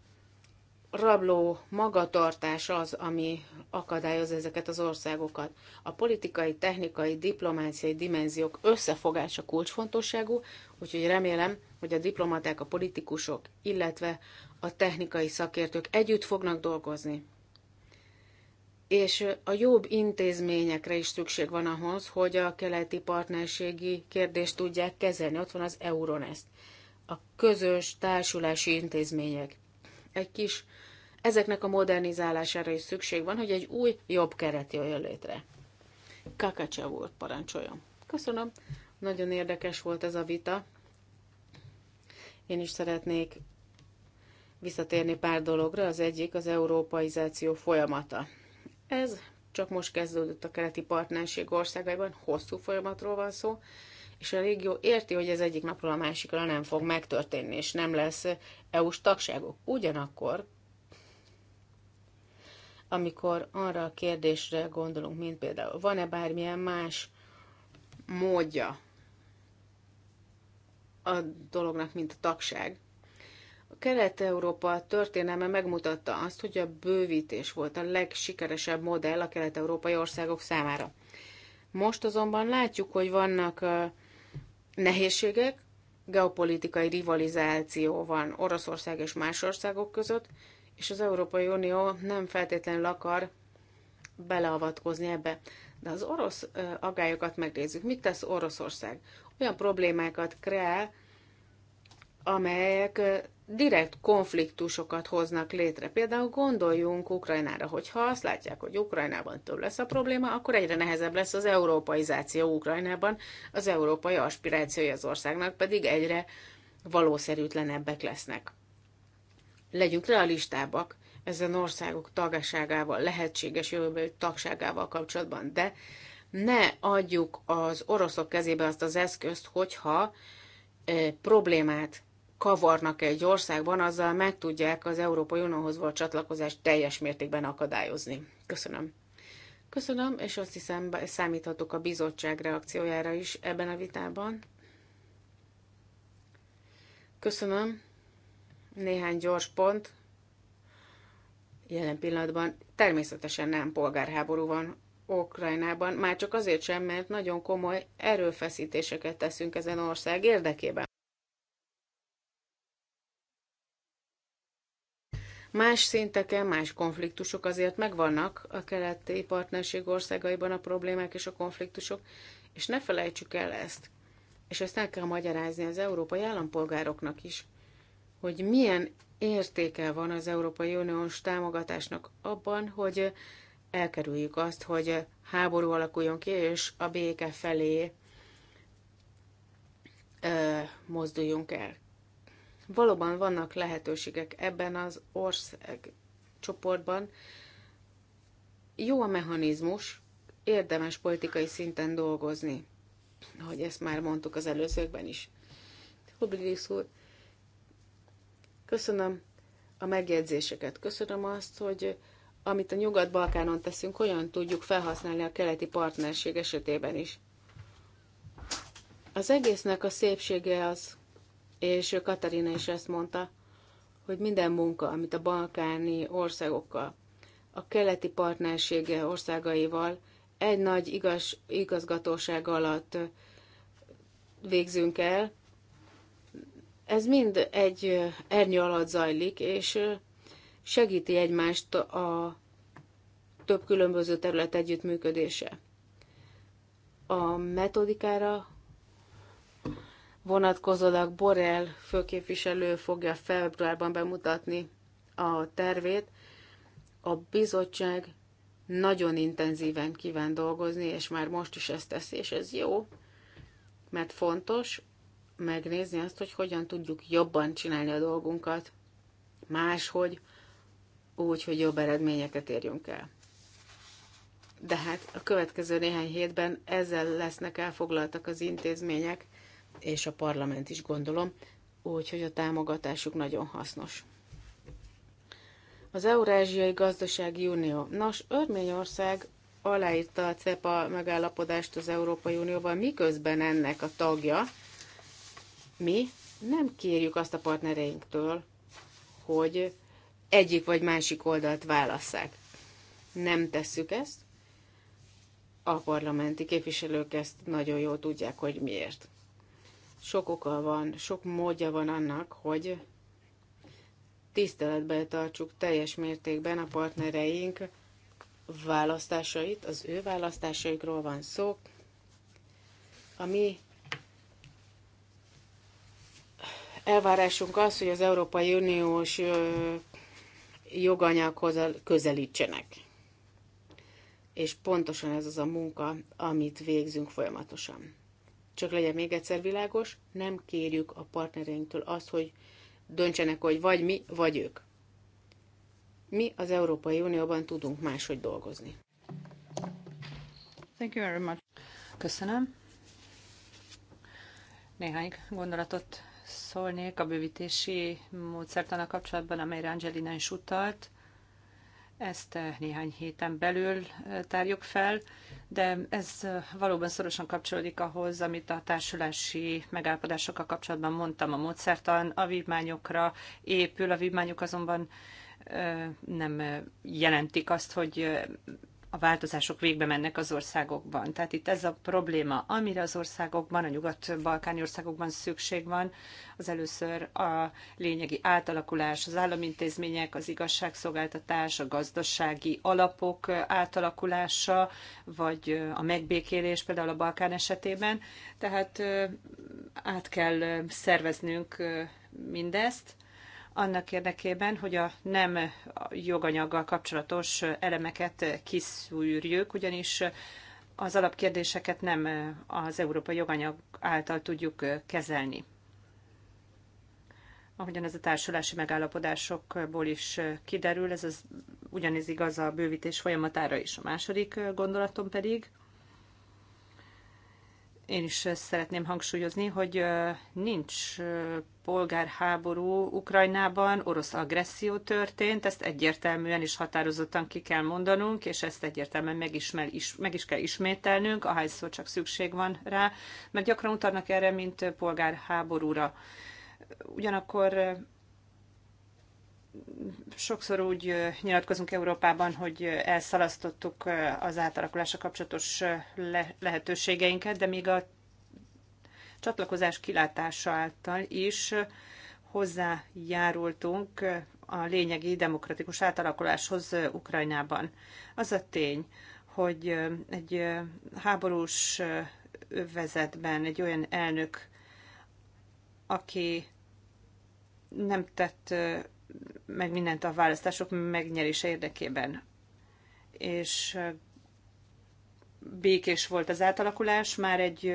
rabló magatartás az, ami akadályoz ezeket az országokat. A politikai, technikai, diplomáciai dimenziók összefogása kulcsfontosságú, úgyhogy remélem, hogy a diplomaták, a politikusok, illetve a technikai szakértők együtt fognak dolgozni. És a jobb intézményekre is szükség van ahhoz, hogy a keleti partnerségi kérdést tudják kezelni. Ott van az Euronest a közös társulási intézmények. Egy kis ezeknek a modernizálására is szükség van, hogy egy új, jobb keret jöjjön létre. Kakacsa volt, parancsoljon. Köszönöm, nagyon érdekes volt ez a vita. Én is szeretnék visszatérni pár dologra. Az egyik az európaizáció folyamata. Ez csak most kezdődött a keleti partnerség országaiban, hosszú folyamatról van szó, és a régió érti, hogy ez egyik napról a másikra nem fog megtörténni, és nem lesz EU-s tagságok. Ugyanakkor, amikor arra a kérdésre gondolunk, mint például van-e bármilyen más módja a dolognak, mint a tagság, a Kelet-Európa történelme megmutatta azt, hogy a bővítés volt a legsikeresebb modell a kelet-európai országok számára. Most azonban látjuk, hogy vannak nehézségek, geopolitikai rivalizáció van Oroszország és más országok között, és az Európai Unió nem feltétlenül akar beleavatkozni ebbe. De az orosz agályokat megnézzük. Mit tesz Oroszország? Olyan problémákat kreál, amelyek direkt konfliktusokat hoznak létre. Például gondoljunk Ukrajnára, hogyha azt látják, hogy Ukrajnában több lesz a probléma, akkor egyre nehezebb lesz az európaizáció Ukrajnában, az európai aspirációja az országnak pedig egyre valószerűtlenebbek lesznek. Legyünk realistábbak ezen országok tagságával, lehetséges jövőbeli tagságával kapcsolatban, de ne adjuk az oroszok kezébe azt az eszközt, hogyha eh, problémát kavarnak egy országban, azzal meg tudják az Európai Unióhoz való csatlakozást teljes mértékben akadályozni. Köszönöm. Köszönöm, és azt hiszem számíthatok a bizottság reakciójára is ebben a vitában. Köszönöm. Néhány gyors pont. Jelen pillanatban természetesen nem polgárháború van Ukrajnában, már csak azért sem, mert nagyon komoly erőfeszítéseket teszünk ezen ország érdekében. Más szinteken, más konfliktusok azért megvannak a keleti partnerség országaiban a problémák és a konfliktusok, és ne felejtsük el ezt. És ezt el kell magyarázni az európai állampolgároknak is, hogy milyen értéke van az Európai Uniós támogatásnak abban, hogy elkerüljük azt, hogy háború alakuljon ki, és a béke felé ö, mozduljunk el valóban vannak lehetőségek ebben az ország csoportban. Jó a mechanizmus, érdemes politikai szinten dolgozni, ahogy ezt már mondtuk az előzőkben is. Hoblilis úr, köszönöm a megjegyzéseket, köszönöm azt, hogy amit a Nyugat-Balkánon teszünk, hogyan tudjuk felhasználni a keleti partnerség esetében is. Az egésznek a szépsége az, és Katarina is ezt mondta, hogy minden munka, amit a balkáni országokkal, a keleti partnersége országaival egy nagy igaz, igazgatóság alatt végzünk el, ez mind egy ernyő alatt zajlik, és segíti egymást a több különböző terület együttműködése. A metodikára vonatkozólag Borrell főképviselő fogja februárban bemutatni a tervét. A bizottság nagyon intenzíven kíván dolgozni, és már most is ezt teszi, és ez jó, mert fontos megnézni azt, hogy hogyan tudjuk jobban csinálni a dolgunkat, máshogy, úgy, hogy jobb eredményeket érjünk el. De hát a következő néhány hétben ezzel lesznek elfoglaltak az intézmények, és a parlament is gondolom, úgyhogy a támogatásuk nagyon hasznos. Az Eurázsiai Gazdasági Unió. Nos, Örményország aláírta a CEPA megállapodást az Európai Unióval, miközben ennek a tagja. Mi nem kérjük azt a partnereinktől, hogy egyik vagy másik oldalt válasszák. Nem tesszük ezt. A parlamenti képviselők ezt nagyon jól tudják, hogy miért sok oka van, sok módja van annak, hogy tiszteletbe tartsuk teljes mértékben a partnereink választásait, az ő választásaikról van szó, a mi elvárásunk az, hogy az Európai Uniós joganyaghoz közelítsenek. És pontosan ez az a munka, amit végzünk folyamatosan csak legyen még egyszer világos, nem kérjük a partnereinktől azt, hogy döntsenek, hogy vagy mi, vagy ők. Mi az Európai Unióban tudunk máshogy dolgozni. Thank you very much. Köszönöm. Néhány gondolatot szólnék a bővítési módszertana kapcsolatban, amelyre Angelina is utalt. Ezt eh, néhány héten belül eh, tárjuk fel, de ez eh, valóban szorosan kapcsolódik ahhoz, amit a társulási megállapodásokkal kapcsolatban mondtam. A módszertan a vívmányokra épül, a vívmányok azonban nem jelentik azt, hogy a változások végbe mennek az országokban. Tehát itt ez a probléma, amire az országokban, a nyugat-balkáni országokban szükség van, az először a lényegi átalakulás, az államintézmények, az igazságszolgáltatás, a gazdasági alapok átalakulása, vagy a megbékélés például a Balkán esetében. Tehát át kell szerveznünk mindezt, annak érdekében, hogy a nem joganyaggal kapcsolatos elemeket kiszűrjük, ugyanis az alapkérdéseket nem az európai joganyag által tudjuk kezelni. Ahogyan ez a társulási megállapodásokból is kiderül, ez az, ugyanez igaz a bővítés folyamatára is. A második gondolatom pedig, én is szeretném hangsúlyozni, hogy nincs polgárháború Ukrajnában, orosz agresszió történt, ezt egyértelműen és határozottan ki kell mondanunk, és ezt egyértelműen meg is, meg is kell ismételnünk, ahányszor csak szükség van rá, mert gyakran utalnak erre, mint polgárháborúra. Ugyanakkor sokszor úgy nyilatkozunk Európában, hogy elszalasztottuk az átalakulásra kapcsolatos le- lehetőségeinket, de még a csatlakozás kilátása által is hozzájárultunk a lényegi demokratikus átalakuláshoz Ukrajnában. Az a tény, hogy egy háborús övezetben egy olyan elnök, aki nem tett meg mindent a választások megnyerése érdekében. És békés volt az átalakulás, már egy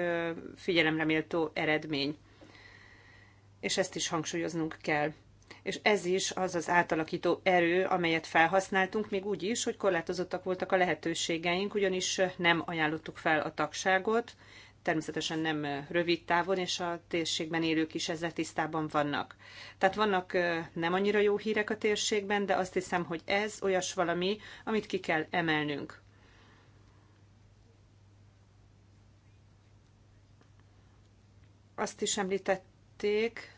figyelemre méltó eredmény. És ezt is hangsúlyoznunk kell. És ez is az az átalakító erő, amelyet felhasználtunk, még úgy is, hogy korlátozottak voltak a lehetőségeink, ugyanis nem ajánlottuk fel a tagságot, természetesen nem rövid távon, és a térségben élők is ezzel tisztában vannak. Tehát vannak nem annyira jó hírek a térségben, de azt hiszem, hogy ez olyas valami, amit ki kell emelnünk. Azt is említették,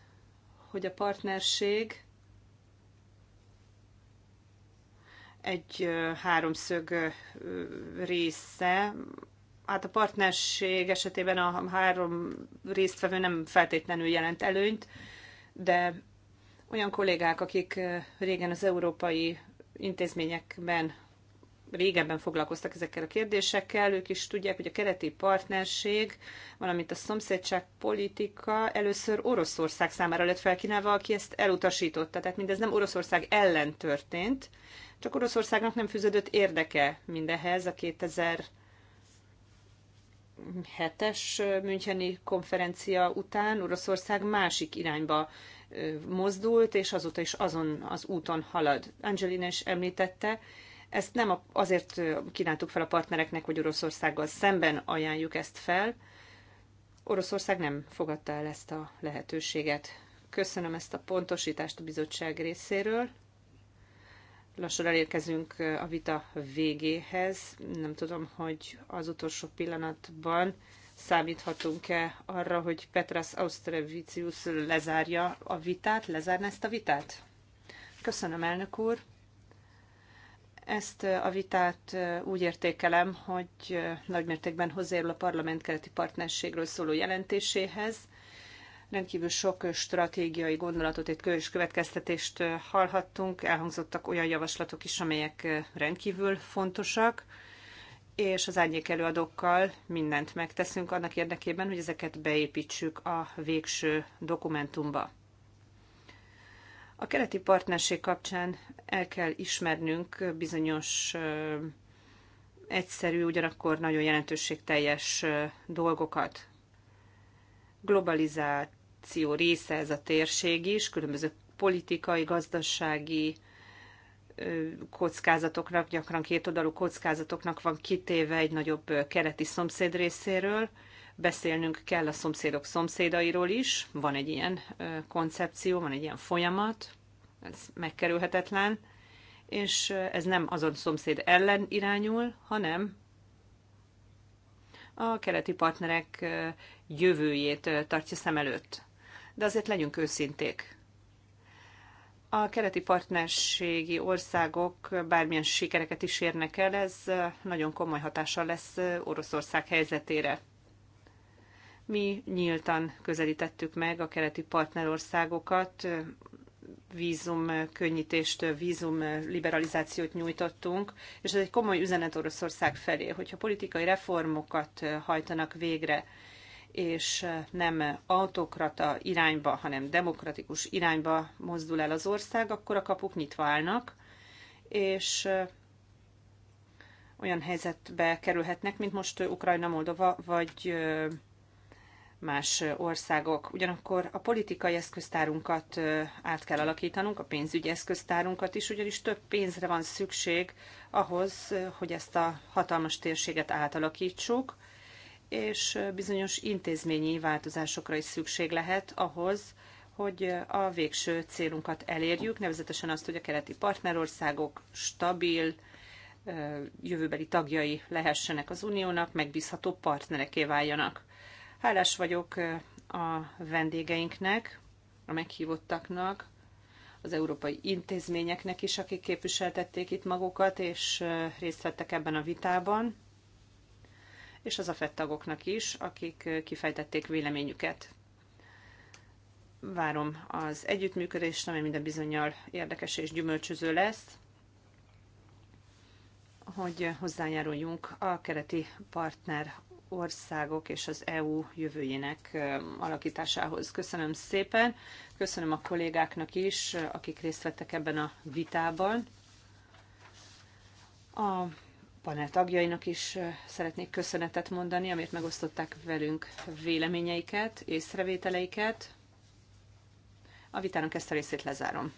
hogy a partnerség egy háromszög része, hát a partnerség esetében a három résztvevő nem feltétlenül jelent előnyt, de olyan kollégák, akik régen az európai intézményekben régebben foglalkoztak ezekkel a kérdésekkel, ők is tudják, hogy a keleti partnerség, valamint a szomszédság politika először Oroszország számára lett felkínálva, aki ezt elutasította. Tehát mindez nem Oroszország ellen történt, csak Oroszországnak nem fűződött érdeke mindehez a 2000 hetes Müncheni konferencia után Oroszország másik irányba mozdult, és azóta is azon az úton halad. Angelina is említette, ezt nem azért kínáltuk fel a partnereknek, hogy Oroszországgal szemben ajánljuk ezt fel. Oroszország nem fogadta el ezt a lehetőséget. Köszönöm ezt a pontosítást a bizottság részéről lassan elérkezünk a vita végéhez. Nem tudom, hogy az utolsó pillanatban számíthatunk-e arra, hogy Petras Austrevicius lezárja a vitát, lezárna ezt a vitát? Köszönöm, elnök úr. Ezt a vitát úgy értékelem, hogy nagymértékben hozzájárul a parlament keleti partnerségről szóló jelentéséhez, Rendkívül sok stratégiai gondolatot és következtetést hallhattunk, elhangzottak olyan javaslatok is, amelyek rendkívül fontosak, és az árnyék előadókkal mindent megteszünk annak érdekében, hogy ezeket beépítsük a végső dokumentumba. A keleti partnerség kapcsán el kell ismernünk bizonyos egyszerű, ugyanakkor nagyon jelentőségteljes dolgokat globalizáció része ez a térség is, különböző politikai, gazdasági kockázatoknak, gyakran kétoldalú kockázatoknak van kitéve egy nagyobb keleti szomszéd részéről. Beszélnünk kell a szomszédok szomszédairól is. Van egy ilyen koncepció, van egy ilyen folyamat, ez megkerülhetetlen, és ez nem azon szomszéd ellen irányul, hanem a keleti partnerek jövőjét tartja szem előtt. De azért legyünk őszinték. A keleti partnerségi országok bármilyen sikereket is érnek el, ez nagyon komoly hatással lesz Oroszország helyzetére. Mi nyíltan közelítettük meg a keleti partnerországokat, vízum könnyítést, vízum liberalizációt nyújtottunk, és ez egy komoly üzenet Oroszország felé, hogyha politikai reformokat hajtanak végre, és nem autokrata irányba, hanem demokratikus irányba mozdul el az ország, akkor a kapuk nyitva állnak, és olyan helyzetbe kerülhetnek, mint most Ukrajna, Moldova, vagy más országok. Ugyanakkor a politikai eszköztárunkat át kell alakítanunk, a pénzügyi eszköztárunkat is, ugyanis több pénzre van szükség ahhoz, hogy ezt a hatalmas térséget átalakítsuk, és bizonyos intézményi változásokra is szükség lehet ahhoz, hogy a végső célunkat elérjük, nevezetesen azt, hogy a keleti partnerországok stabil, jövőbeli tagjai lehessenek az uniónak, megbízható partnereké váljanak. Hálás vagyok a vendégeinknek, a meghívottaknak, az európai intézményeknek is, akik képviseltették itt magukat, és részt vettek ebben a vitában és az AFET tagoknak is, akik kifejtették véleményüket. Várom az együttműködést, amely minden bizonyal érdekes és gyümölcsöző lesz, hogy hozzájáruljunk a kereti partner országok és az EU jövőjének alakításához. Köszönöm szépen, köszönöm a kollégáknak is, akik részt vettek ebben a vitában. A panel tagjainak is szeretnék köszönetet mondani, amért megosztották velünk véleményeiket, észrevételeiket. A vitának ezt a részét lezárom.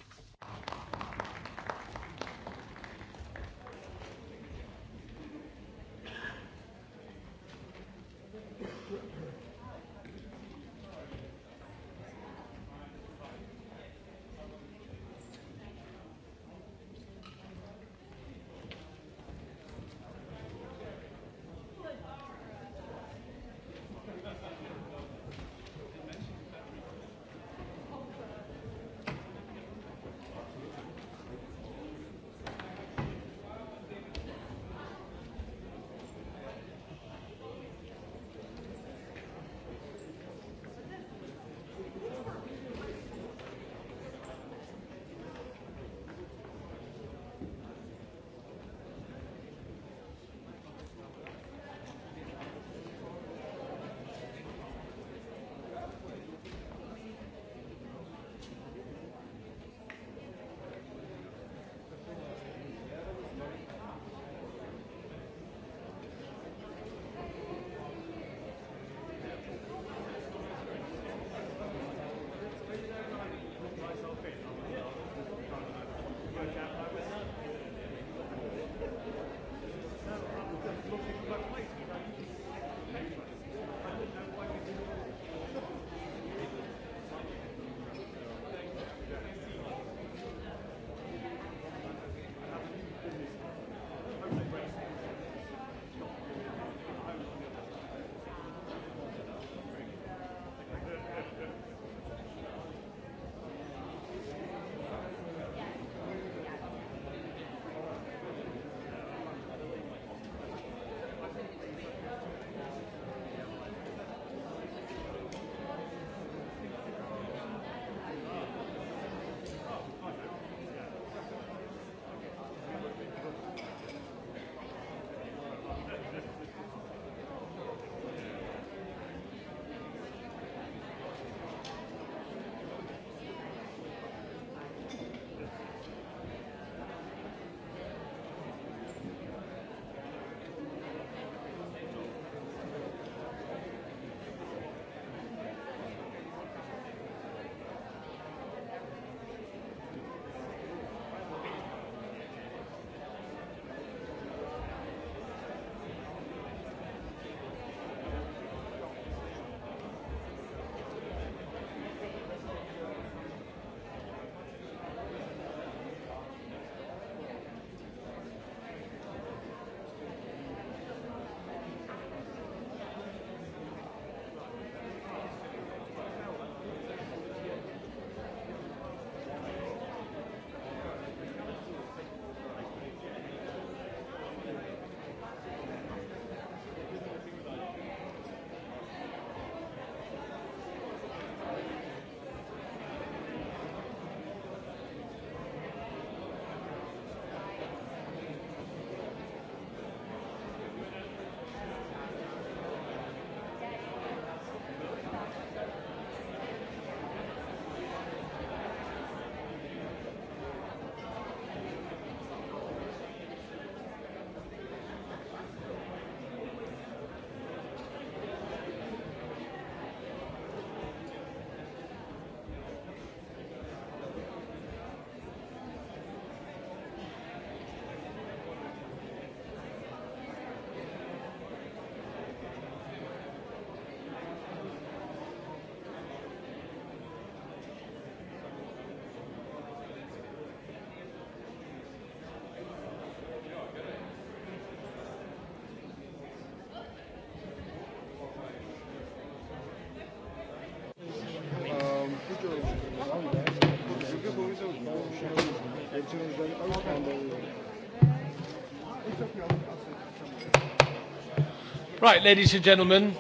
Right, ladies and gentlemen.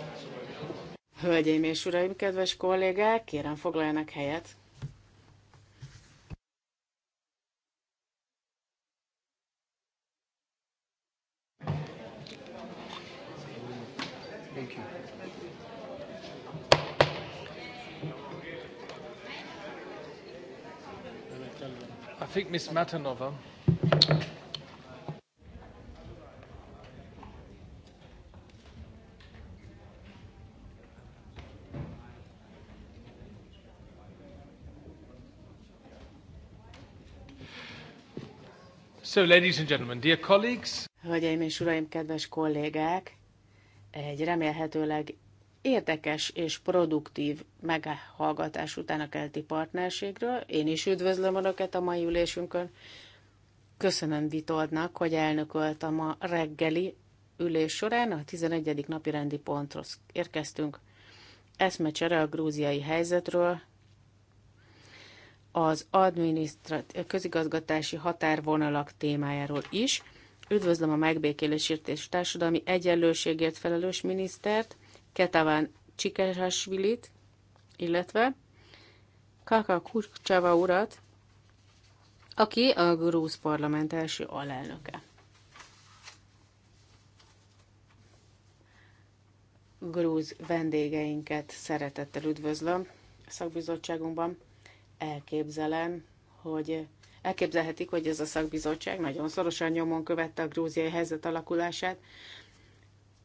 Hölgyeim és uraim, kedves kollégák, kérem foglaljanak helyet. think Miss Matanova. So, ladies and gentlemen, dear colleagues. Hölgyeim és uraim, kedves kollégák, egy remélhetőleg érdekes és produktív meghallgatás után a kelti partnerségről. Én is üdvözlöm Önöket a mai ülésünkön. Köszönöm Vitoldnak, hogy elnökölt a ma reggeli ülés során. A 11. napi rendi ponthoz érkeztünk. Eszmecsere a grúziai helyzetről, az adminisztrat- közigazgatási határvonalak témájáról is. Üdvözlöm a megbékélésért és társadalmi egyenlőségért felelős minisztert, Ketaván Csikásvilit, illetve Kaka Kurcsava urat, aki a grúz parlament első alelnöke. Grúz vendégeinket szeretettel üdvözlöm a szakbizottságunkban. Elképzelem, hogy elképzelhetik, hogy ez a szakbizottság nagyon szorosan nyomon követte a grúziai helyzet alakulását,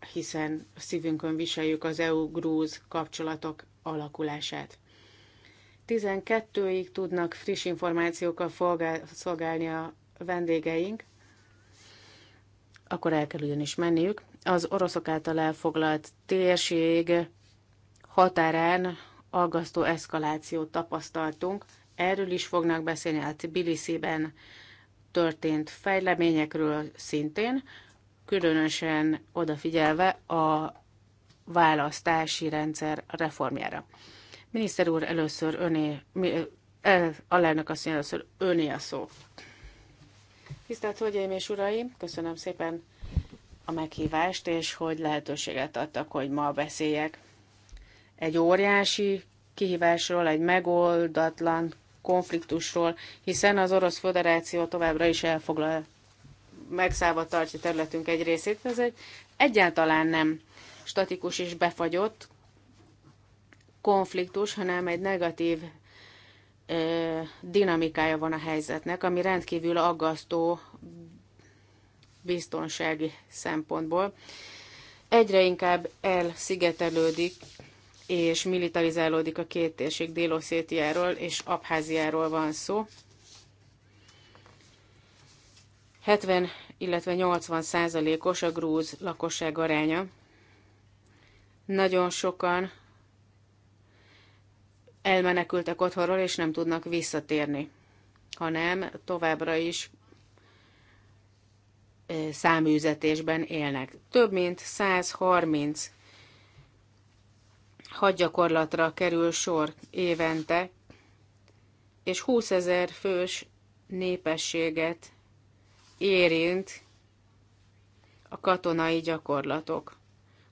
hiszen szívünkön viseljük az EU-grúz kapcsolatok alakulását. 12-ig tudnak friss információkkal szolgálni a vendégeink, akkor el kell ugyanis menniük. Az oroszok által elfoglalt térség határán aggasztó eszkalációt tapasztaltunk. Erről is fognak beszélni a hát Tbilisi-ben történt fejleményekről szintén, különösen odafigyelve a választási rendszer reformjára. Miniszter úr, először öné, mi, el, eh, alelnök mondja, először öné a szó. Tisztelt Hölgyeim és Uraim, köszönöm szépen a meghívást, és hogy lehetőséget adtak, hogy ma beszéljek. Egy óriási kihívásról, egy megoldatlan konfliktusról, hiszen az Orosz Föderáció továbbra is elfoglal megszállva tartja területünk egy részét, ez egy egyáltalán nem statikus és befagyott konfliktus, hanem egy negatív ö, dinamikája van a helyzetnek, ami rendkívül aggasztó biztonsági szempontból. Egyre inkább elszigetelődik és militarizálódik a két térség Délosszétiáról és Abháziáról van szó, 70, illetve 80 százalékos a grúz lakosság aránya. Nagyon sokan elmenekültek otthonról, és nem tudnak visszatérni, hanem továbbra is száműzetésben élnek. Több mint 130 hadgyakorlatra kerül sor évente, és 20 ezer fős népességet érint a katonai gyakorlatok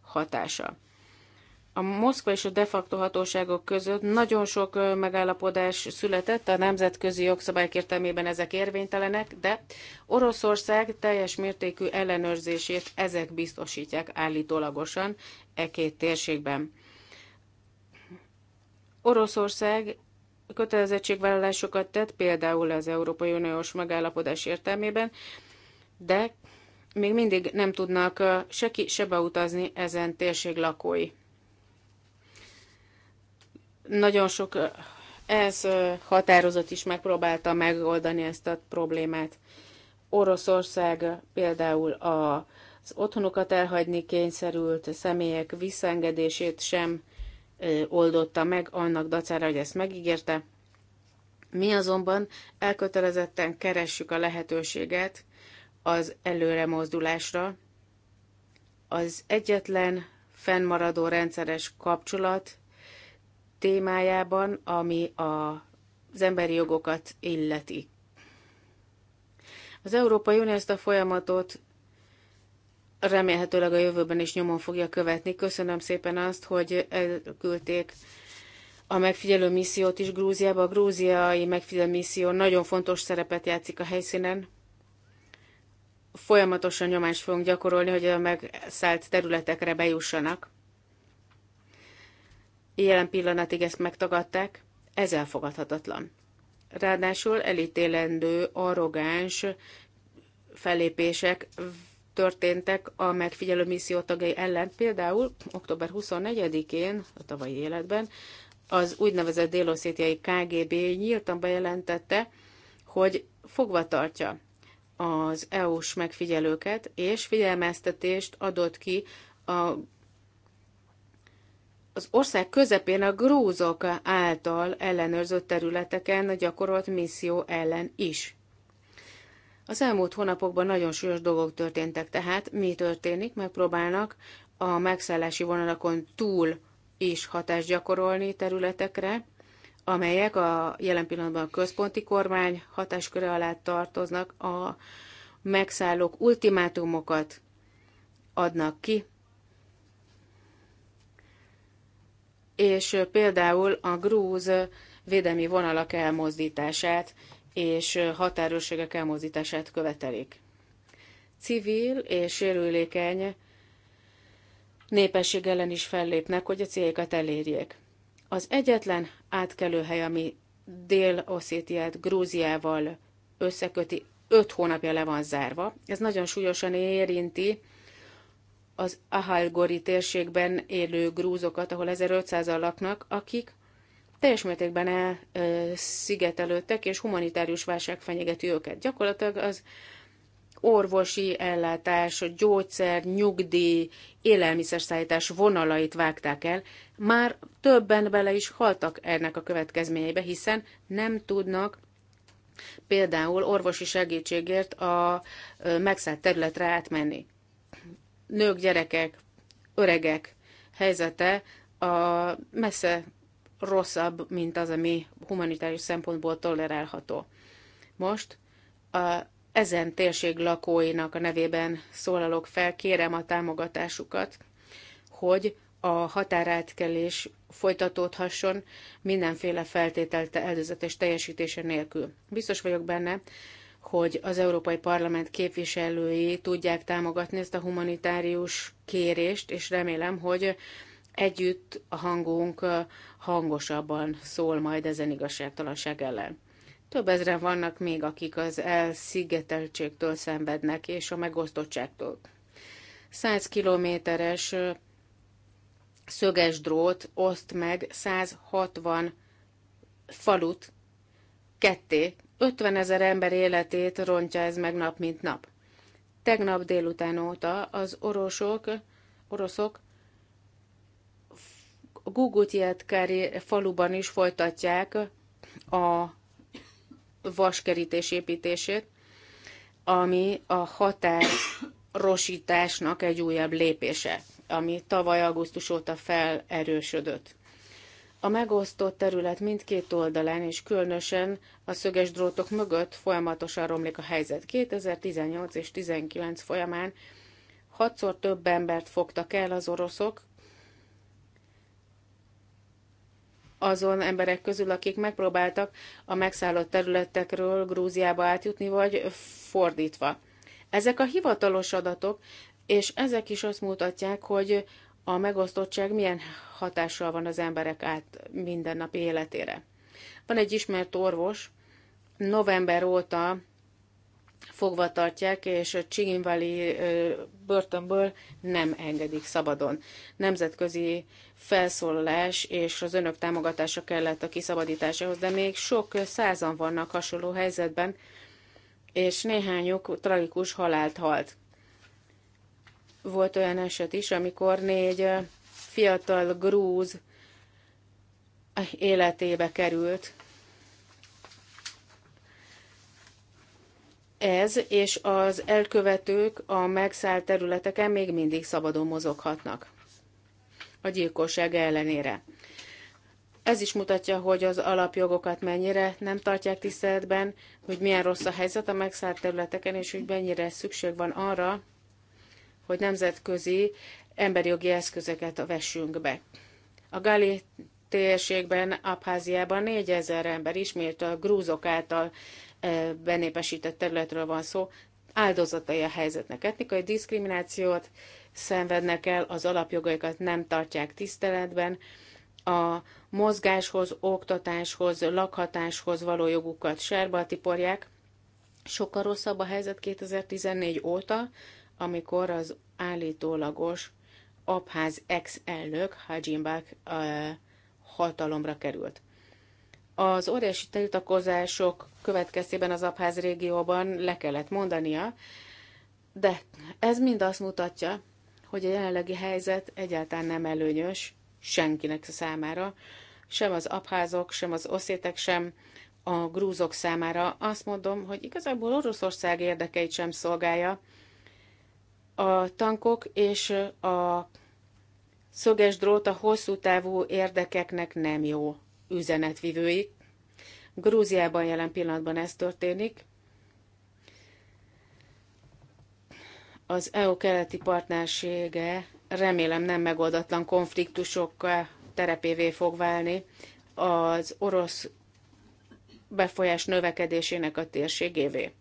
hatása. A Moszkva és a de facto hatóságok között nagyon sok megállapodás született, a nemzetközi jogszabályok értelmében ezek érvénytelenek, de Oroszország teljes mértékű ellenőrzését ezek biztosítják állítólagosan e két térségben. Oroszország kötelezettségvállalásokat tett, például az Európai Uniós megállapodás értelmében, de még mindig nem tudnak se ki, se beutazni ezen térség lakói. Nagyon sok ez határozat is megpróbálta megoldani ezt a problémát. Oroszország például az otthonukat elhagyni kényszerült személyek visszaengedését sem oldotta meg annak dacára, hogy ezt megígérte. Mi azonban elkötelezetten keressük a lehetőséget az előremozdulásra. Az egyetlen fennmaradó rendszeres kapcsolat témájában, ami a, az emberi jogokat illeti. Az Európai Unió ezt a folyamatot remélhetőleg a jövőben is nyomon fogja követni. Köszönöm szépen azt, hogy küldték a megfigyelő missziót is Grúziába. A grúziai megfigyelő misszió nagyon fontos szerepet játszik a helyszínen. Folyamatosan nyomást fogunk gyakorolni, hogy a megszállt területekre bejussanak. Jelen pillanatig ezt megtagadták, ez elfogadhatatlan. Ráadásul elítélendő, arrogáns fellépések történtek a megfigyelő misszió tagjai ellen. Például október 24-én, a tavalyi életben, az úgynevezett déloszétiai KGB nyíltan bejelentette, hogy fogva tartja az EU-s megfigyelőket, és figyelmeztetést adott ki a, az ország közepén a grúzok által ellenőrzött területeken gyakorolt misszió ellen is. Az elmúlt hónapokban nagyon súlyos dolgok történtek, tehát mi történik? Megpróbálnak a megszállási vonalakon túl is hatást gyakorolni területekre, amelyek a jelen pillanatban a központi kormány hatásköre alá tartoznak, a megszállók ultimátumokat adnak ki, és például a grúz védelmi vonalak elmozdítását és határőrségek elmozdítását követelik. Civil és sérülékeny népesség ellen is fellépnek, hogy a céljaikat elérjék. Az egyetlen átkelőhely, ami Dél-Oszétiát Grúziával összeköti, öt hónapja le van zárva. Ez nagyon súlyosan érinti az Ahalgori térségben élő grúzokat, ahol 1500 al laknak, akik teljes mértékben elszigetelődtek, és humanitárius válság fenyegeti őket. Gyakorlatilag az orvosi ellátás, gyógyszer, nyugdíj, élelmiszerszállítás vonalait vágták el, már többen bele is haltak ennek a következményeibe, hiszen nem tudnak például orvosi segítségért a megszállt területre átmenni. Nők, gyerekek, öregek helyzete a messze rosszabb, mint az, ami humanitárius szempontból tolerálható. Most a, ezen térség lakóinak a nevében szólalok fel, kérem a támogatásukat, hogy a határátkelés folytatódhasson mindenféle feltételt előzetes teljesítése nélkül. Biztos vagyok benne, hogy az Európai Parlament képviselői tudják támogatni ezt a humanitárius kérést, és remélem, hogy együtt a hangunk hangosabban szól majd ezen igazságtalanság ellen. Több ezren vannak még, akik az elszigeteltségtől szenvednek, és a megosztottságtól. 100 kilométeres szöges drót oszt meg 160 falut ketté. 50 ezer ember életét rontja ez meg nap mint nap. Tegnap délután óta az orosok, oroszok a faluban is folytatják a vaskerítés építését, ami a határosításnak egy újabb lépése, ami tavaly augusztus óta felerősödött. A megosztott terület mindkét oldalán, és különösen a szöges drótok mögött folyamatosan romlik a helyzet. 2018 és 2019 folyamán hatszor több embert fogtak el az oroszok, azon emberek közül, akik megpróbáltak a megszállott területekről Grúziába átjutni, vagy fordítva. Ezek a hivatalos adatok, és ezek is azt mutatják, hogy a megosztottság milyen hatással van az emberek át mindennapi életére. Van egy ismert orvos, november óta fogva tartják, és Csiginvali börtönből nem engedik szabadon. Nemzetközi felszólalás és az önök támogatása kellett a kiszabadításához, de még sok százan vannak hasonló helyzetben, és néhányuk tragikus halált halt. Volt olyan eset is, amikor négy fiatal grúz életébe került, ez és az elkövetők a megszállt területeken még mindig szabadon mozoghatnak a gyilkosság ellenére. Ez is mutatja, hogy az alapjogokat mennyire nem tartják tiszteletben, hogy milyen rossz a helyzet a megszállt területeken, és hogy mennyire szükség van arra, hogy nemzetközi emberi jogi eszközeket vessünk be. A Gali térségben, Abháziában 4000 ember ismét a grúzok által benépesített területről van szó, áldozatai a helyzetnek. Etnikai diszkriminációt szenvednek el, az alapjogaikat nem tartják tiszteletben, a mozgáshoz, oktatáshoz, lakhatáshoz való jogukat serba tiporják. Sokkal rosszabb a helyzet 2014 óta, amikor az állítólagos abház ex-elnök Hajjimbák hatalomra került. Az óriási tiltakozások következtében az Abház régióban le kellett mondania, de ez mind azt mutatja, hogy a jelenlegi helyzet egyáltalán nem előnyös senkinek számára, sem az abházok, sem az oszétek, sem a grúzok számára. Azt mondom, hogy igazából Oroszország érdekeit sem szolgálja. A tankok és a szöges drót a hosszú távú érdekeknek nem jó üzenetvivőik. Grúziában jelen pillanatban ez történik. Az EU keleti partnersége remélem nem megoldatlan konfliktusokkal terepévé fog válni az orosz befolyás növekedésének a térségévé.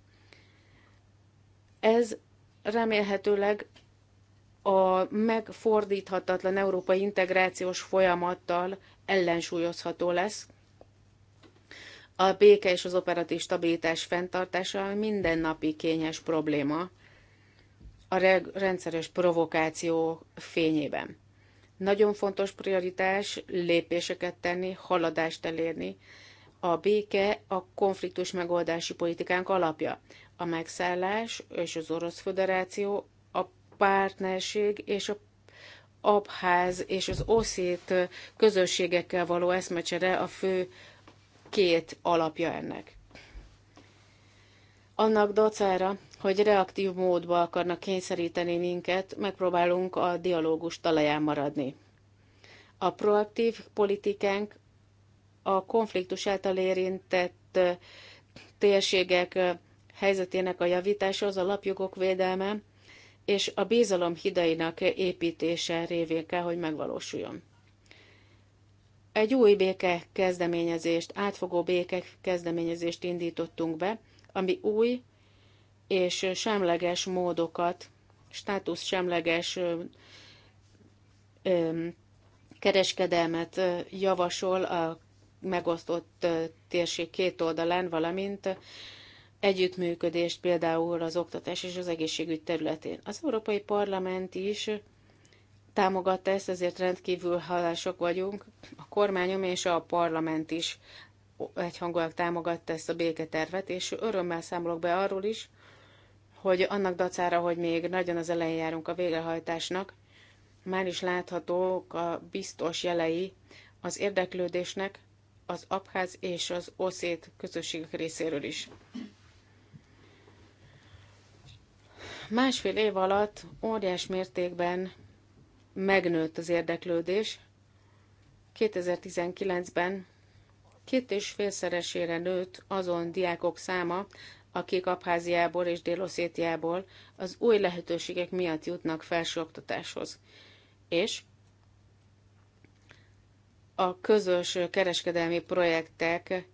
Ez remélhetőleg a megfordíthatatlan európai integrációs folyamattal ellensúlyozható lesz. A béke és az operatív stabilitás fenntartása mindennapi kényes probléma a rendszeres provokáció fényében. Nagyon fontos prioritás lépéseket tenni, haladást elérni. A béke a konfliktus megoldási politikánk alapja. A megszállás és az Orosz Föderáció, a partnerség és a abház és az oszét közösségekkel való eszmecsere a fő két alapja ennek. Annak dacára, hogy reaktív módba akarnak kényszeríteni minket, megpróbálunk a dialógus talaján maradni. A proaktív politikánk a konfliktus által érintett térségek helyzetének a javítása, az alapjogok védelme, és a bizalom hidainak építése révén kell, hogy megvalósuljon. Egy új béke kezdeményezést, átfogó béke kezdeményezést indítottunk be, ami új és semleges módokat, státusz semleges kereskedelmet javasol a megosztott térség két oldalán, valamint együttműködést például az oktatás és az egészségügy területén. Az Európai Parlament is támogatta ezt, ezért rendkívül hálások vagyunk. A kormányom és a parlament is egyhangulag támogatta ezt a béketervet, és örömmel számolok be arról is, hogy annak dacára, hogy még nagyon az elején járunk a végrehajtásnak, már is láthatók a biztos jelei az érdeklődésnek az abház és az oszét közösségek részéről is. Másfél év alatt óriás mértékben megnőtt az érdeklődés. 2019-ben két és félszeresére nőtt azon diákok száma, akik Abháziából és Déloszétiából az új lehetőségek miatt jutnak felsőoktatáshoz. És a közös kereskedelmi projekteket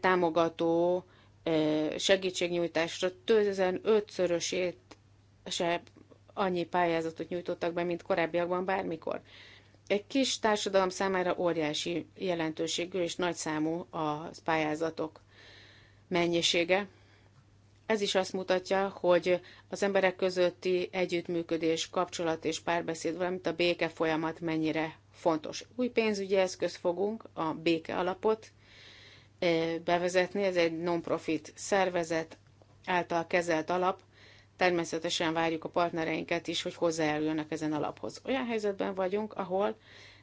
támogató segítségnyújtásra 15-szörösét se annyi pályázatot nyújtottak be, mint korábbiakban bármikor. Egy kis társadalom számára óriási jelentőségű és nagy számú a pályázatok mennyisége. Ez is azt mutatja, hogy az emberek közötti együttműködés, kapcsolat és párbeszéd, valamint a béke folyamat mennyire fontos. Új pénzügyi eszköz fogunk, a béke alapot bevezetni. Ez egy non-profit szervezet által kezelt alap. Természetesen várjuk a partnereinket is, hogy hozzájárulnak ezen alaphoz. Olyan helyzetben vagyunk, ahol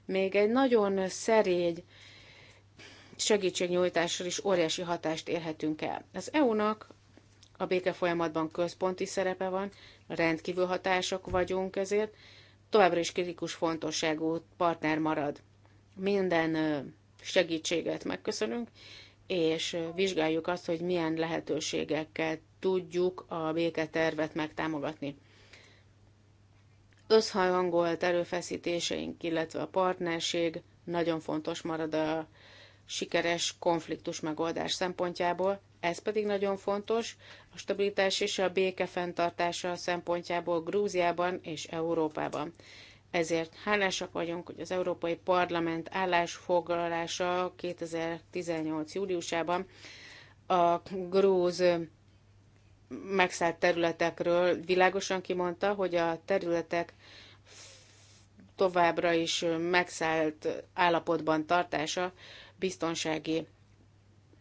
még egy nagyon szerény segítségnyújtásra is óriási hatást érhetünk el. Az EU-nak a béke folyamatban központi szerepe van, rendkívül hatások vagyunk ezért, továbbra is kritikus fontosságú partner marad. Minden segítséget megköszönünk, és vizsgáljuk azt, hogy milyen lehetőségekkel tudjuk a béketervet megtámogatni. Összhangolt erőfeszítéseink, illetve a partnerség nagyon fontos marad a sikeres konfliktus megoldás szempontjából, ez pedig nagyon fontos a stabilitás és a béke fenntartása szempontjából Grúziában és Európában. Ezért hálásak vagyunk, hogy az Európai Parlament állásfoglalása 2018. júliusában a grúz megszállt területekről világosan kimondta, hogy a területek továbbra is megszállt állapotban tartása biztonsági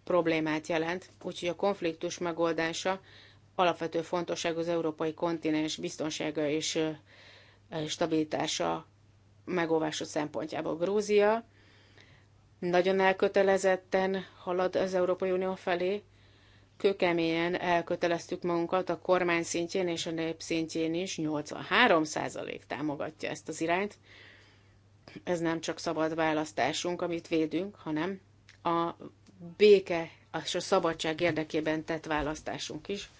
problémát jelent, úgyhogy a konfliktus megoldása alapvető fontosság az európai kontinens biztonsága és Eh, stabilitása megóvása szempontjából. Grúzia nagyon elkötelezetten halad az Európai Unió felé, kőkeményen elköteleztük magunkat a kormány szintjén és a nép szintjén is, 83% támogatja ezt az irányt. Ez nem csak szabad választásunk, amit védünk, hanem a béke és a szabadság érdekében tett választásunk is.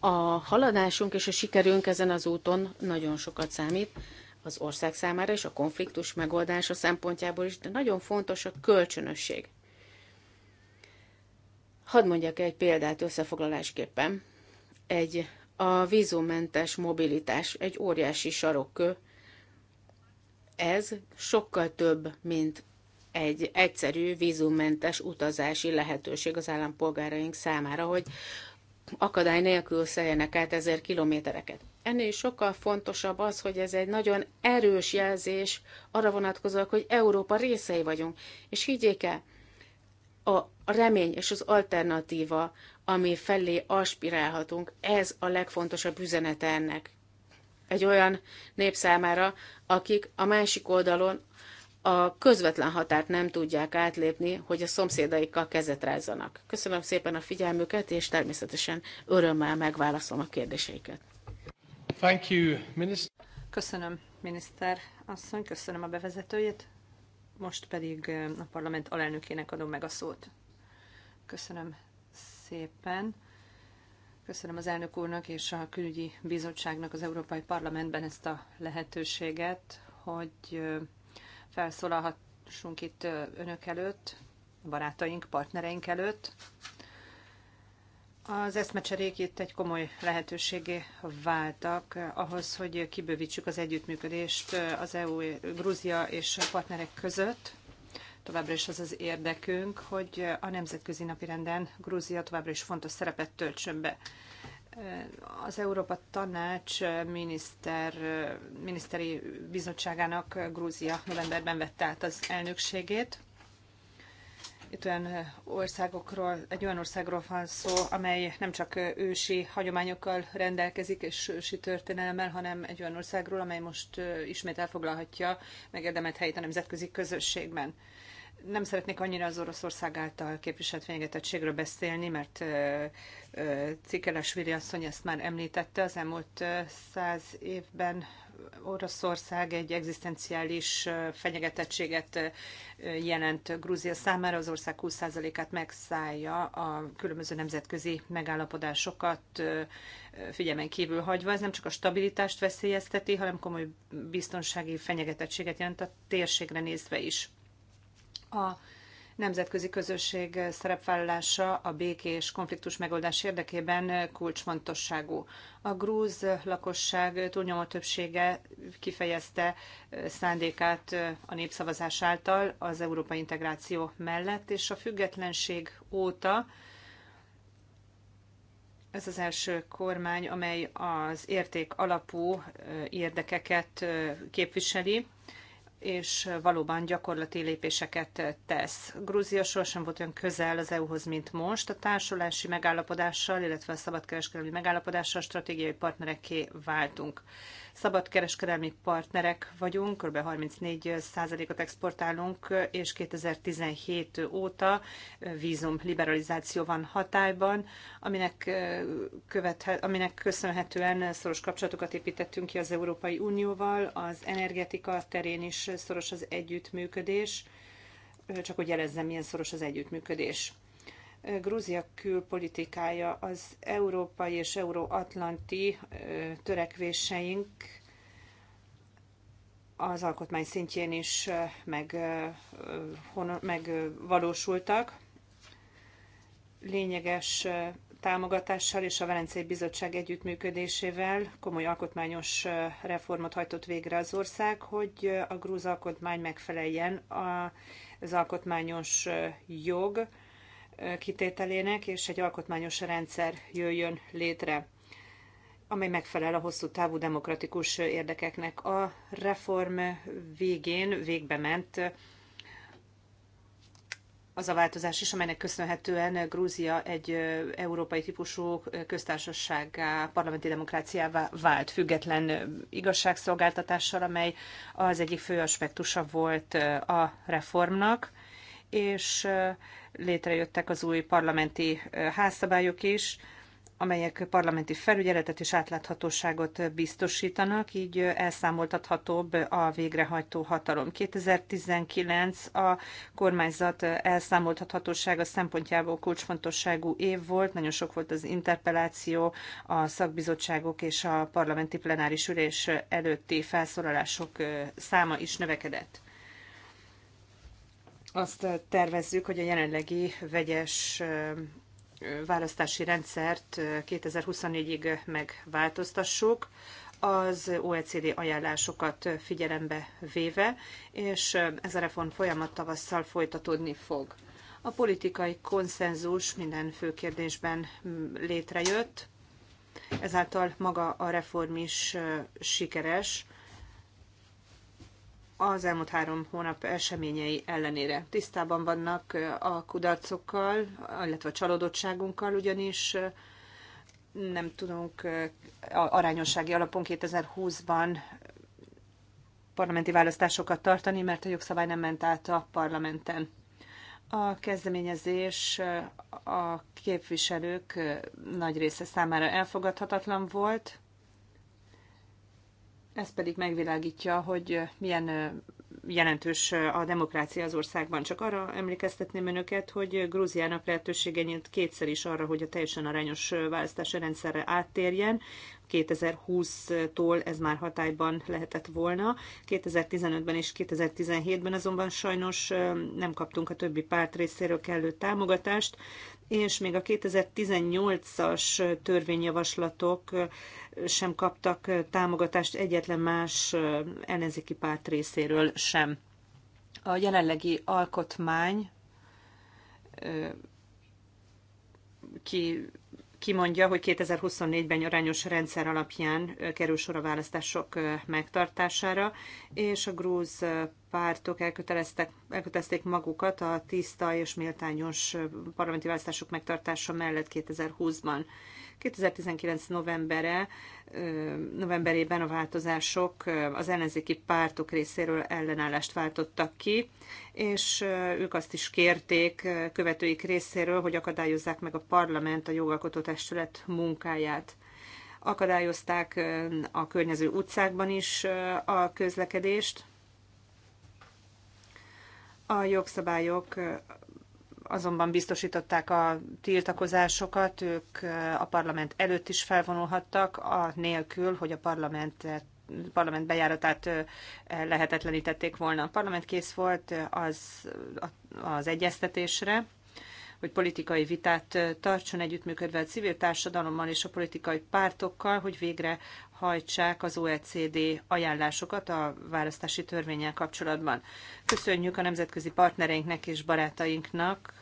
A haladásunk és a sikerünk ezen az úton nagyon sokat számít az ország számára és a konfliktus megoldása szempontjából is, de nagyon fontos a kölcsönösség. Hadd mondjak egy példát összefoglalásképpen. Egy a vízumentes mobilitás egy óriási sarokkő. Ez sokkal több, mint egy egyszerű vízummentes utazási lehetőség az állampolgáraink számára, hogy akadály nélkül szeljenek át ezer kilométereket. Ennél is sokkal fontosabb az, hogy ez egy nagyon erős jelzés arra vonatkozóak, hogy Európa részei vagyunk. És higgyék el, a remény és az alternatíva, ami felé aspirálhatunk, ez a legfontosabb üzenete ennek. Egy olyan nép számára, akik a másik oldalon a közvetlen határt nem tudják átlépni, hogy a szomszédaikkal kezet rázzanak. Köszönöm szépen a figyelmüket, és természetesen örömmel megválaszolom a kérdéseiket. Thank you, minister. Köszönöm, miniszter asszony, köszönöm a bevezetőjét. Most pedig a parlament alelnökének adom meg a szót. Köszönöm szépen. Köszönöm az elnök úrnak és a külügyi bizottságnak az Európai Parlamentben ezt a lehetőséget, hogy felszólalhassunk itt önök előtt, barátaink, partnereink előtt. Az eszmecserék itt egy komoly lehetőségé váltak eh, ahhoz, hogy kibővítsük az együttműködést eh, az EU, Grúzia és a partnerek között. Továbbra is az az érdekünk, hogy eh, a nemzetközi napirenden Grúzia továbbra is fontos szerepet töltsön be az Európa Tanács miniszter, miniszteri bizottságának Grúzia novemberben vette át az elnökségét. Itt olyan országokról, egy olyan országról van szó, amely nem csak ősi hagyományokkal rendelkezik és ősi történelemmel, hanem egy olyan országról, amely most ismét elfoglalhatja megérdemelt helyét a nemzetközi közösségben nem szeretnék annyira az Oroszország által képviselt fenyegetettségről beszélni, mert Viri asszony ezt már említette, az elmúlt száz évben Oroszország egy egzisztenciális fenyegetettséget jelent Grúzia számára, az ország 20%-át megszállja a különböző nemzetközi megállapodásokat figyelmen kívül hagyva. Ez nem csak a stabilitást veszélyezteti, hanem komoly biztonsági fenyegetettséget jelent a térségre nézve is a nemzetközi közösség szerepvállalása a békés konfliktus megoldás érdekében kulcsfontosságú. A grúz lakosság túlnyomó többsége kifejezte szándékát a népszavazás által az európai integráció mellett, és a függetlenség óta ez az első kormány, amely az érték alapú érdekeket képviseli, és valóban gyakorlati lépéseket tesz. Grúzia sohasem volt olyan közel az EU-hoz, mint most. A társulási megállapodással, illetve a szabadkereskedelmi megállapodással stratégiai partnerekké váltunk. Szabadkereskedelmi partnerek vagyunk, kb. 34%-ot exportálunk, és 2017 óta vízum liberalizáció van hatályban, aminek, követhet, aminek köszönhetően szoros kapcsolatokat építettünk ki az Európai Unióval, az energetika terén is szoros az együttműködés, csak hogy jelezzem, milyen szoros az együttműködés. Grúzia külpolitikája az európai és euróatlanti törekvéseink az alkotmány szintjén is meg, megvalósultak. Lényeges támogatással és a Velencei Bizottság együttműködésével komoly alkotmányos reformot hajtott végre az ország, hogy a grúz alkotmány megfeleljen az alkotmányos jog kitételének, és egy alkotmányos rendszer jöjjön létre, amely megfelel a hosszú távú demokratikus érdekeknek. A reform végén végbe ment az a változás is, amelynek köszönhetően Grúzia egy európai típusú köztársasággá, parlamenti demokráciává vált, független igazságszolgáltatással, amely az egyik fő aspektusa volt a reformnak és létrejöttek az új parlamenti házszabályok is, amelyek parlamenti felügyeletet és átláthatóságot biztosítanak, így elszámoltathatóbb a végrehajtó hatalom. 2019 a kormányzat elszámoltathatósága szempontjából kulcsfontosságú év volt, nagyon sok volt az interpeláció, a szakbizottságok és a parlamenti plenáris ülés előtti felszólalások száma is növekedett azt tervezzük, hogy a jelenlegi vegyes választási rendszert 2024-ig megváltoztassuk, az OECD ajánlásokat figyelembe véve, és ez a reform folyamat tavasszal folytatódni fog. A politikai konszenzus minden fő kérdésben létrejött, ezáltal maga a reform is sikeres, az elmúlt három hónap eseményei ellenére. Tisztában vannak eh, a kudarcokkal, illetve a csalódottságunkkal, ugyanis eh, nem tudunk eh, arányossági alapon 2020-ban parlamenti választásokat tartani, mert a jogszabály nem ment át a parlamenten. A kezdeményezés a képviselők nagy része számára elfogadhatatlan volt, ez pedig megvilágítja, hogy milyen jelentős a demokrácia az országban. Csak arra emlékeztetném önöket, hogy Grúziának lehetősége nyílt kétszer is arra, hogy a teljesen arányos választási rendszerre áttérjen. 2020-tól ez már hatályban lehetett volna. 2015-ben és 2017-ben azonban sajnos nem kaptunk a többi párt részéről kellő támogatást, és még a 2018-as törvényjavaslatok sem kaptak támogatást egyetlen más ellenzéki párt részéről sem. A jelenlegi alkotmány ki kimondja, hogy 2024-ben arányos rendszer alapján kerül sor a választások megtartására, és a grúz pártok elköteleztek, elkötelezték magukat a tiszta és méltányos parlamenti választások megtartása mellett 2020-ban. 2019 novembere, novemberében a változások az ellenzéki pártok részéről ellenállást váltottak ki, és ők azt is kérték követőik részéről, hogy akadályozzák meg a parlament a jogalkotó testület munkáját akadályozták a környező utcákban is a közlekedést. A jogszabályok azonban biztosították a tiltakozásokat, ők a parlament előtt is felvonulhattak, a nélkül, hogy a parlament parlament bejáratát lehetetlenítették volna. A parlament kész volt az, az egyeztetésre, hogy politikai vitát tartson együttműködve a civil társadalommal és a politikai pártokkal, hogy végre hajtsák az OECD ajánlásokat a választási törvényel kapcsolatban. Köszönjük a nemzetközi partnereinknek és barátainknak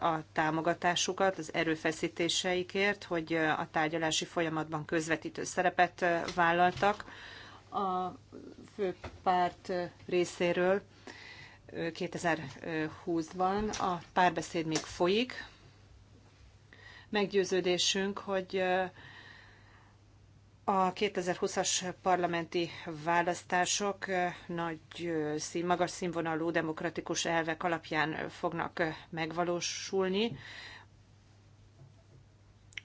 a támogatásukat, az erőfeszítéseikért, hogy a tárgyalási folyamatban közvetítő szerepet vállaltak a főpárt részéről 2020-ban. A párbeszéd még folyik. Meggyőződésünk, hogy a 2020-as parlamenti választások nagy szín, magas színvonalú demokratikus elvek alapján fognak megvalósulni.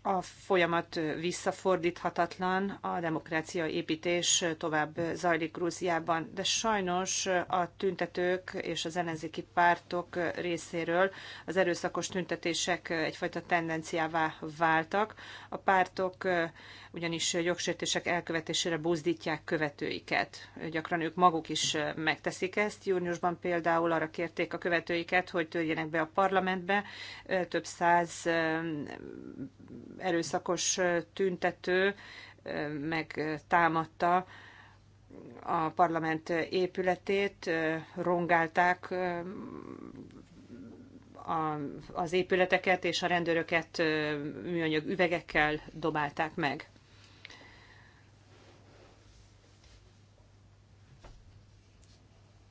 A folyamat visszafordíthatatlan, a demokrácia építés tovább zajlik Grúziában, de sajnos a tüntetők és az ellenzéki pártok részéről az erőszakos tüntetések egyfajta tendenciává váltak. A pártok ugyanis jogsértések elkövetésére buzdítják követőiket. Gyakran ők maguk is megteszik ezt. Júniusban például arra kérték a követőiket, hogy törjenek be a parlamentbe. Több száz erőszakos tüntető megtámadta a parlament épületét, rongálták a, az épületeket, és a rendőröket műanyag üvegekkel dobálták meg.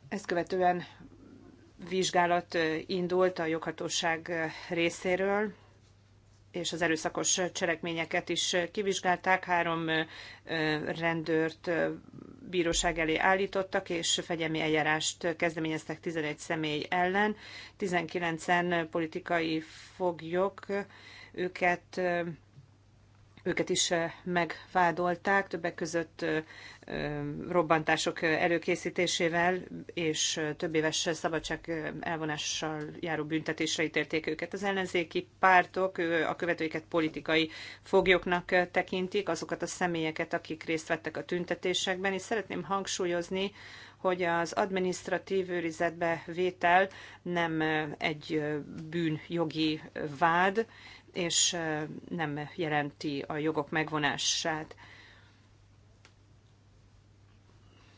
Ezt követően vizsgálat indult a joghatóság részéről, és az erőszakos cselekményeket is kivizsgálták. Három rendőrt bíróság elé állítottak, és fegyelmi eljárást kezdeményeztek 11 személy ellen. 19-en politikai foglyok, őket őket is eh, megvádolták, többek között eh, eh, robbantások előkészítésével és több éves szabadság elvonással járó büntetésre ítélték őket. Az ellenzéki pártok a követőiket politikai foglyoknak tekintik, azokat a személyeket, akik részt vettek a tüntetésekben, és szeretném hangsúlyozni, hogy az adminisztratív őrizetbe vétel nem egy bűnjogi vád, és nem jelenti a jogok megvonását.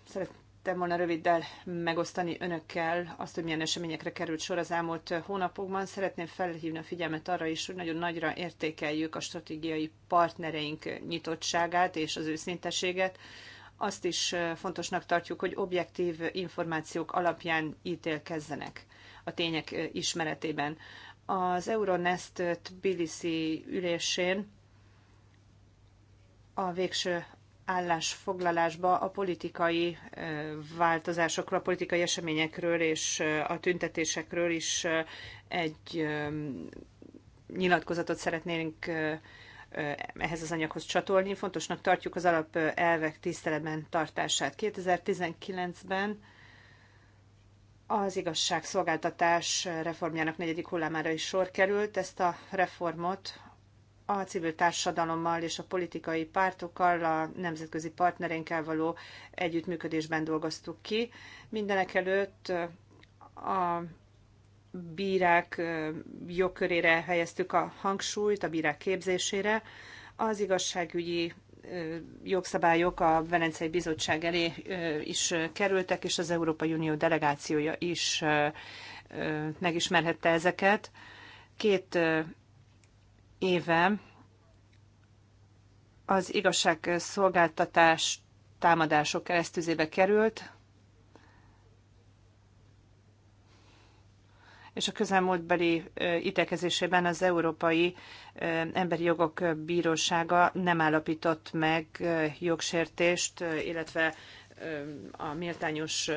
Szerettem volna röviddel megosztani önökkel azt, hogy milyen eseményekre került sor az elmúlt hónapokban. Szeretném felhívni a figyelmet arra is, hogy nagyon nagyra értékeljük a stratégiai partnereink nyitottságát és az őszinteséget. Azt is fontosnak tartjuk, hogy objektív információk alapján ítélkezzenek a tények ismeretében. Az Euronest Tbilisi ülésén a végső állásfoglalásba a politikai változásokról, a politikai eseményekről és a tüntetésekről is egy nyilatkozatot szeretnénk ehhez az anyaghoz csatolni. Fontosnak tartjuk az alapelvek tiszteletben tartását. 2019-ben az igazságszolgáltatás reformjának negyedik hullámára is sor került. Ezt a reformot a civil társadalommal és a politikai pártokkal, a nemzetközi partnerénkkel való együttműködésben dolgoztuk ki. Mindenek előtt a bírák jogkörére helyeztük a hangsúlyt, a bírák képzésére, az igazságügyi jogszabályok a Velencei Bizottság elé is kerültek, és az Európai Unió delegációja is megismerhette ezeket. Két éve az igazságszolgáltatás támadások keresztüzébe került, és a közelmúltbeli ítélkezésében az Európai Emberi Jogok Bírósága nem állapított meg jogsértést, illetve a méltányos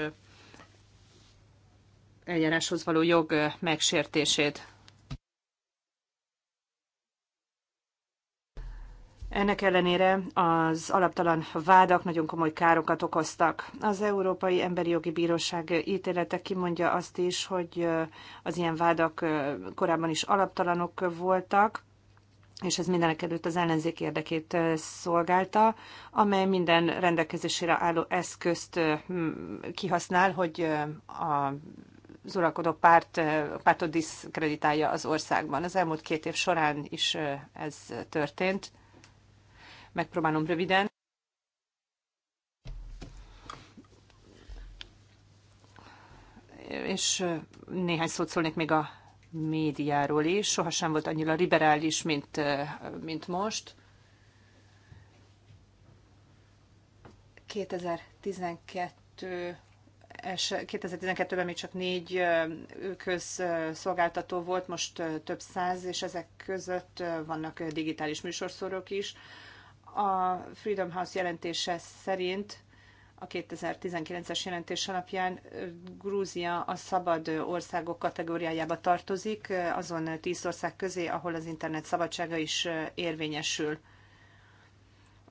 eljáráshoz való jog megsértését. Ennek ellenére az alaptalan vádak nagyon komoly károkat okoztak. Az Európai Emberi Jogi Bíróság ítélete kimondja azt is, hogy az ilyen vádak korábban is alaptalanok voltak, és ez mindenek előtt az ellenzék érdekét szolgálta, amely minden rendelkezésére álló eszközt kihasznál, hogy a az uralkodó párt, pártot diszkreditálja az országban. Az elmúlt két év során is ez történt. Megpróbálom röviden. És néhány szót szólnék még a médiáról is. Sohasem volt annyira liberális, mint, mint most. 2012 2012-ben még csak négy közszolgáltató volt, most több száz, és ezek között vannak digitális műsorszorok is. A Freedom House jelentése szerint a 2019-es jelentés alapján Grúzia a szabad országok kategóriájába tartozik, azon tíz ország közé, ahol az internet szabadsága is érvényesül.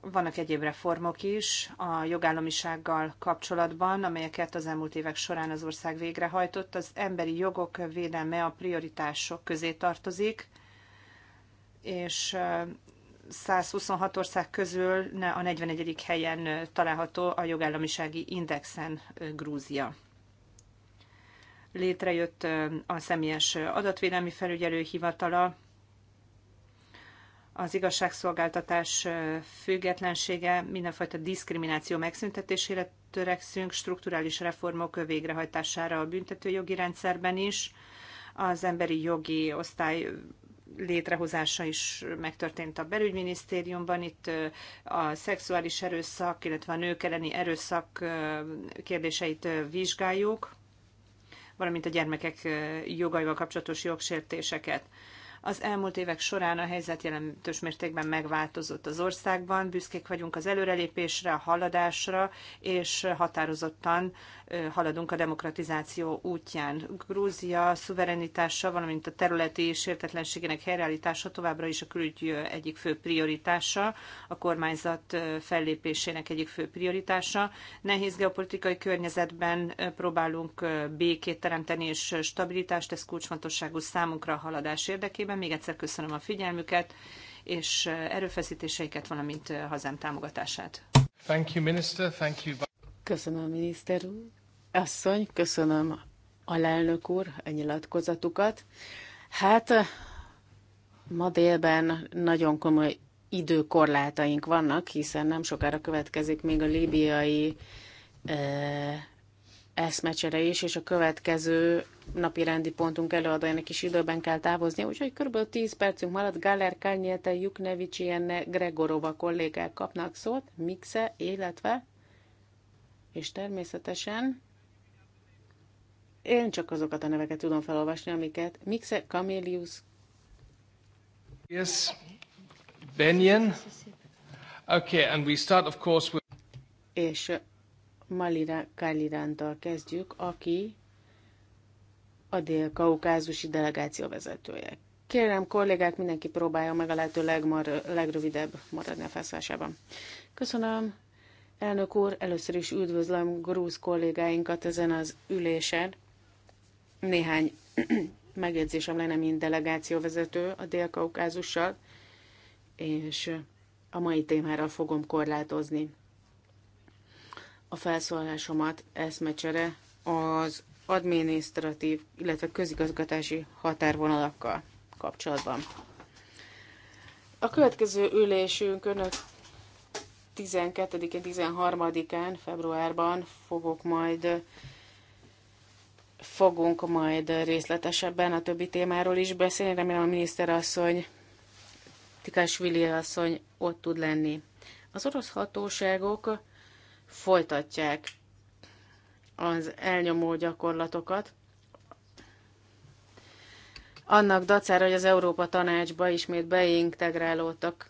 Vannak egyéb reformok is a jogállamisággal kapcsolatban, amelyeket az elmúlt évek során az ország végrehajtott. Az emberi jogok védelme a prioritások közé tartozik, és 126 ország közül a 41. helyen található a jogállamisági indexen Grúzia. Létrejött a személyes adatvédelmi felügyelő hivatala, az igazságszolgáltatás függetlensége, mindenfajta diszkrimináció megszüntetésére törekszünk, strukturális reformok végrehajtására a büntetőjogi rendszerben is, az emberi jogi osztály létrehozása is megtörtént a belügyminisztériumban. Itt a szexuális erőszak, illetve a nők elleni erőszak kérdéseit vizsgáljuk, valamint a gyermekek jogaival kapcsolatos jogsértéseket. Az elmúlt évek során a helyzet jelentős mértékben megváltozott az országban, büszkék vagyunk az előrelépésre, a haladásra, és határozottan haladunk a demokratizáció útján. Grúzia szuverenitása, valamint a területi sértetlenségének helyreállítása továbbra is a külügy egyik fő prioritása, a kormányzat fellépésének egyik fő prioritása. Nehéz geopolitikai környezetben próbálunk békét teremteni és stabilitást, ez kulcsfontosságú számunkra a haladás érdekében évben. Még egyszer köszönöm a figyelmüket és erőfeszítéseiket, valamint eh, hazám támogatását. Thank you, minister. Thank you. Köszönöm, miniszter úr. Asszony, köszönöm alelnök úr a nyilatkozatukat. Hát eh, ma délben nagyon komoly időkorlátaink vannak, hiszen nem sokára következik még a líbiai eh, eszmecsere is, és a következő napi rendi pontunk előadójának is időben kell távozni, úgyhogy kb. 10 percünk maradt Galler Kányete, Juknevics, Jenne, Gregorova kollégák kapnak szót, Mixe, illetve, és természetesen én csak azokat a neveket tudom felolvasni, amiket Mixe, Camelius, Yes, Benyen. Okay, and we start of course with... És Malira Kalirántal kezdjük, aki a dél-kaukázusi delegáció vezetője. Kérem kollégák, mindenki próbálja meg a lehető legmar- legrövidebb maradni a feszvásában. Köszönöm, elnök úr, először is üdvözlöm grúz kollégáinkat ezen az ülésen. Néhány megjegyzésem lenne, mint delegációvezető a Dél-Kaukázussal, és a mai témára fogom korlátozni a felszólalásomat eszmecsere az adminisztratív, illetve közigazgatási határvonalakkal kapcsolatban. A következő ülésünk önök 12 13-án februárban fogok majd fogunk majd részletesebben a többi témáról is beszélni. Remélem a miniszterasszony, Tikásvili asszony ott tud lenni. Az orosz hatóságok folytatják az elnyomó gyakorlatokat, annak dacára, hogy az Európa Tanácsba ismét beintegrálódtak.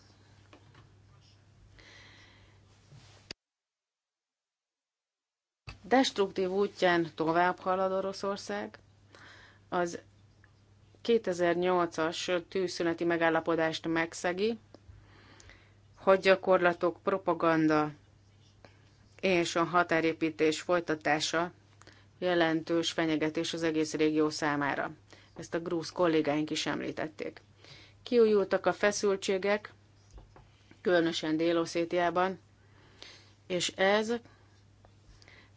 Destruktív útján tovább halad Oroszország. Az 2008-as tűzszüneti megállapodást megszegi, hogy gyakorlatok propaganda és a határépítés folytatása jelentős fenyegetés az egész régió számára. Ezt a grúz kollégáink is említették. Kiújultak a feszültségek, különösen dél és ez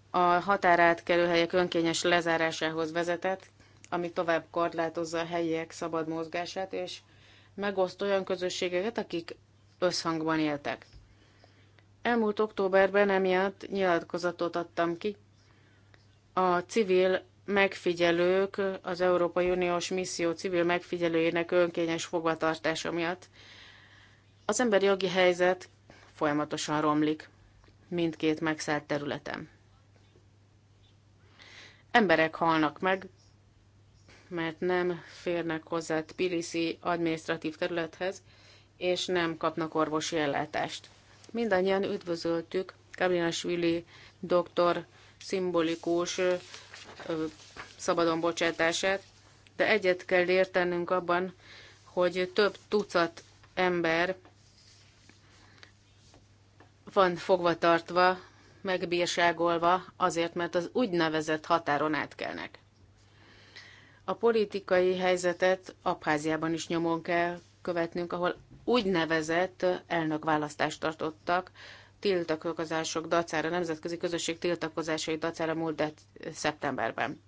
a helyek önkényes lezárásához vezetett, ami tovább korlátozza a helyiek szabad mozgását, és megoszt olyan közösségeket, akik összhangban éltek. Elmúlt októberben emiatt nyilatkozatot adtam ki. A civil megfigyelők, az Európai Uniós Misszió civil megfigyelőjének önkényes fogvatartása miatt az emberi jogi helyzet folyamatosan romlik mindkét megszállt területen. Emberek halnak meg, mert nem férnek hozzá Tbilisi administratív területhez, és nem kapnak orvosi ellátást. Mindannyian üdvözöltük Vili doktor szimbolikus szabadon bocsátását, de egyet kell értenünk abban, hogy több tucat ember van fogvatartva, megbírságolva azért, mert az úgynevezett határon átkelnek. A politikai helyzetet Abháziában is nyomon kell követnünk, ahol úgynevezett elnökválasztást tartottak, tiltakozások dacára, nemzetközi közösség tiltakozásai dacára múlt szeptemberben.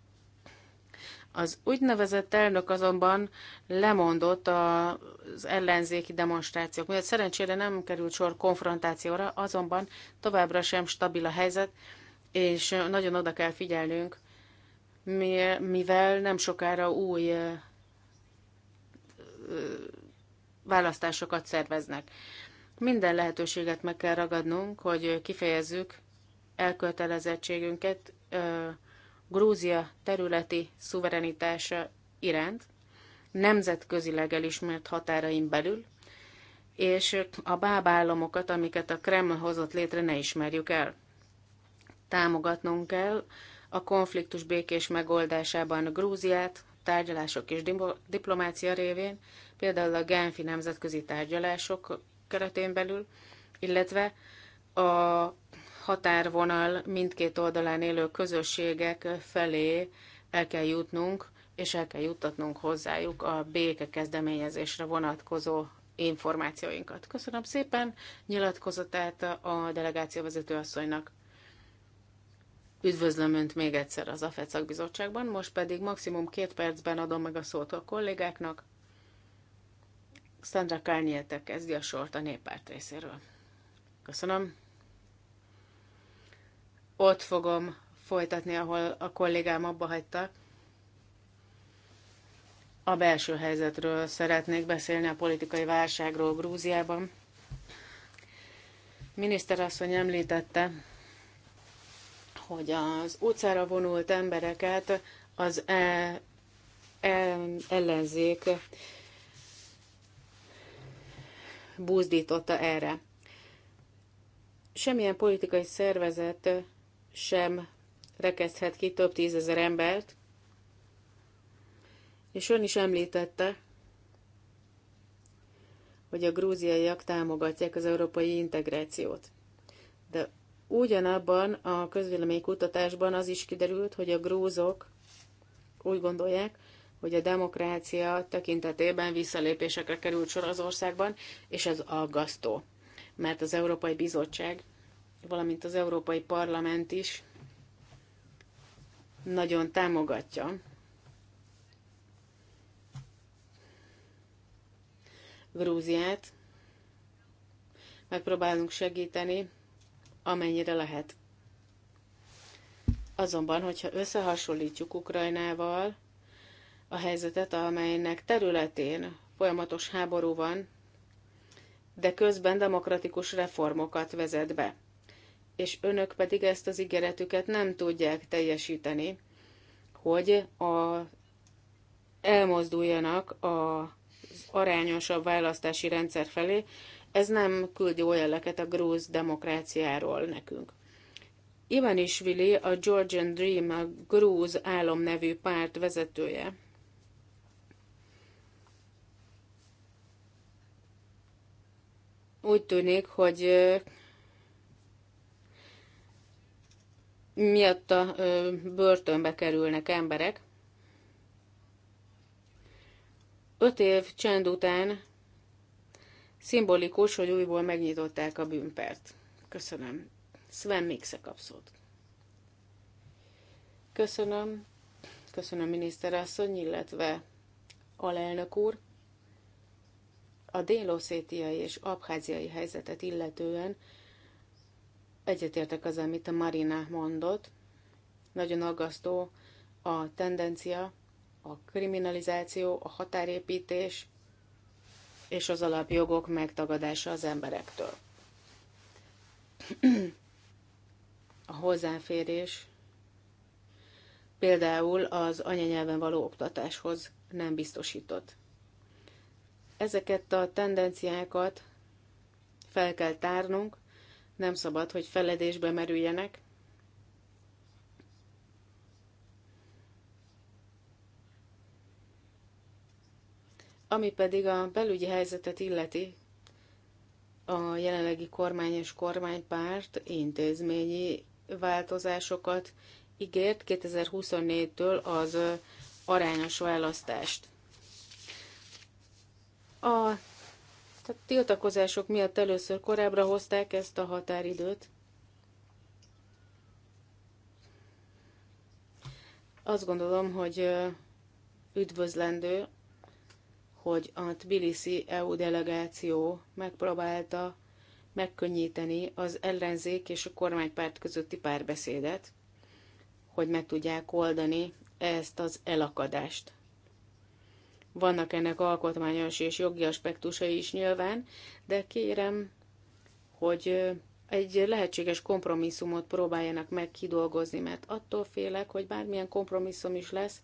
Az úgynevezett elnök azonban lemondott az ellenzéki demonstrációk miatt. Szerencsére nem került sor konfrontációra, azonban továbbra sem stabil a helyzet, és nagyon oda kell figyelnünk, mivel nem sokára új választásokat szerveznek. Minden lehetőséget meg kell ragadnunk, hogy kifejezzük elkötelezettségünket Grúzia területi szuverenitása iránt, nemzetközileg elismert határaim belül, és a bábállamokat, amiket a Kreml hozott létre, ne ismerjük el. Támogatnunk kell a konfliktus békés megoldásában Grúziát, tárgyalások és diplomácia révén, például a Genfi nemzetközi tárgyalások keretén belül, illetve a határvonal mindkét oldalán élő közösségek felé el kell jutnunk, és el kell juttatnunk hozzájuk a béke kezdeményezésre vonatkozó információinkat. Köszönöm szépen nyilatkozatát a delegáció vezetőasszonynak. Üdvözlöm Önt még egyszer az AFED szakbizottságban, most pedig maximum két percben adom meg a szót a kollégáknak, Sandra Kárnyete kezdi a sort a néppárt részéről. Köszönöm. Ott fogom folytatni, ahol a kollégám abba hagyta. A belső helyzetről szeretnék beszélni, a politikai válságról Grúziában. Miniszterasszony említette, hogy az utcára vonult embereket az e, e, ellenzék búzdította erre. Semmilyen politikai szervezet sem rekeszthet ki több tízezer embert, és ön is említette, hogy a grúziaiak támogatják az európai integrációt. De ugyanabban a közvéleménykutatásban az is kiderült, hogy a grúzok úgy gondolják, hogy a demokrácia tekintetében visszalépésekre került sor az országban, és ez aggasztó, mert az Európai Bizottság, valamint az Európai Parlament is nagyon támogatja Grúziát, megpróbálunk segíteni, amennyire lehet. Azonban, hogyha összehasonlítjuk Ukrajnával, a helyzetet, amelynek területén folyamatos háború van, de közben demokratikus reformokat vezet be. És önök pedig ezt az ígéretüket nem tudják teljesíteni, hogy a, elmozduljanak az arányosabb választási rendszer felé. Ez nem küldi olyan jeleket a grúz demokráciáról nekünk. Ivanishvili a Georgian Dream, a grúz álom nevű párt vezetője, úgy tűnik, hogy miatt a börtönbe kerülnek emberek. Öt év csend után szimbolikus, hogy újból megnyitották a bűnpert. Köszönöm. Sven Mixe kapszót. Köszönöm. Köszönöm miniszterasszony, illetve alelnök úr. A déloszétiai és abháziai helyzetet illetően egyetértek az, amit a Marina mondott. Nagyon aggasztó a tendencia, a kriminalizáció, a határépítés és az alapjogok megtagadása az emberektől. a hozzáférés például az anyanyelven való oktatáshoz nem biztosított. Ezeket a tendenciákat fel kell tárnunk, nem szabad, hogy feledésbe merüljenek. Ami pedig a belügyi helyzetet illeti, a jelenlegi kormány és kormánypárt intézményi változásokat ígért 2024-től az arányos választást. A tehát tiltakozások miatt először korábbra hozták ezt a határidőt. Azt gondolom, hogy üdvözlendő, hogy a Tbilisi EU delegáció megpróbálta megkönnyíteni az ellenzék és a kormánypárt közötti párbeszédet, hogy meg tudják oldani ezt az elakadást. Vannak ennek alkotmányos és jogi aspektusai is nyilván, de kérem, hogy egy lehetséges kompromisszumot próbáljanak meg kidolgozni, mert attól félek, hogy bármilyen kompromisszum is lesz,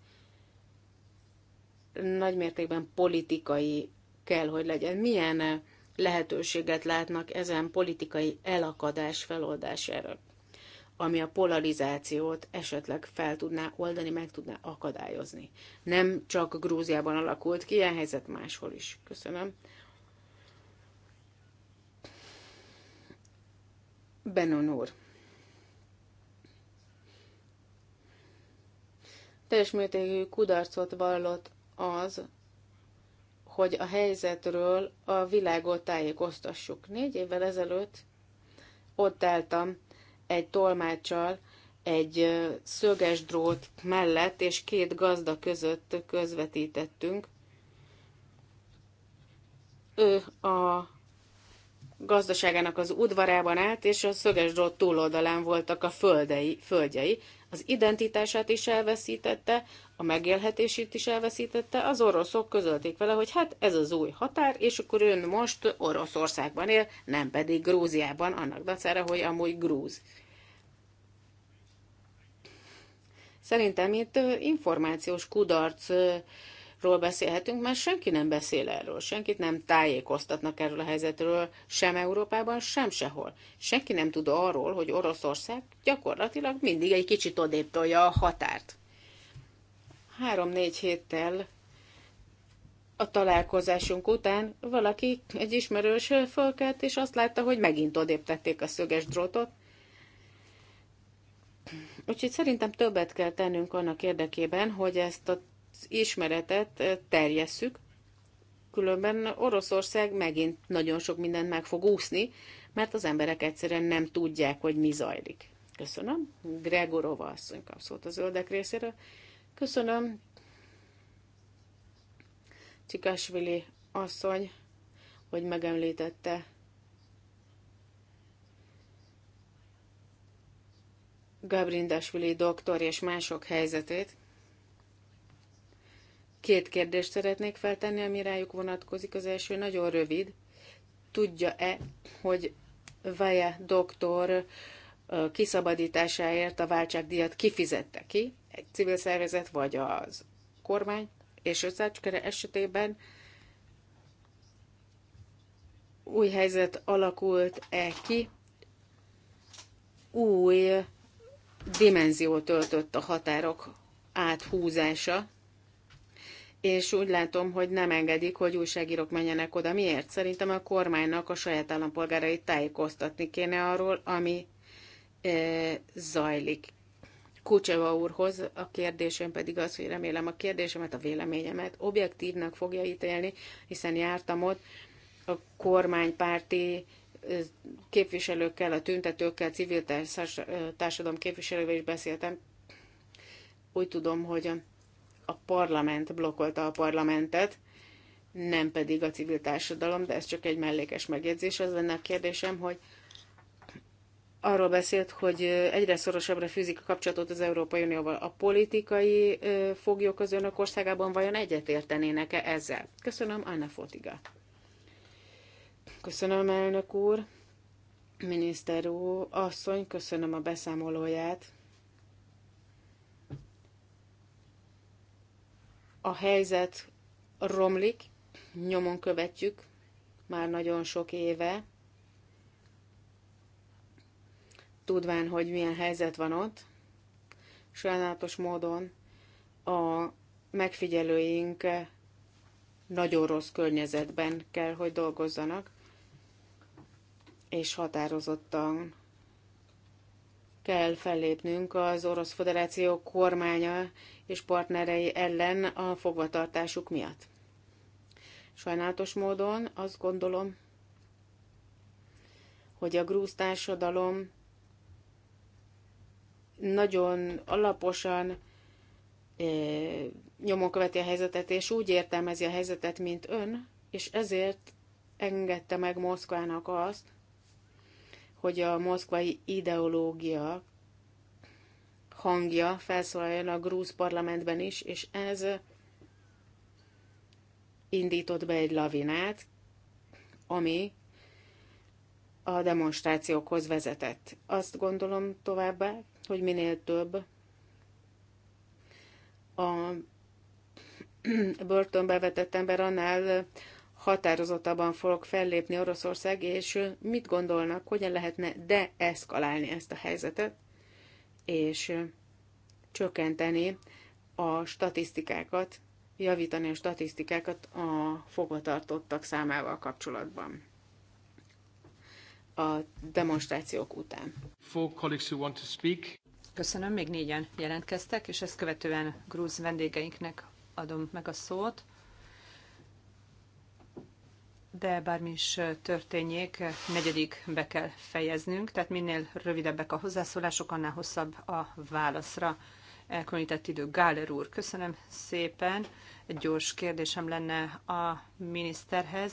nagymértékben politikai kell, hogy legyen. Milyen lehetőséget látnak ezen politikai elakadás feloldására? ami a polarizációt esetleg fel tudná oldani, meg tudná akadályozni. Nem csak Grúziában alakult ki, ilyen helyzet máshol is. Köszönöm. Benon úr. Teljes mértékű kudarcot vallott az, hogy a helyzetről a világot tájékoztassuk. Négy évvel ezelőtt ott álltam egy tolmácsal egy szöges drót mellett és két gazda között közvetítettünk. Ő a gazdaságának az udvarában állt, és a szöges drót túloldalán voltak a földei, földjei. Az identitását is elveszítette, a megélhetését is elveszítette, az oroszok közölték vele, hogy hát ez az új határ, és akkor ön most Oroszországban él, nem pedig Grúziában, annak dacára, hogy amúgy grúz. Szerintem itt információs kudarcról beszélhetünk, mert senki nem beszél erről, senkit nem tájékoztatnak erről a helyzetről, sem Európában, sem sehol. Senki nem tud arról, hogy Oroszország gyakorlatilag mindig egy kicsit odébb tolja a határt három-négy héttel a találkozásunk után valaki, egy ismerős fölkelt, és azt látta, hogy megint odébb tették a szöges drótot. Úgyhogy szerintem többet kell tennünk annak érdekében, hogy ezt az ismeretet terjesszük, különben Oroszország megint nagyon sok mindent meg fog úszni, mert az emberek egyszerűen nem tudják, hogy mi zajlik. Köszönöm. Gregorova asszony kap a zöldek részéről. Köszönöm. Csikásvili asszony, hogy megemlítette Gabrindásvili doktor és mások helyzetét. Két kérdést szeretnék feltenni, ami rájuk vonatkozik. Az első nagyon rövid. Tudja-e, hogy Vaja doktor kiszabadításáért a váltságdíjat kifizette ki? egy civil szervezet vagy az kormány, és összecsükere esetében új helyzet alakult-e ki, új dimenziót töltött a határok áthúzása, és úgy látom, hogy nem engedik, hogy újságírók menjenek oda. Miért? Szerintem a kormánynak a saját állampolgárait tájékoztatni kéne arról, ami e, zajlik. Kucseva úrhoz, a kérdésem pedig az, hogy remélem a kérdésemet, a véleményemet objektívnak fogja ítélni, hiszen jártam ott a kormánypárti képviselőkkel, a tüntetőkkel, civil társadalom képviselővel is beszéltem. Úgy tudom, hogy a parlament blokkolta a parlamentet, nem pedig a civil társadalom, de ez csak egy mellékes megjegyzés. Az lenne a kérdésem, hogy arról beszélt, hogy egyre szorosabbra fűzik a kapcsolatot az Európai Unióval. A politikai foglyok az önök országában vajon egyetértenének-e ezzel? Köszönöm, Anna Fotiga. Köszönöm, elnök úr, miniszter úr, asszony, köszönöm a beszámolóját. A helyzet romlik, nyomon követjük már nagyon sok éve tudván, hogy milyen helyzet van ott, sajnálatos módon a megfigyelőink nagyon rossz környezetben kell, hogy dolgozzanak, és határozottan kell fellépnünk az Orosz Föderáció kormánya és partnerei ellen a fogvatartásuk miatt. Sajnálatos módon azt gondolom, hogy a grúz társadalom nagyon alaposan eh, nyomon követi a helyzetet, és úgy értelmezi a helyzetet, mint ön, és ezért engedte meg Moszkvának azt, hogy a moszkvai ideológia hangja felszólaljon a grúz parlamentben is, és ez indított be egy lavinát, ami a demonstrációkhoz vezetett. Azt gondolom továbbá, hogy minél több a börtönbe vetett ember, annál határozottabban fogok fellépni Oroszország, és mit gondolnak, hogyan lehetne deeszkalálni ezt a helyzetet, és csökkenteni a statisztikákat, javítani a statisztikákat a fogvatartottak számával kapcsolatban a demonstrációk után. Köszönöm, még négyen jelentkeztek, és ezt követően grúz vendégeinknek adom meg a szót. De bármi is történjék, negyedik be kell fejeznünk, tehát minél rövidebbek a hozzászólások, annál hosszabb a válaszra elkülönített idő. Gáler úr, köszönöm szépen. Egy gyors kérdésem lenne a miniszterhez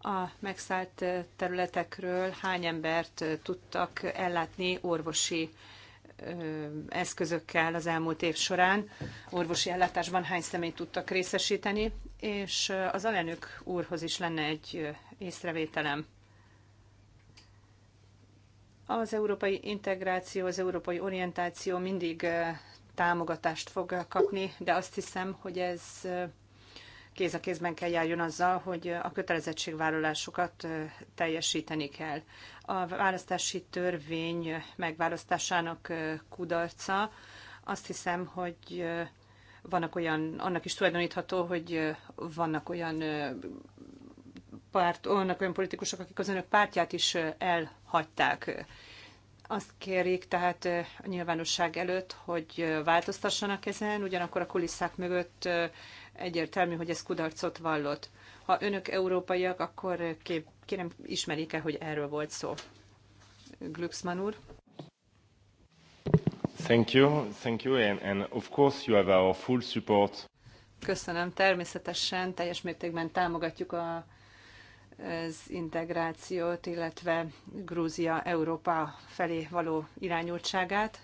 a megszállt területekről hány embert tudtak ellátni orvosi eszközökkel az elmúlt év során, orvosi ellátásban hány személyt tudtak részesíteni, és az alelnök úrhoz is lenne egy észrevételem. Az európai integráció, az európai orientáció mindig támogatást fog kapni, de azt hiszem, hogy ez kéz a kézben kell járjon azzal, hogy a kötelezettségvállalásokat teljesíteni kell. A választási törvény megválasztásának kudarca azt hiszem, hogy vannak olyan, annak is tulajdonítható, hogy vannak olyan párt, olyan politikusok, akik az önök pártját is elhagyták. Azt kérik tehát a nyilvánosság előtt, hogy változtassanak ezen, ugyanakkor a kulisszák mögött egyértelmű, hogy ez kudarcot vallott. Ha önök európaiak, akkor kérem ismerik -e, hogy erről volt szó. Glücksmann úr. Thank you, thank you, and, and of course you have our full support. Köszönöm, természetesen teljes mértékben támogatjuk a, az integrációt, illetve Grúzia Európa felé való irányultságát.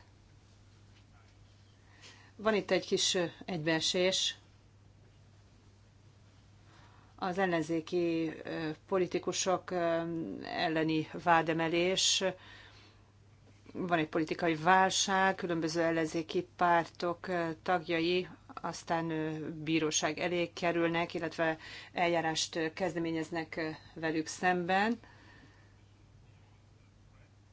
Van itt egy kis egybeesés, az ellenzéki politikusok elleni vádemelés, van egy politikai válság, különböző ellenzéki pártok tagjai aztán bíróság elé kerülnek, illetve eljárást kezdeményeznek velük szemben.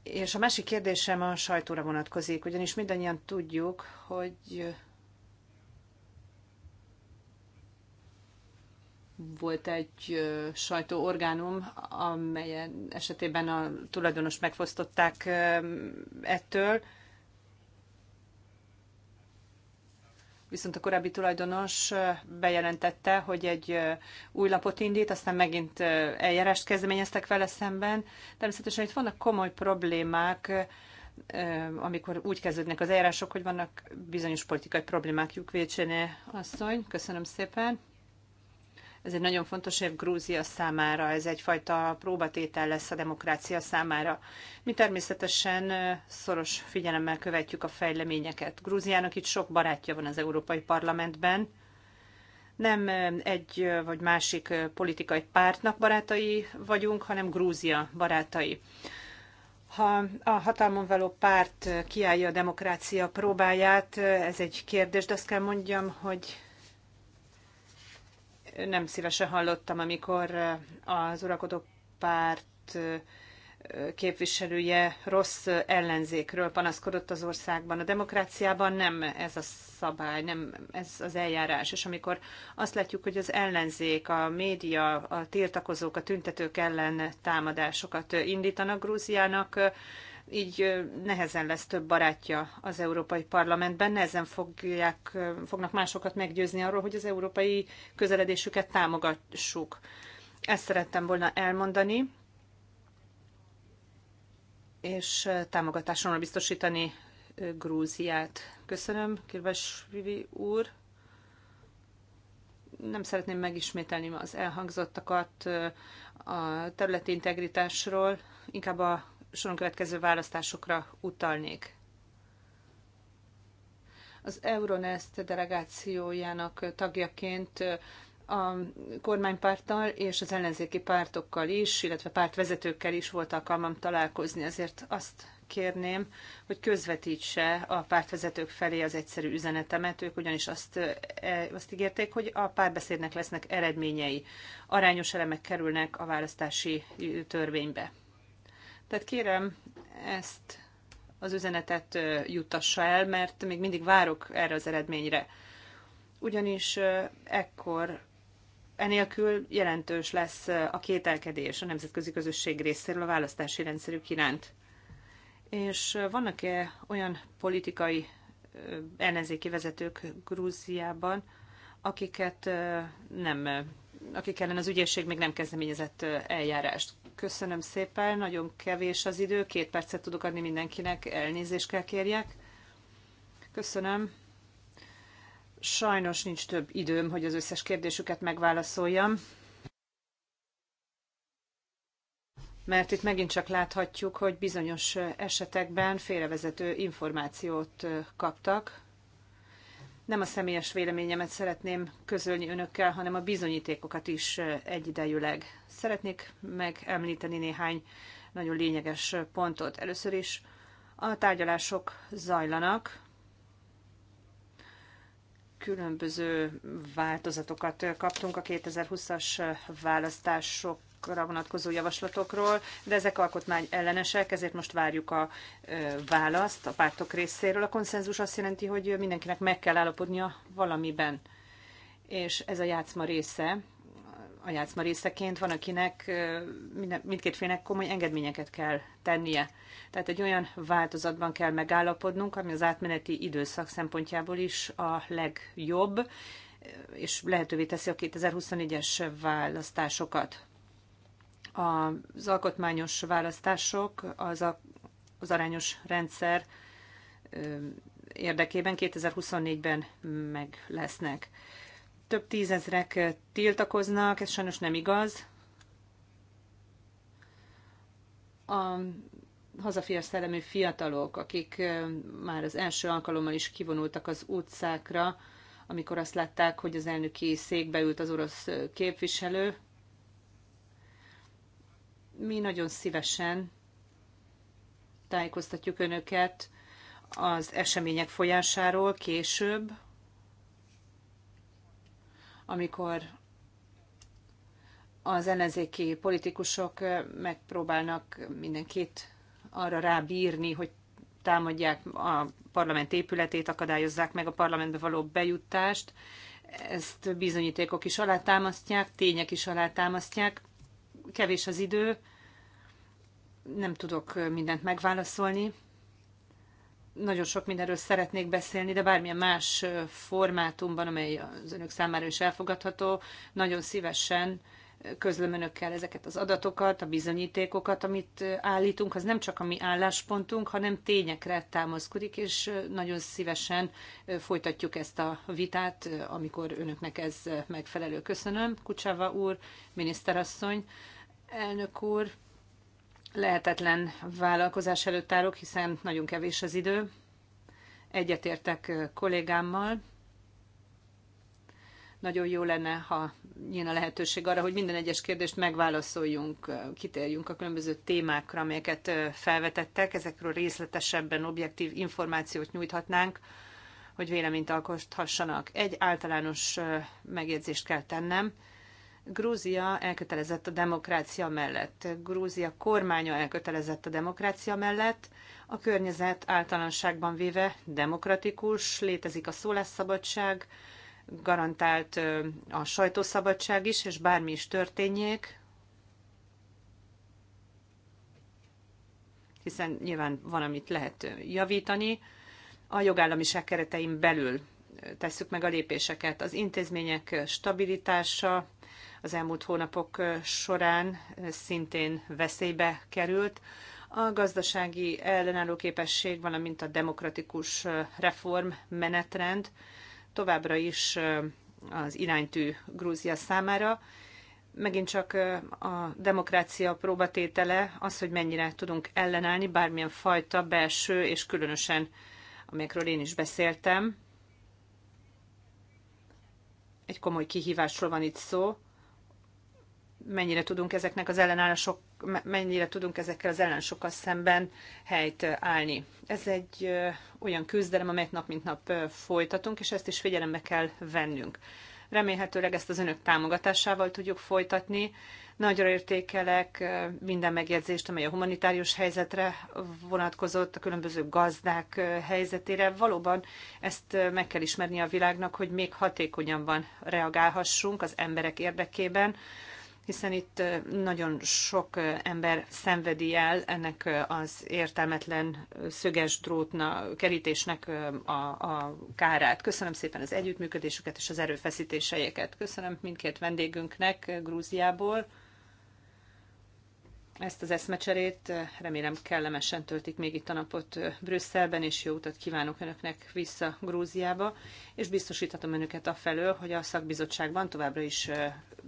És a másik kérdésem a sajtóra vonatkozik, ugyanis mindannyian tudjuk, hogy volt egy sajtóorgánum, amely esetében a tulajdonos megfosztották ettől. Viszont a korábbi tulajdonos bejelentette, hogy egy új lapot indít, aztán megint eljárást kezdeményeztek vele szemben. Természetesen itt vannak komoly problémák, amikor úgy kezdődnek az eljárások, hogy vannak bizonyos politikai problémák. Jukvécséné asszony, köszönöm szépen. Ez egy nagyon fontos év Grúzia számára, ez egyfajta próbatétel lesz a demokrácia számára. Mi természetesen szoros figyelemmel követjük a fejleményeket. Grúziának itt sok barátja van az Európai Parlamentben, nem egy vagy másik politikai pártnak barátai vagyunk, hanem Grúzia barátai. Ha a hatalmon való párt kiállja a demokrácia próbáját, ez egy kérdés, de azt kell mondjam, hogy nem szívesen hallottam, amikor eh, az uralkodó párt eh, képviselője rossz ellenzékről panaszkodott az országban. A demokráciában nem ez a szabály, nem ez az eljárás. És amikor azt látjuk, hogy az ellenzék, a média, a tiltakozók, a tüntetők ellen támadásokat indítanak Grúziának, eh, így nehezen lesz több barátja az Európai Parlamentben, nehezen fogják, fognak másokat meggyőzni arról, hogy az európai közeledésüket támogassuk. Ezt szerettem volna elmondani, és támogatásomra biztosítani Grúziát. Köszönöm, kedves Vivi úr. Nem szeretném megismételni az elhangzottakat a területi integritásról, inkább a soron következő választásokra utalnék. Az Euronest delegációjának tagjaként a kormánypárttal és az ellenzéki pártokkal is, illetve pártvezetőkkel is volt alkalmam találkozni, ezért azt kérném, hogy közvetítse a pártvezetők felé az egyszerű üzenetemet. Ők ugyanis azt, e, azt ígérték, hogy a párbeszédnek lesznek eredményei. Arányos elemek kerülnek a választási törvénybe. Tehát kérem, ezt az üzenetet juttassa el, mert még mindig várok erre az eredményre. Ugyanis ekkor enélkül jelentős lesz a kételkedés a nemzetközi közösség részéről a választási rendszerük iránt. És vannak-e olyan politikai ellenzéki vezetők Grúziában, akiket nem, akik ellen az ügyészség még nem kezdeményezett eljárást? Köszönöm szépen, nagyon kevés az idő, két percet tudok adni mindenkinek, elnézést kell kérjek. Köszönöm. Sajnos nincs több időm, hogy az összes kérdésüket megválaszoljam. Mert itt megint csak láthatjuk, hogy bizonyos esetekben félrevezető információt kaptak nem a személyes véleményemet szeretném közölni önökkel, hanem a bizonyítékokat is egyidejűleg. Szeretnék megemlíteni néhány nagyon lényeges pontot. Először is a tárgyalások zajlanak, különböző változatokat kaptunk a 2020-as választások alkotmányokra vonatkozó javaslatokról, de ezek alkotmány ellenesek, ezért most várjuk a választ a pártok részéről. A konszenzus azt jelenti, hogy mindenkinek meg kell állapodnia valamiben, és ez a játszma része, a játszma részeként van, akinek mindkét félnek komoly engedményeket kell tennie. Tehát egy olyan változatban kell megállapodnunk, ami az átmeneti időszak szempontjából is a legjobb, és lehetővé teszi a 2024-es választásokat. Az alkotmányos választások az, a, az arányos rendszer érdekében 2024-ben meg lesznek. Több tízezrek tiltakoznak, ez sajnos nem igaz. A hazafias szellemű fiatalok, akik már az első alkalommal is kivonultak az utcákra, amikor azt látták, hogy az elnöki székbe ült az orosz képviselő, mi nagyon szívesen tájékoztatjuk önöket az események folyásáról később, amikor az ellenzéki politikusok megpróbálnak mindenkit arra rábírni, hogy támadják a parlament épületét, akadályozzák meg a parlamentbe való bejutást. Ezt bizonyítékok is alátámasztják, tények is alátámasztják. Kevés az idő, nem tudok mindent megválaszolni. Nagyon sok mindenről szeretnék beszélni, de bármilyen más formátumban, amely az önök számára is elfogadható, nagyon szívesen közlöm önökkel ezeket az adatokat, a bizonyítékokat, amit állítunk, az nem csak a mi álláspontunk, hanem tényekre támaszkodik, és nagyon szívesen folytatjuk ezt a vitát, amikor önöknek ez megfelelő. Köszönöm, Kucsava úr, miniszterasszony, elnök úr lehetetlen vállalkozás előtt állok, hiszen nagyon kevés az idő. Egyetértek kollégámmal. Nagyon jó lenne, ha nyílna lehetőség arra, hogy minden egyes kérdést megválaszoljunk, kitérjünk a különböző témákra, amelyeket felvetettek. Ezekről részletesebben objektív információt nyújthatnánk, hogy véleményt alkothassanak. Egy általános megjegyzést kell tennem Grúzia elkötelezett a demokrácia mellett, Grúzia kormánya elkötelezett a demokrácia mellett, a környezet általánosságban véve demokratikus, létezik a szólásszabadság, garantált a sajtószabadság is, és bármi is történjék, hiszen nyilván van, amit lehet javítani. A jogállamiság keretein belül tesszük meg a lépéseket. Az intézmények stabilitása, az elmúlt hónapok során szintén veszélybe került. A gazdasági ellenálló képesség, valamint a demokratikus reform menetrend továbbra is az iránytű Grúzia számára. Megint csak a demokrácia próbatétele az, hogy mennyire tudunk ellenállni bármilyen fajta belső és különösen, amikről én is beszéltem, egy komoly kihívásról van itt szó, mennyire tudunk ezeknek az ellenállások, mennyire tudunk ezekkel az ellensokkal szemben helyt állni. Ez egy olyan küzdelem, amelyet nap mint nap folytatunk, és ezt is figyelembe kell vennünk. Remélhetőleg ezt az önök támogatásával tudjuk folytatni. Nagyra értékelek minden megjegyzést, amely a humanitárius helyzetre vonatkozott, a különböző gazdák helyzetére. Valóban ezt meg kell ismerni a világnak, hogy még hatékonyabban reagálhassunk az emberek érdekében, hiszen itt nagyon sok ember szenvedi el ennek az értelmetlen szöges drótna kerítésnek a, a kárát. Köszönöm szépen az együttműködésüket és az erőfeszítéseiket. Köszönöm mindkét vendégünknek Grúziából ezt az eszmecserét. Remélem kellemesen töltik még itt a napot Brüsszelben, és jó utat kívánok Önöknek vissza Grúziába, és biztosíthatom Önöket a felől, hogy a szakbizottságban továbbra is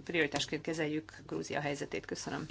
prioritásként kezeljük Grúzia helyzetét. Köszönöm.